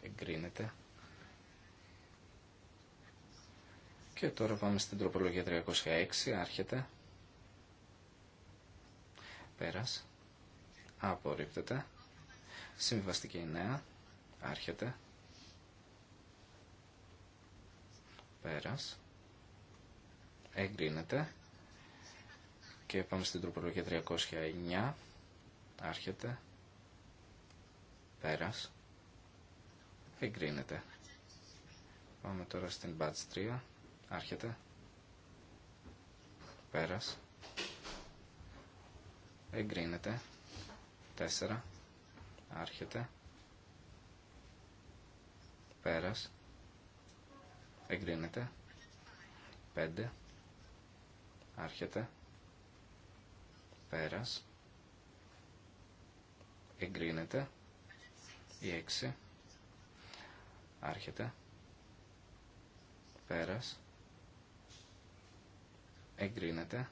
εγκρίνεται και τώρα πάμε στην τροπολογία 306 άρχεται πέρας απορρίπτεται συμβιβαστική νέα άρχεται πέρας εγκρίνεται και πάμε στην τροπολογία 309. Άρχεται. Πέρας. Εγκρίνεται. Πάμε τώρα στην batch 3. Άρχεται. Πέρας. Εγκρίνεται. 4. Άρχεται. Πέρας. Εγκρίνεται. 5. Άρχεται. Πέρας. Εγκρίνεται. Η 6. Άρχεται. Πέρας. Εγκρίνεται.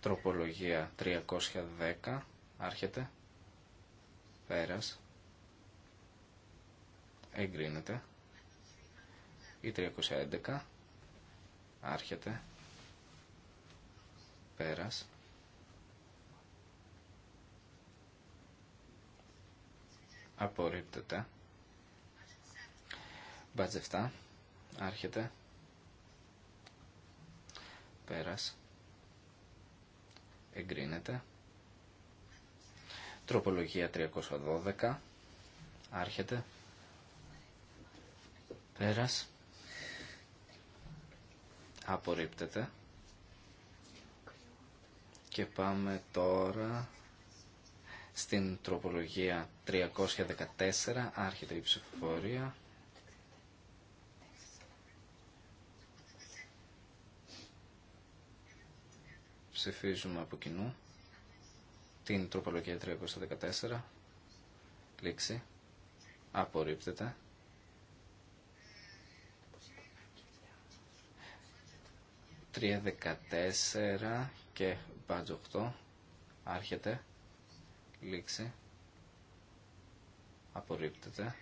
Τροπολογία 310. Άρχεται. Πέρας. Εγκρίνεται. Η 311. Άρχεται. Πέρας. Απορρίπτεται. μπάτζε 7. Άρχεται. Πέρας. Εγκρίνεται. Τροπολογία 312. Άρχεται. Πέρας. Απορρίπτεται. Και πάμε τώρα στην τροπολογία 314, άρχεται η ψηφοφορία. Ψηφίζουμε από κοινού την τροπολογία 314, λήξη, απορρίπτεται. ...314 και badge 8 άρχεται λήξη απορρίπτεται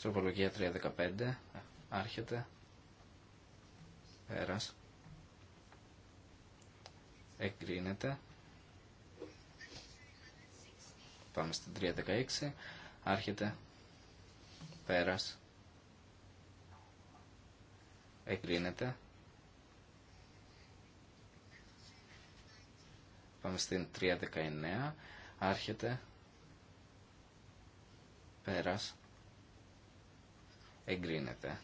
Τροπολογία 315 άρχεται πέρας εγκρίνεται πάμε στην 316 άρχεται πέρας εγκρίνεται Πάμε στην 319. Άρχεται. Πέρας. Εγκρίνεται.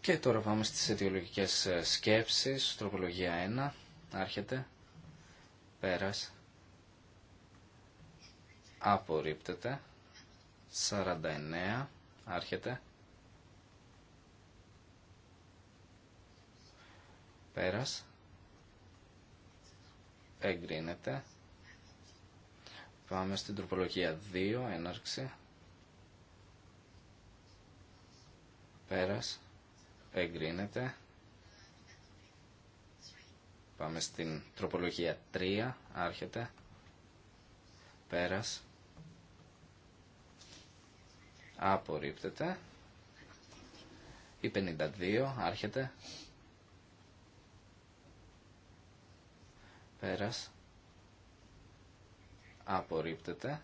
Και τώρα πάμε στις αιτιολογικές ε, σκέψεις. Τροπολογία 1. Άρχεται. Πέρας. Απορρίπτεται. 49. Άρχεται. Πέρας εγκρίνεται. Πάμε στην τροπολογία 2, έναρξη. Πέρας, εγκρίνεται. Πάμε στην τροπολογία 3, άρχεται. Πέρας. Απορρίπτεται. Η 52, άρχεται. Πέρας. Απορρίπτεται.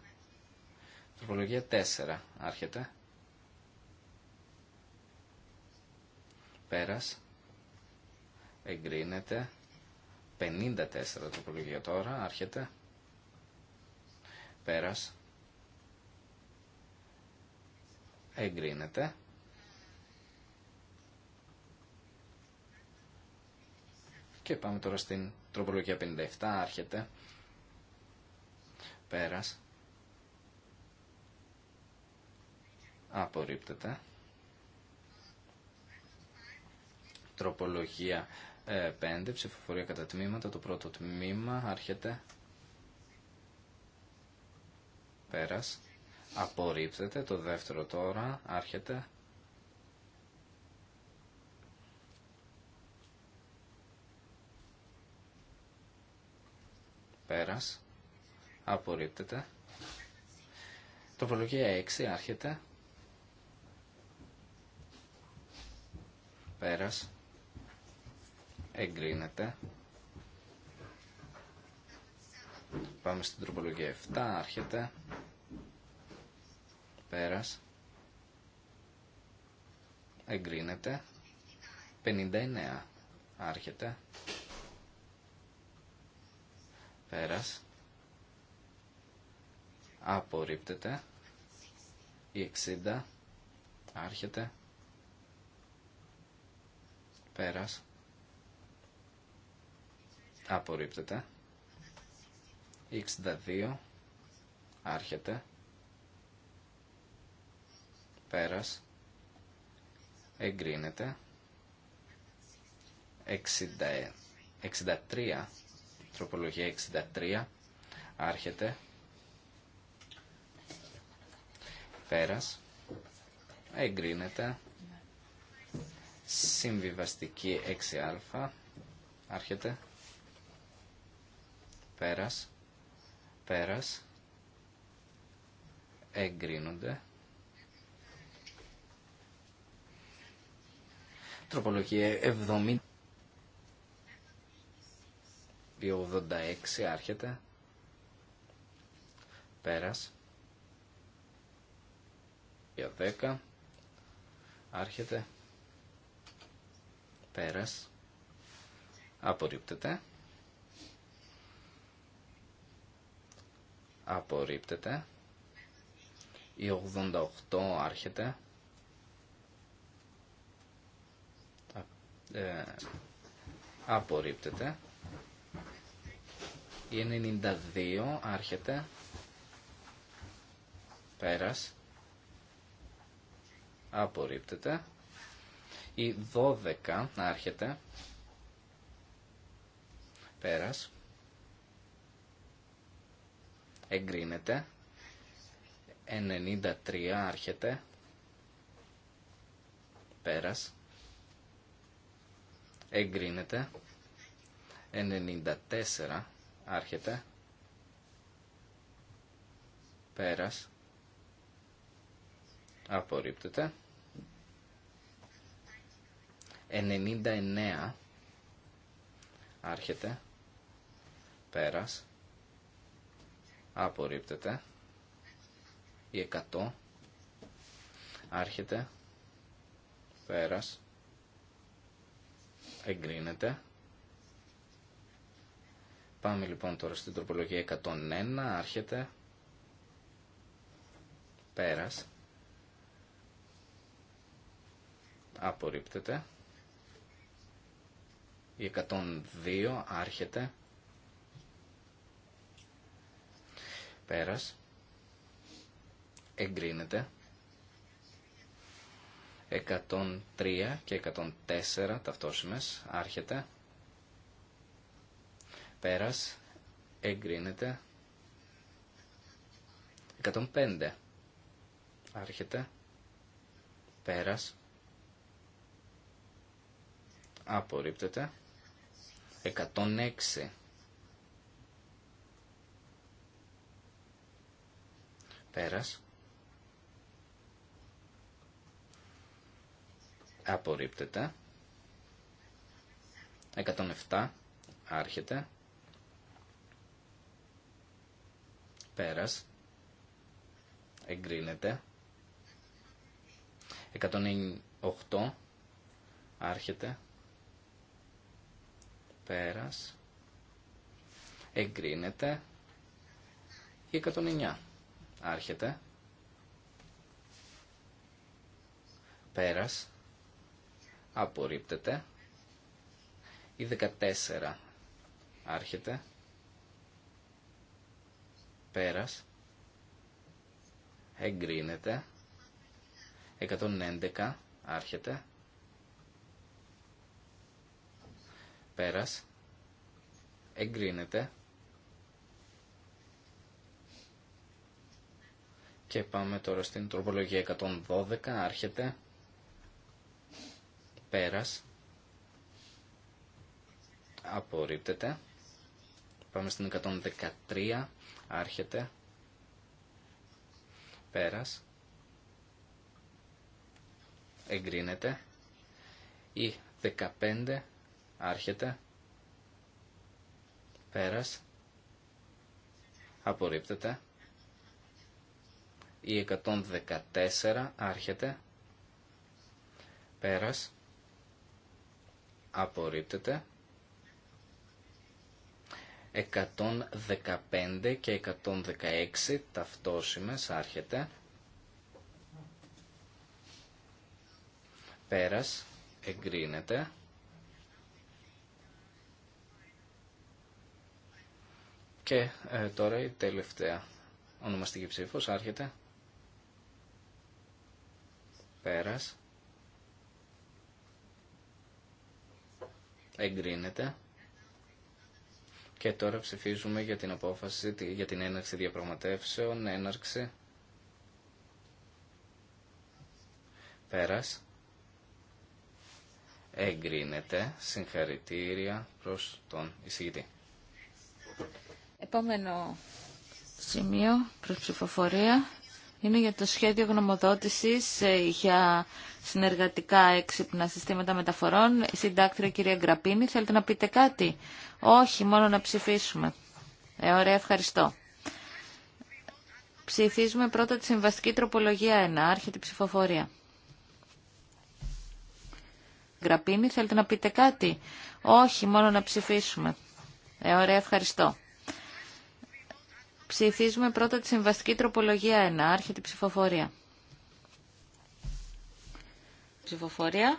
Τροπολογία 4. Άρχεται. Πέρας. Εγκρίνεται. 54 τροπολογία τώρα. Άρχεται. Πέρας. Εγκρίνεται. Και πάμε τώρα στην Τροπολογία 57 άρχεται. Πέρας. Απορρίπτεται. Τροπολογία 5. Ε, ψηφοφορία κατά τμήματα. Το πρώτο τμήμα άρχεται. Πέρας. Απορρίπτεται. Το δεύτερο τώρα άρχεται. Πέρας. Απορρίπτεται. Τροπολογία 6. Άρχεται. Πέρας. Εγκρίνεται. Πάμε στην τροπολογία 7. Άρχεται. Πέρας. Εγκρίνεται. 59. Άρχεται. Πέρας. Απορρίπτεται. Η 60. Άρχεται. Πέρας. Απορρίπτεται. Η 62. Άρχεται. Πέρας. Εγκρίνεται. 60, 63 Τροπολογία 63. Άρχεται. Πέρας. Εγκρίνεται. Συμβιβαστική 6α. Άρχεται. Πέρας. Πέρας. Εγκρίνονται. Τροπολογία 70 η 86 άρχεται. Πέρας. Για 10. Άρχεται. Πέρας. Απορρίπτεται. Απορρίπτεται. Η 88 άρχεται. Ε, απορρίπτεται. Η 92 άρχεται. Πέρας. Απορρίπτεται. Η 12 άρχεται. Πέρας. Εγκρίνεται. 93 άρχεται. Πέρας. Εγκρίνεται. 94 Άρχεται. Πέρας. Απορρίπτεται. 99. Άρχεται. Πέρας. Απορρίπτεται. Η 100. Άρχεται. Πέρας. Εγκρίνεται. Πάμε λοιπόν τώρα στην τροπολογία 101, άρχεται, πέρας, απορρίπτεται, η 102 άρχεται, πέρας, εγκρίνεται, 103 και 104 ταυτόσημες άρχεται, Πέρας. Εγκρίνεται. 105. Άρχεται. Πέρας. Απορρίπτεται. 106. Πέρας. Απορρίπτεται. 107. Άρχεται. Πέρας. Εγκρίνεται. 198. Άρχεται. Πέρας. Εγκρίνεται. 109. Άρχεται. Πέρας. Απορρίπτεται. Η 14. Άρχεται. Πέρας. Εγκρίνεται. 111. Άρχεται. Πέρας. Εγκρίνεται. Και πάμε τώρα στην τροπολογία 112. Άρχεται. Πέρας. Απορρίπτεται. Πάμε στην 113. Άρχεται. Πέρας. Εγκρίνεται. Η 15. Άρχεται. Πέρας. Απορρίπτεται. Η 114. Άρχεται. Πέρας. Απορρίπτεται. 115 και 116 ταυτόσημες άρχεται. Πέρας εγκρίνεται. Και ε, τώρα η τελευταία ονομαστική ψήφος άρχεται. Πέρας. Εγκρίνεται. Και τώρα ψηφίζουμε για την απόφαση, για την έναρξη διαπραγματεύσεων, έναρξη. Πέρας. Εγκρίνεται. Συγχαρητήρια προς τον εισηγητή. Επόμενο σημείο προς ψηφοφορία είναι για το σχέδιο γνωμοδότησης ε, για συνεργατικά έξυπνα συστήματα μεταφορών. συντάκτρια κυρία Γκραπίνη, θέλετε να πείτε κάτι. Όχι, μόνο να ψηφίσουμε. Ε, ωραία, ευχαριστώ. Ψηφίζουμε πρώτα τη συμβαστική τροπολογία 1, άρχεται η ψηφοφορία. Γκραπίνη, θέλετε να πείτε κάτι. Όχι, μόνο να ψηφίσουμε. Ε, ωραία, ευχαριστώ. Ψηφίζουμε πρώτα τη συμβαστική τροπολογία 1. Άρχεται η ψηφοφορία. Ψηφοφορία.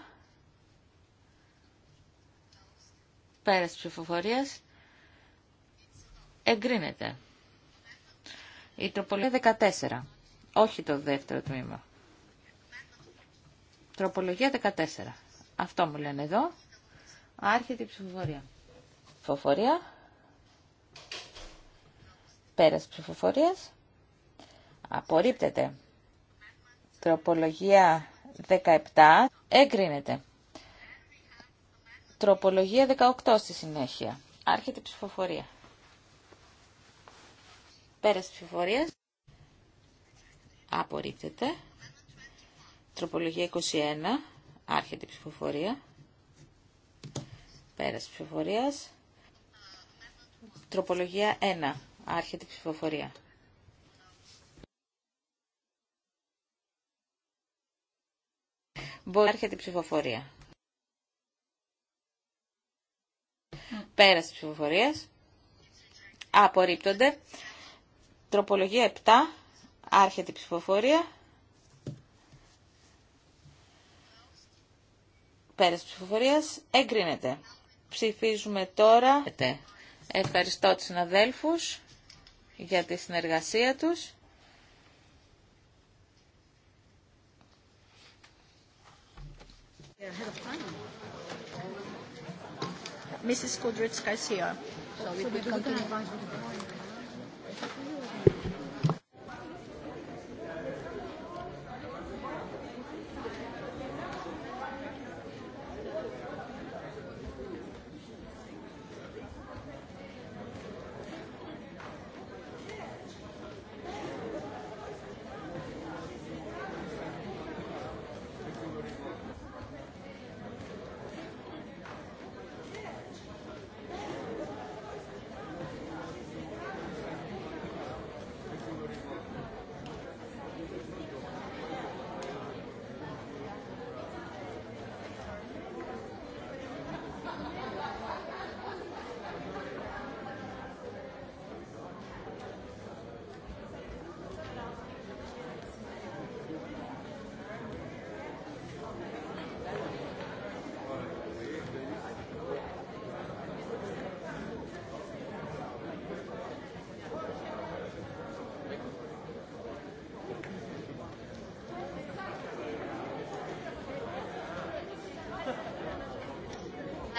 Πέρας τη ψηφοφορίας. Εγκρίνεται. Η τροπολογία 14. Όχι το δεύτερο τμήμα. Τροπολογία 14. Αυτό μου λένε εδώ. Άρχεται η ψηφοφορία. Ψηφοφορία. Πέρας ψηφοφορίας. Απορρίπτεται. Τροπολογία 17 εγκρίνεται. Τροπολογία 18 στη συνέχεια. Άρχεται η ψηφοφορία. Πέρας ψηφοφορίας. Απορρίπτεται. Τροπολογία 21. Άρχεται η ψηφοφορία. Πέρας ψηφοφορίας. Τροπολογία 1. Άρχεται η ψηφοφορία. Μπορεί να η ψηφοφορία. Mm. Πέραση ψηφοφορίας. Απορρίπτονται. Τροπολογία 7. Άρχεται η ψηφοφορία. Πέραση ψηφοφορίας. Εγκρίνεται. Ψηφίζουμε τώρα. Ευχαριστώ τους συναδέλφους για τη συνεργασία τους. Mrs. Garcia. So we can continue.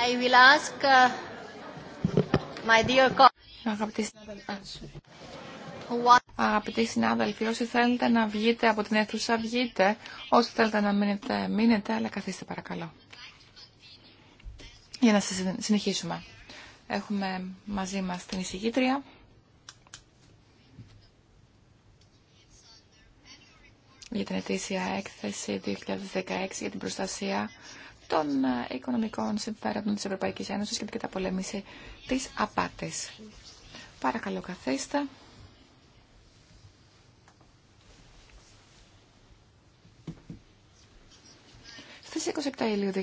Uh, Αγαπητοί συνάδελφοι, Αγαπητοί συνάδελφοι, όσοι θέλετε να βγείτε από την αίθουσα, βγείτε. Όσοι θέλετε να μείνετε, μείνετε, αλλά καθίστε παρακαλώ. Για να συνεχίσουμε. Έχουμε μαζί μας την εισηγήτρια. για την ετήσια έκθεση 2016 για την προστασία των ε, οικονομικών συμφέροντων της Ευρωπαϊκής Ένωσης και την καταπολέμηση της απάτης. Παρακαλώ καθίστε. Στι 27 Ιουλίου 2017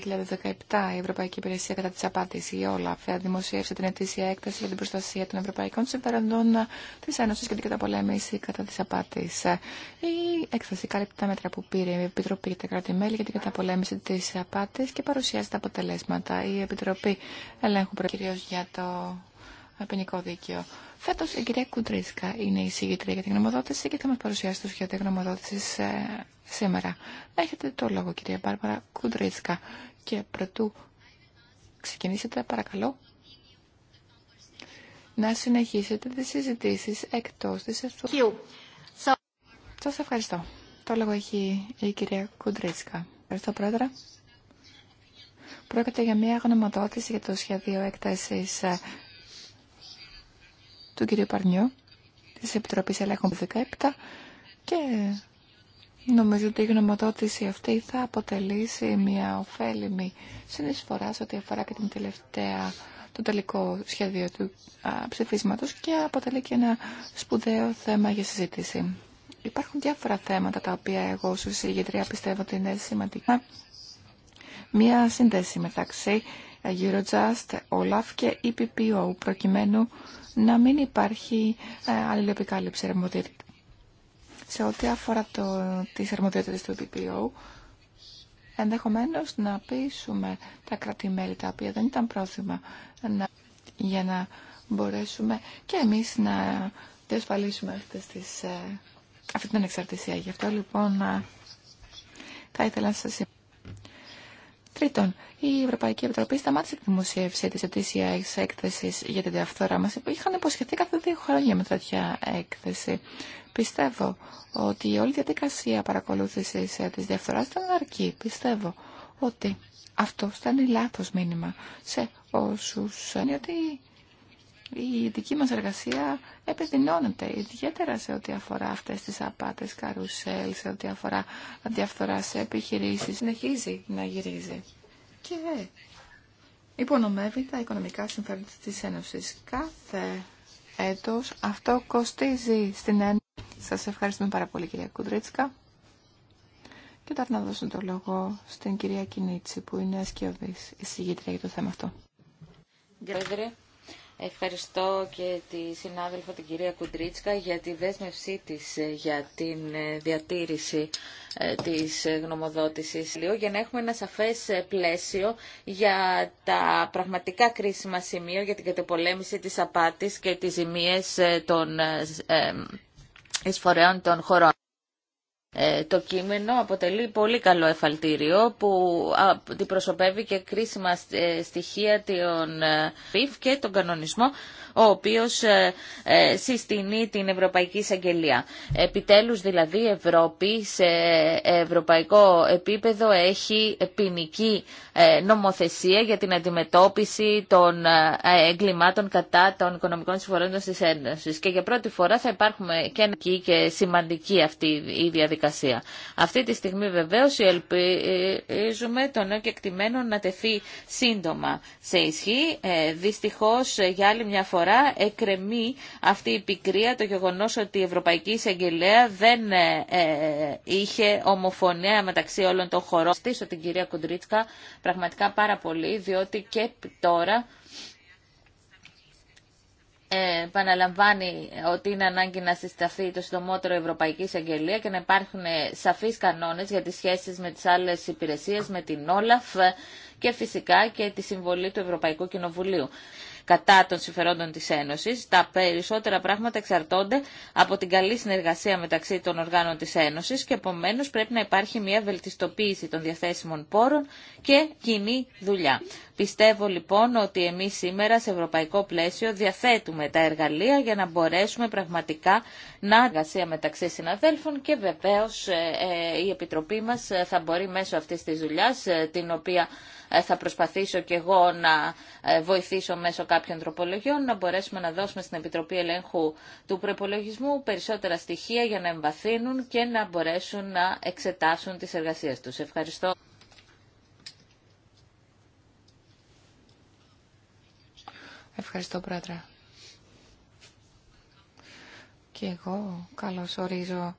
η Ευρωπαϊκή Υπηρεσία κατά τη απάτης η ΟΛΑΦ δημοσίευσε την ετήσια έκταση για την προστασία των ευρωπαϊκών συμφεροντών τη Ένωση και την καταπολέμηση κατά τη απάτης. Η έκταση καλύπτει τα μέτρα που πήρε η Επιτροπή για τα κράτη-μέλη για την καταπολέμηση τη απάτης και παρουσιάζει τα αποτελέσματα. Η Επιτροπή ελέγχου κυρίω για το ποινικό δίκαιο. Φέτος η κυρία Κουντρίτσκα είναι η εισηγήτρια για την γνωμοδότηση και θα μας παρουσιάσει το σχέδιο γνωμοδότησης ε, σήμερα. Έχετε το λόγο κυρία Μπάρμπαρα Κουντρίτσκα. και πρωτού ξεκινήσετε παρακαλώ να συνεχίσετε τις συζητήσεις εκτός της ευθύνης. Σας ευχαριστώ. Το λόγο έχει η κυρία Κουντρίτσκα. Ευχαριστώ πρόεδρε. Πρόκειται για μια γνωμοδότηση για το σχέδιο έκτασης ε, του κ. Παρνιού της Επιτροπής Ελέγχων 17 και νομίζω ότι η γνωμοδότηση αυτή θα αποτελήσει μια ωφέλιμη συνεισφορά σε ό,τι αφορά και την τελευταία το τελικό σχέδιο του ψηφίσματος και αποτελεί και ένα σπουδαίο θέμα για συζήτηση. Υπάρχουν διάφορα θέματα τα οποία εγώ ως πιστεύω ότι είναι σημαντικά. Μία σύνδεση μεταξύ Eurojust, OLAF και EPPO, προκειμένου να μην υπάρχει ε, αλληλεπικάλυψη αρμοδιότητα. Σε ό,τι αφορά το, τις αρμοδιότητες του EPPO, ενδεχομένως να πείσουμε τα κράτη-μέλη τα οποία δεν ήταν πρόθυμα για να μπορέσουμε και εμείς να διασφαλίσουμε αυτές τις, ε, αυτή την ανεξαρτησία. Γι' αυτό λοιπόν ε, θα ήθελα να σας Τρίτον, η Ευρωπαϊκή Επιτροπή σταμάτησε τη δημοσίευση τη ετήσια έκθεση για την διαφθορά μα. Είχαν υποσχεθεί κάθε δύο χρόνια με τέτοια έκθεση. Πιστεύω ότι όλη η διαδικασία παρακολούθηση ε, τη διαφθορά ήταν αρκή. Πιστεύω ότι αυτό στέλνει λάθο μήνυμα σε όσου ότι ε, η δική μας εργασία επιδεινώνεται ιδιαίτερα σε ό,τι αφορά αυτές τις απάτες καρουσέλ, σε ό,τι αφορά διαφθορά σε επιχειρήσεις. Συνεχίζει να γυρίζει και υπονομεύει τα οικονομικά συμφέροντα της Ένωσης. Κάθε έτος αυτό κοστίζει στην Ένωση. Σας ευχαριστούμε πάρα πολύ κυρία Κουντρίτσκα. Και τώρα να δώσω το λόγο στην κυρία Κινίτση που είναι ασκιωδής εισηγήτρια για το θέμα αυτό. Ευχαριστώ και τη συνάδελφο την κυρία Κουντρίτσκα για τη δέσμευσή της ε, για την ε, διατήρηση ε, της γνωμοδότησης λίγο για να έχουμε ένα σαφές πλαίσιο για τα πραγματικά κρίσιμα σημεία για την κατεπολέμηση της απάτης και τις ζημίες των εισφορέων των χωρών. Ε, το κείμενο αποτελεί πολύ καλό εφαλτήριο που αντιπροσωπεύει και κρίσιμα ε, στοιχεία των ΠΙΦ ε, και τον κανονισμό ο οποίος συστηνεί την Ευρωπαϊκή Εισαγγελία. Επιτέλους δηλαδή η Ευρώπη σε ευρωπαϊκό επίπεδο έχει ποινική νομοθεσία για την αντιμετώπιση των εγκλημάτων κατά των οικονομικών συμφορών της Ένωσης. Και για πρώτη φορά θα υπάρχουμε και, και σημαντική αυτή η διαδικασία αυτή τη στιγμή βεβαίω ελπίζουμε το νέο κεκτημένο να τεθεί σύντομα σε ισχύ. Ε, Δυστυχώ για άλλη μια φορά εκρεμεί αυτή η πικρία το γεγονός ότι η Ευρωπαϊκή Εισαγγελέα δεν ε, ε, είχε ομοφωνία μεταξύ όλων των χωρών. Στήσω την κυρία Κουντρίτσκα πραγματικά πάρα πολύ διότι και τώρα επαναλαμβάνει ότι είναι ανάγκη να συσταθεί το συντομότερο Ευρωπαϊκή Εισαγγελία και να υπάρχουν σαφείς κανόνες για τις σχέσεις με τις άλλες υπηρεσίες, με την Όλαφ και φυσικά και τη συμβολή του Ευρωπαϊκού Κοινοβουλίου κατά των συμφερόντων της Ένωσης. Τα περισσότερα πράγματα εξαρτώνται από την καλή συνεργασία μεταξύ των οργάνων της Ένωσης και επομένως πρέπει να υπάρχει μια βελτιστοποίηση των διαθέσιμων πόρων και κοινή δουλειά. Πιστεύω λοιπόν ότι εμείς σήμερα σε ευρωπαϊκό πλαίσιο διαθέτουμε τα εργαλεία για να μπορέσουμε πραγματικά να εργασία μεταξύ συναδέλφων και βεβαίως ε, ε, η Επιτροπή μας θα μπορεί μέσω αυτής της δουλειάς ε, την οποία θα προσπαθήσω και εγώ να βοηθήσω μέσω κάποιων τροπολογιών να μπορέσουμε να δώσουμε στην Επιτροπή Ελέγχου του Προπολογισμού περισσότερα στοιχεία για να εμβαθύνουν και να μπορέσουν να εξετάσουν τις εργασίες τους. Ευχαριστώ. Ευχαριστώ, Πρόεδρε. Και εγώ καλώς ορίζω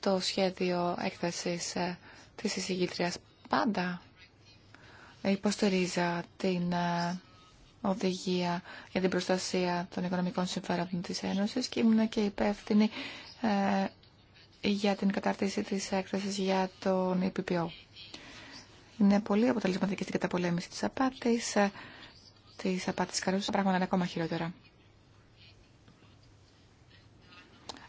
το σχέδιο έκθεσης ε, της εισηγήτριας. Πάντα υποστηρίζα την ε, οδηγία για την προστασία των οικονομικών συμφέροντων της Ένωσης και ήμουν και υπεύθυνη ε, για την κατάρτιση της έκθεσης για τον ΕΠΠΟ. Είναι πολύ αποτελεσματική στην καταπολέμηση της απάτης, τη απάτη καρούς, τα πράγματα είναι ακόμα χειρότερα.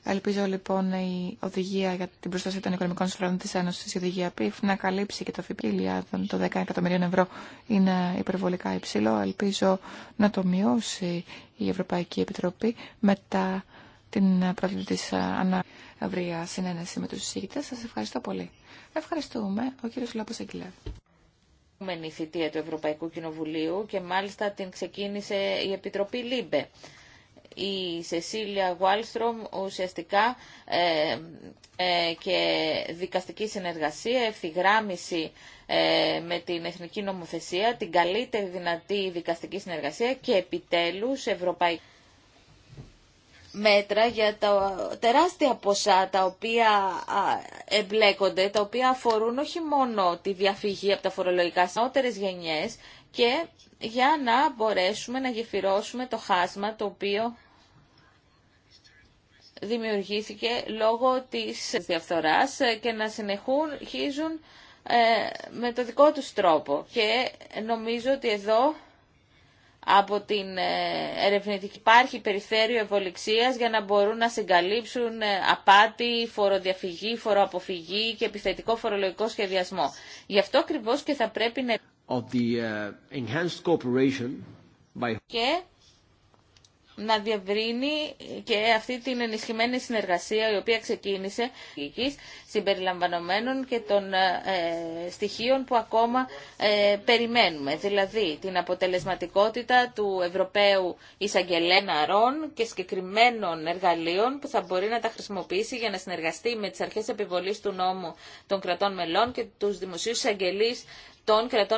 Ελπίζω λοιπόν η οδηγία για την προστασία των οικονομικών συμφερόντων τη Ένωση, η οδηγία ΠΥΦ, να καλύψει και το ΦΠΑ το 10 εκατομμυρίων ευρώ είναι υπερβολικά υψηλό. Ελπίζω να το μειώσει η Ευρωπαϊκή Επιτροπή μετά την πρώτη τη αναβρία συνένεση με του συζητητέ. Σα ευχαριστώ πολύ. Ευχαριστούμε. Ο κύριο Λόπος προηγούμενη θητεία του Ευρωπαϊκού Κοινοβουλίου και μάλιστα την ξεκίνησε η Επιτροπή ΛΥΜΠΕ. Η Σεσίλια Γουάλστρομ ουσιαστικά ε, ε και δικαστική συνεργασία, ευθυγράμμιση ε, με την εθνική νομοθεσία, την καλύτερη δυνατή δικαστική συνεργασία και επιτέλους ευρωπαϊκή μέτρα για τα τεράστια ποσά τα οποία εμπλέκονται, τα οποία αφορούν όχι μόνο τη διαφυγή από τα φορολογικά στις νεότερες γενιές και για να μπορέσουμε να γεφυρώσουμε το χάσμα το οποίο δημιουργήθηκε λόγω της διαφθοράς και να συνεχούν ε, με το δικό τους τρόπο. Και νομίζω ότι εδώ από την ε, ερευνητική. Υπάρχει περιθέριο ευοληξίας για να μπορούν να συγκαλύψουν ε, απάτη, φοροδιαφυγή, φοροαποφυγή και επιθετικό φορολογικό σχεδιασμό. Γι' αυτό ακριβώ και θα πρέπει να... Of ε, να διαβρύνει και αυτή την ενισχυμένη συνεργασία η οποία ξεκίνησε συμπεριλαμβανομένων και των ε, στοιχείων που ακόμα ε, περιμένουμε. Δηλαδή την αποτελεσματικότητα του Ευρωπαίου Ισαγγελένα και συγκεκριμένων εργαλείων που θα μπορεί να τα χρησιμοποιήσει για να συνεργαστεί με τις αρχές επιβολής του νόμου των κρατών μελών και τους δημοσίους εισαγγελείς των κρατών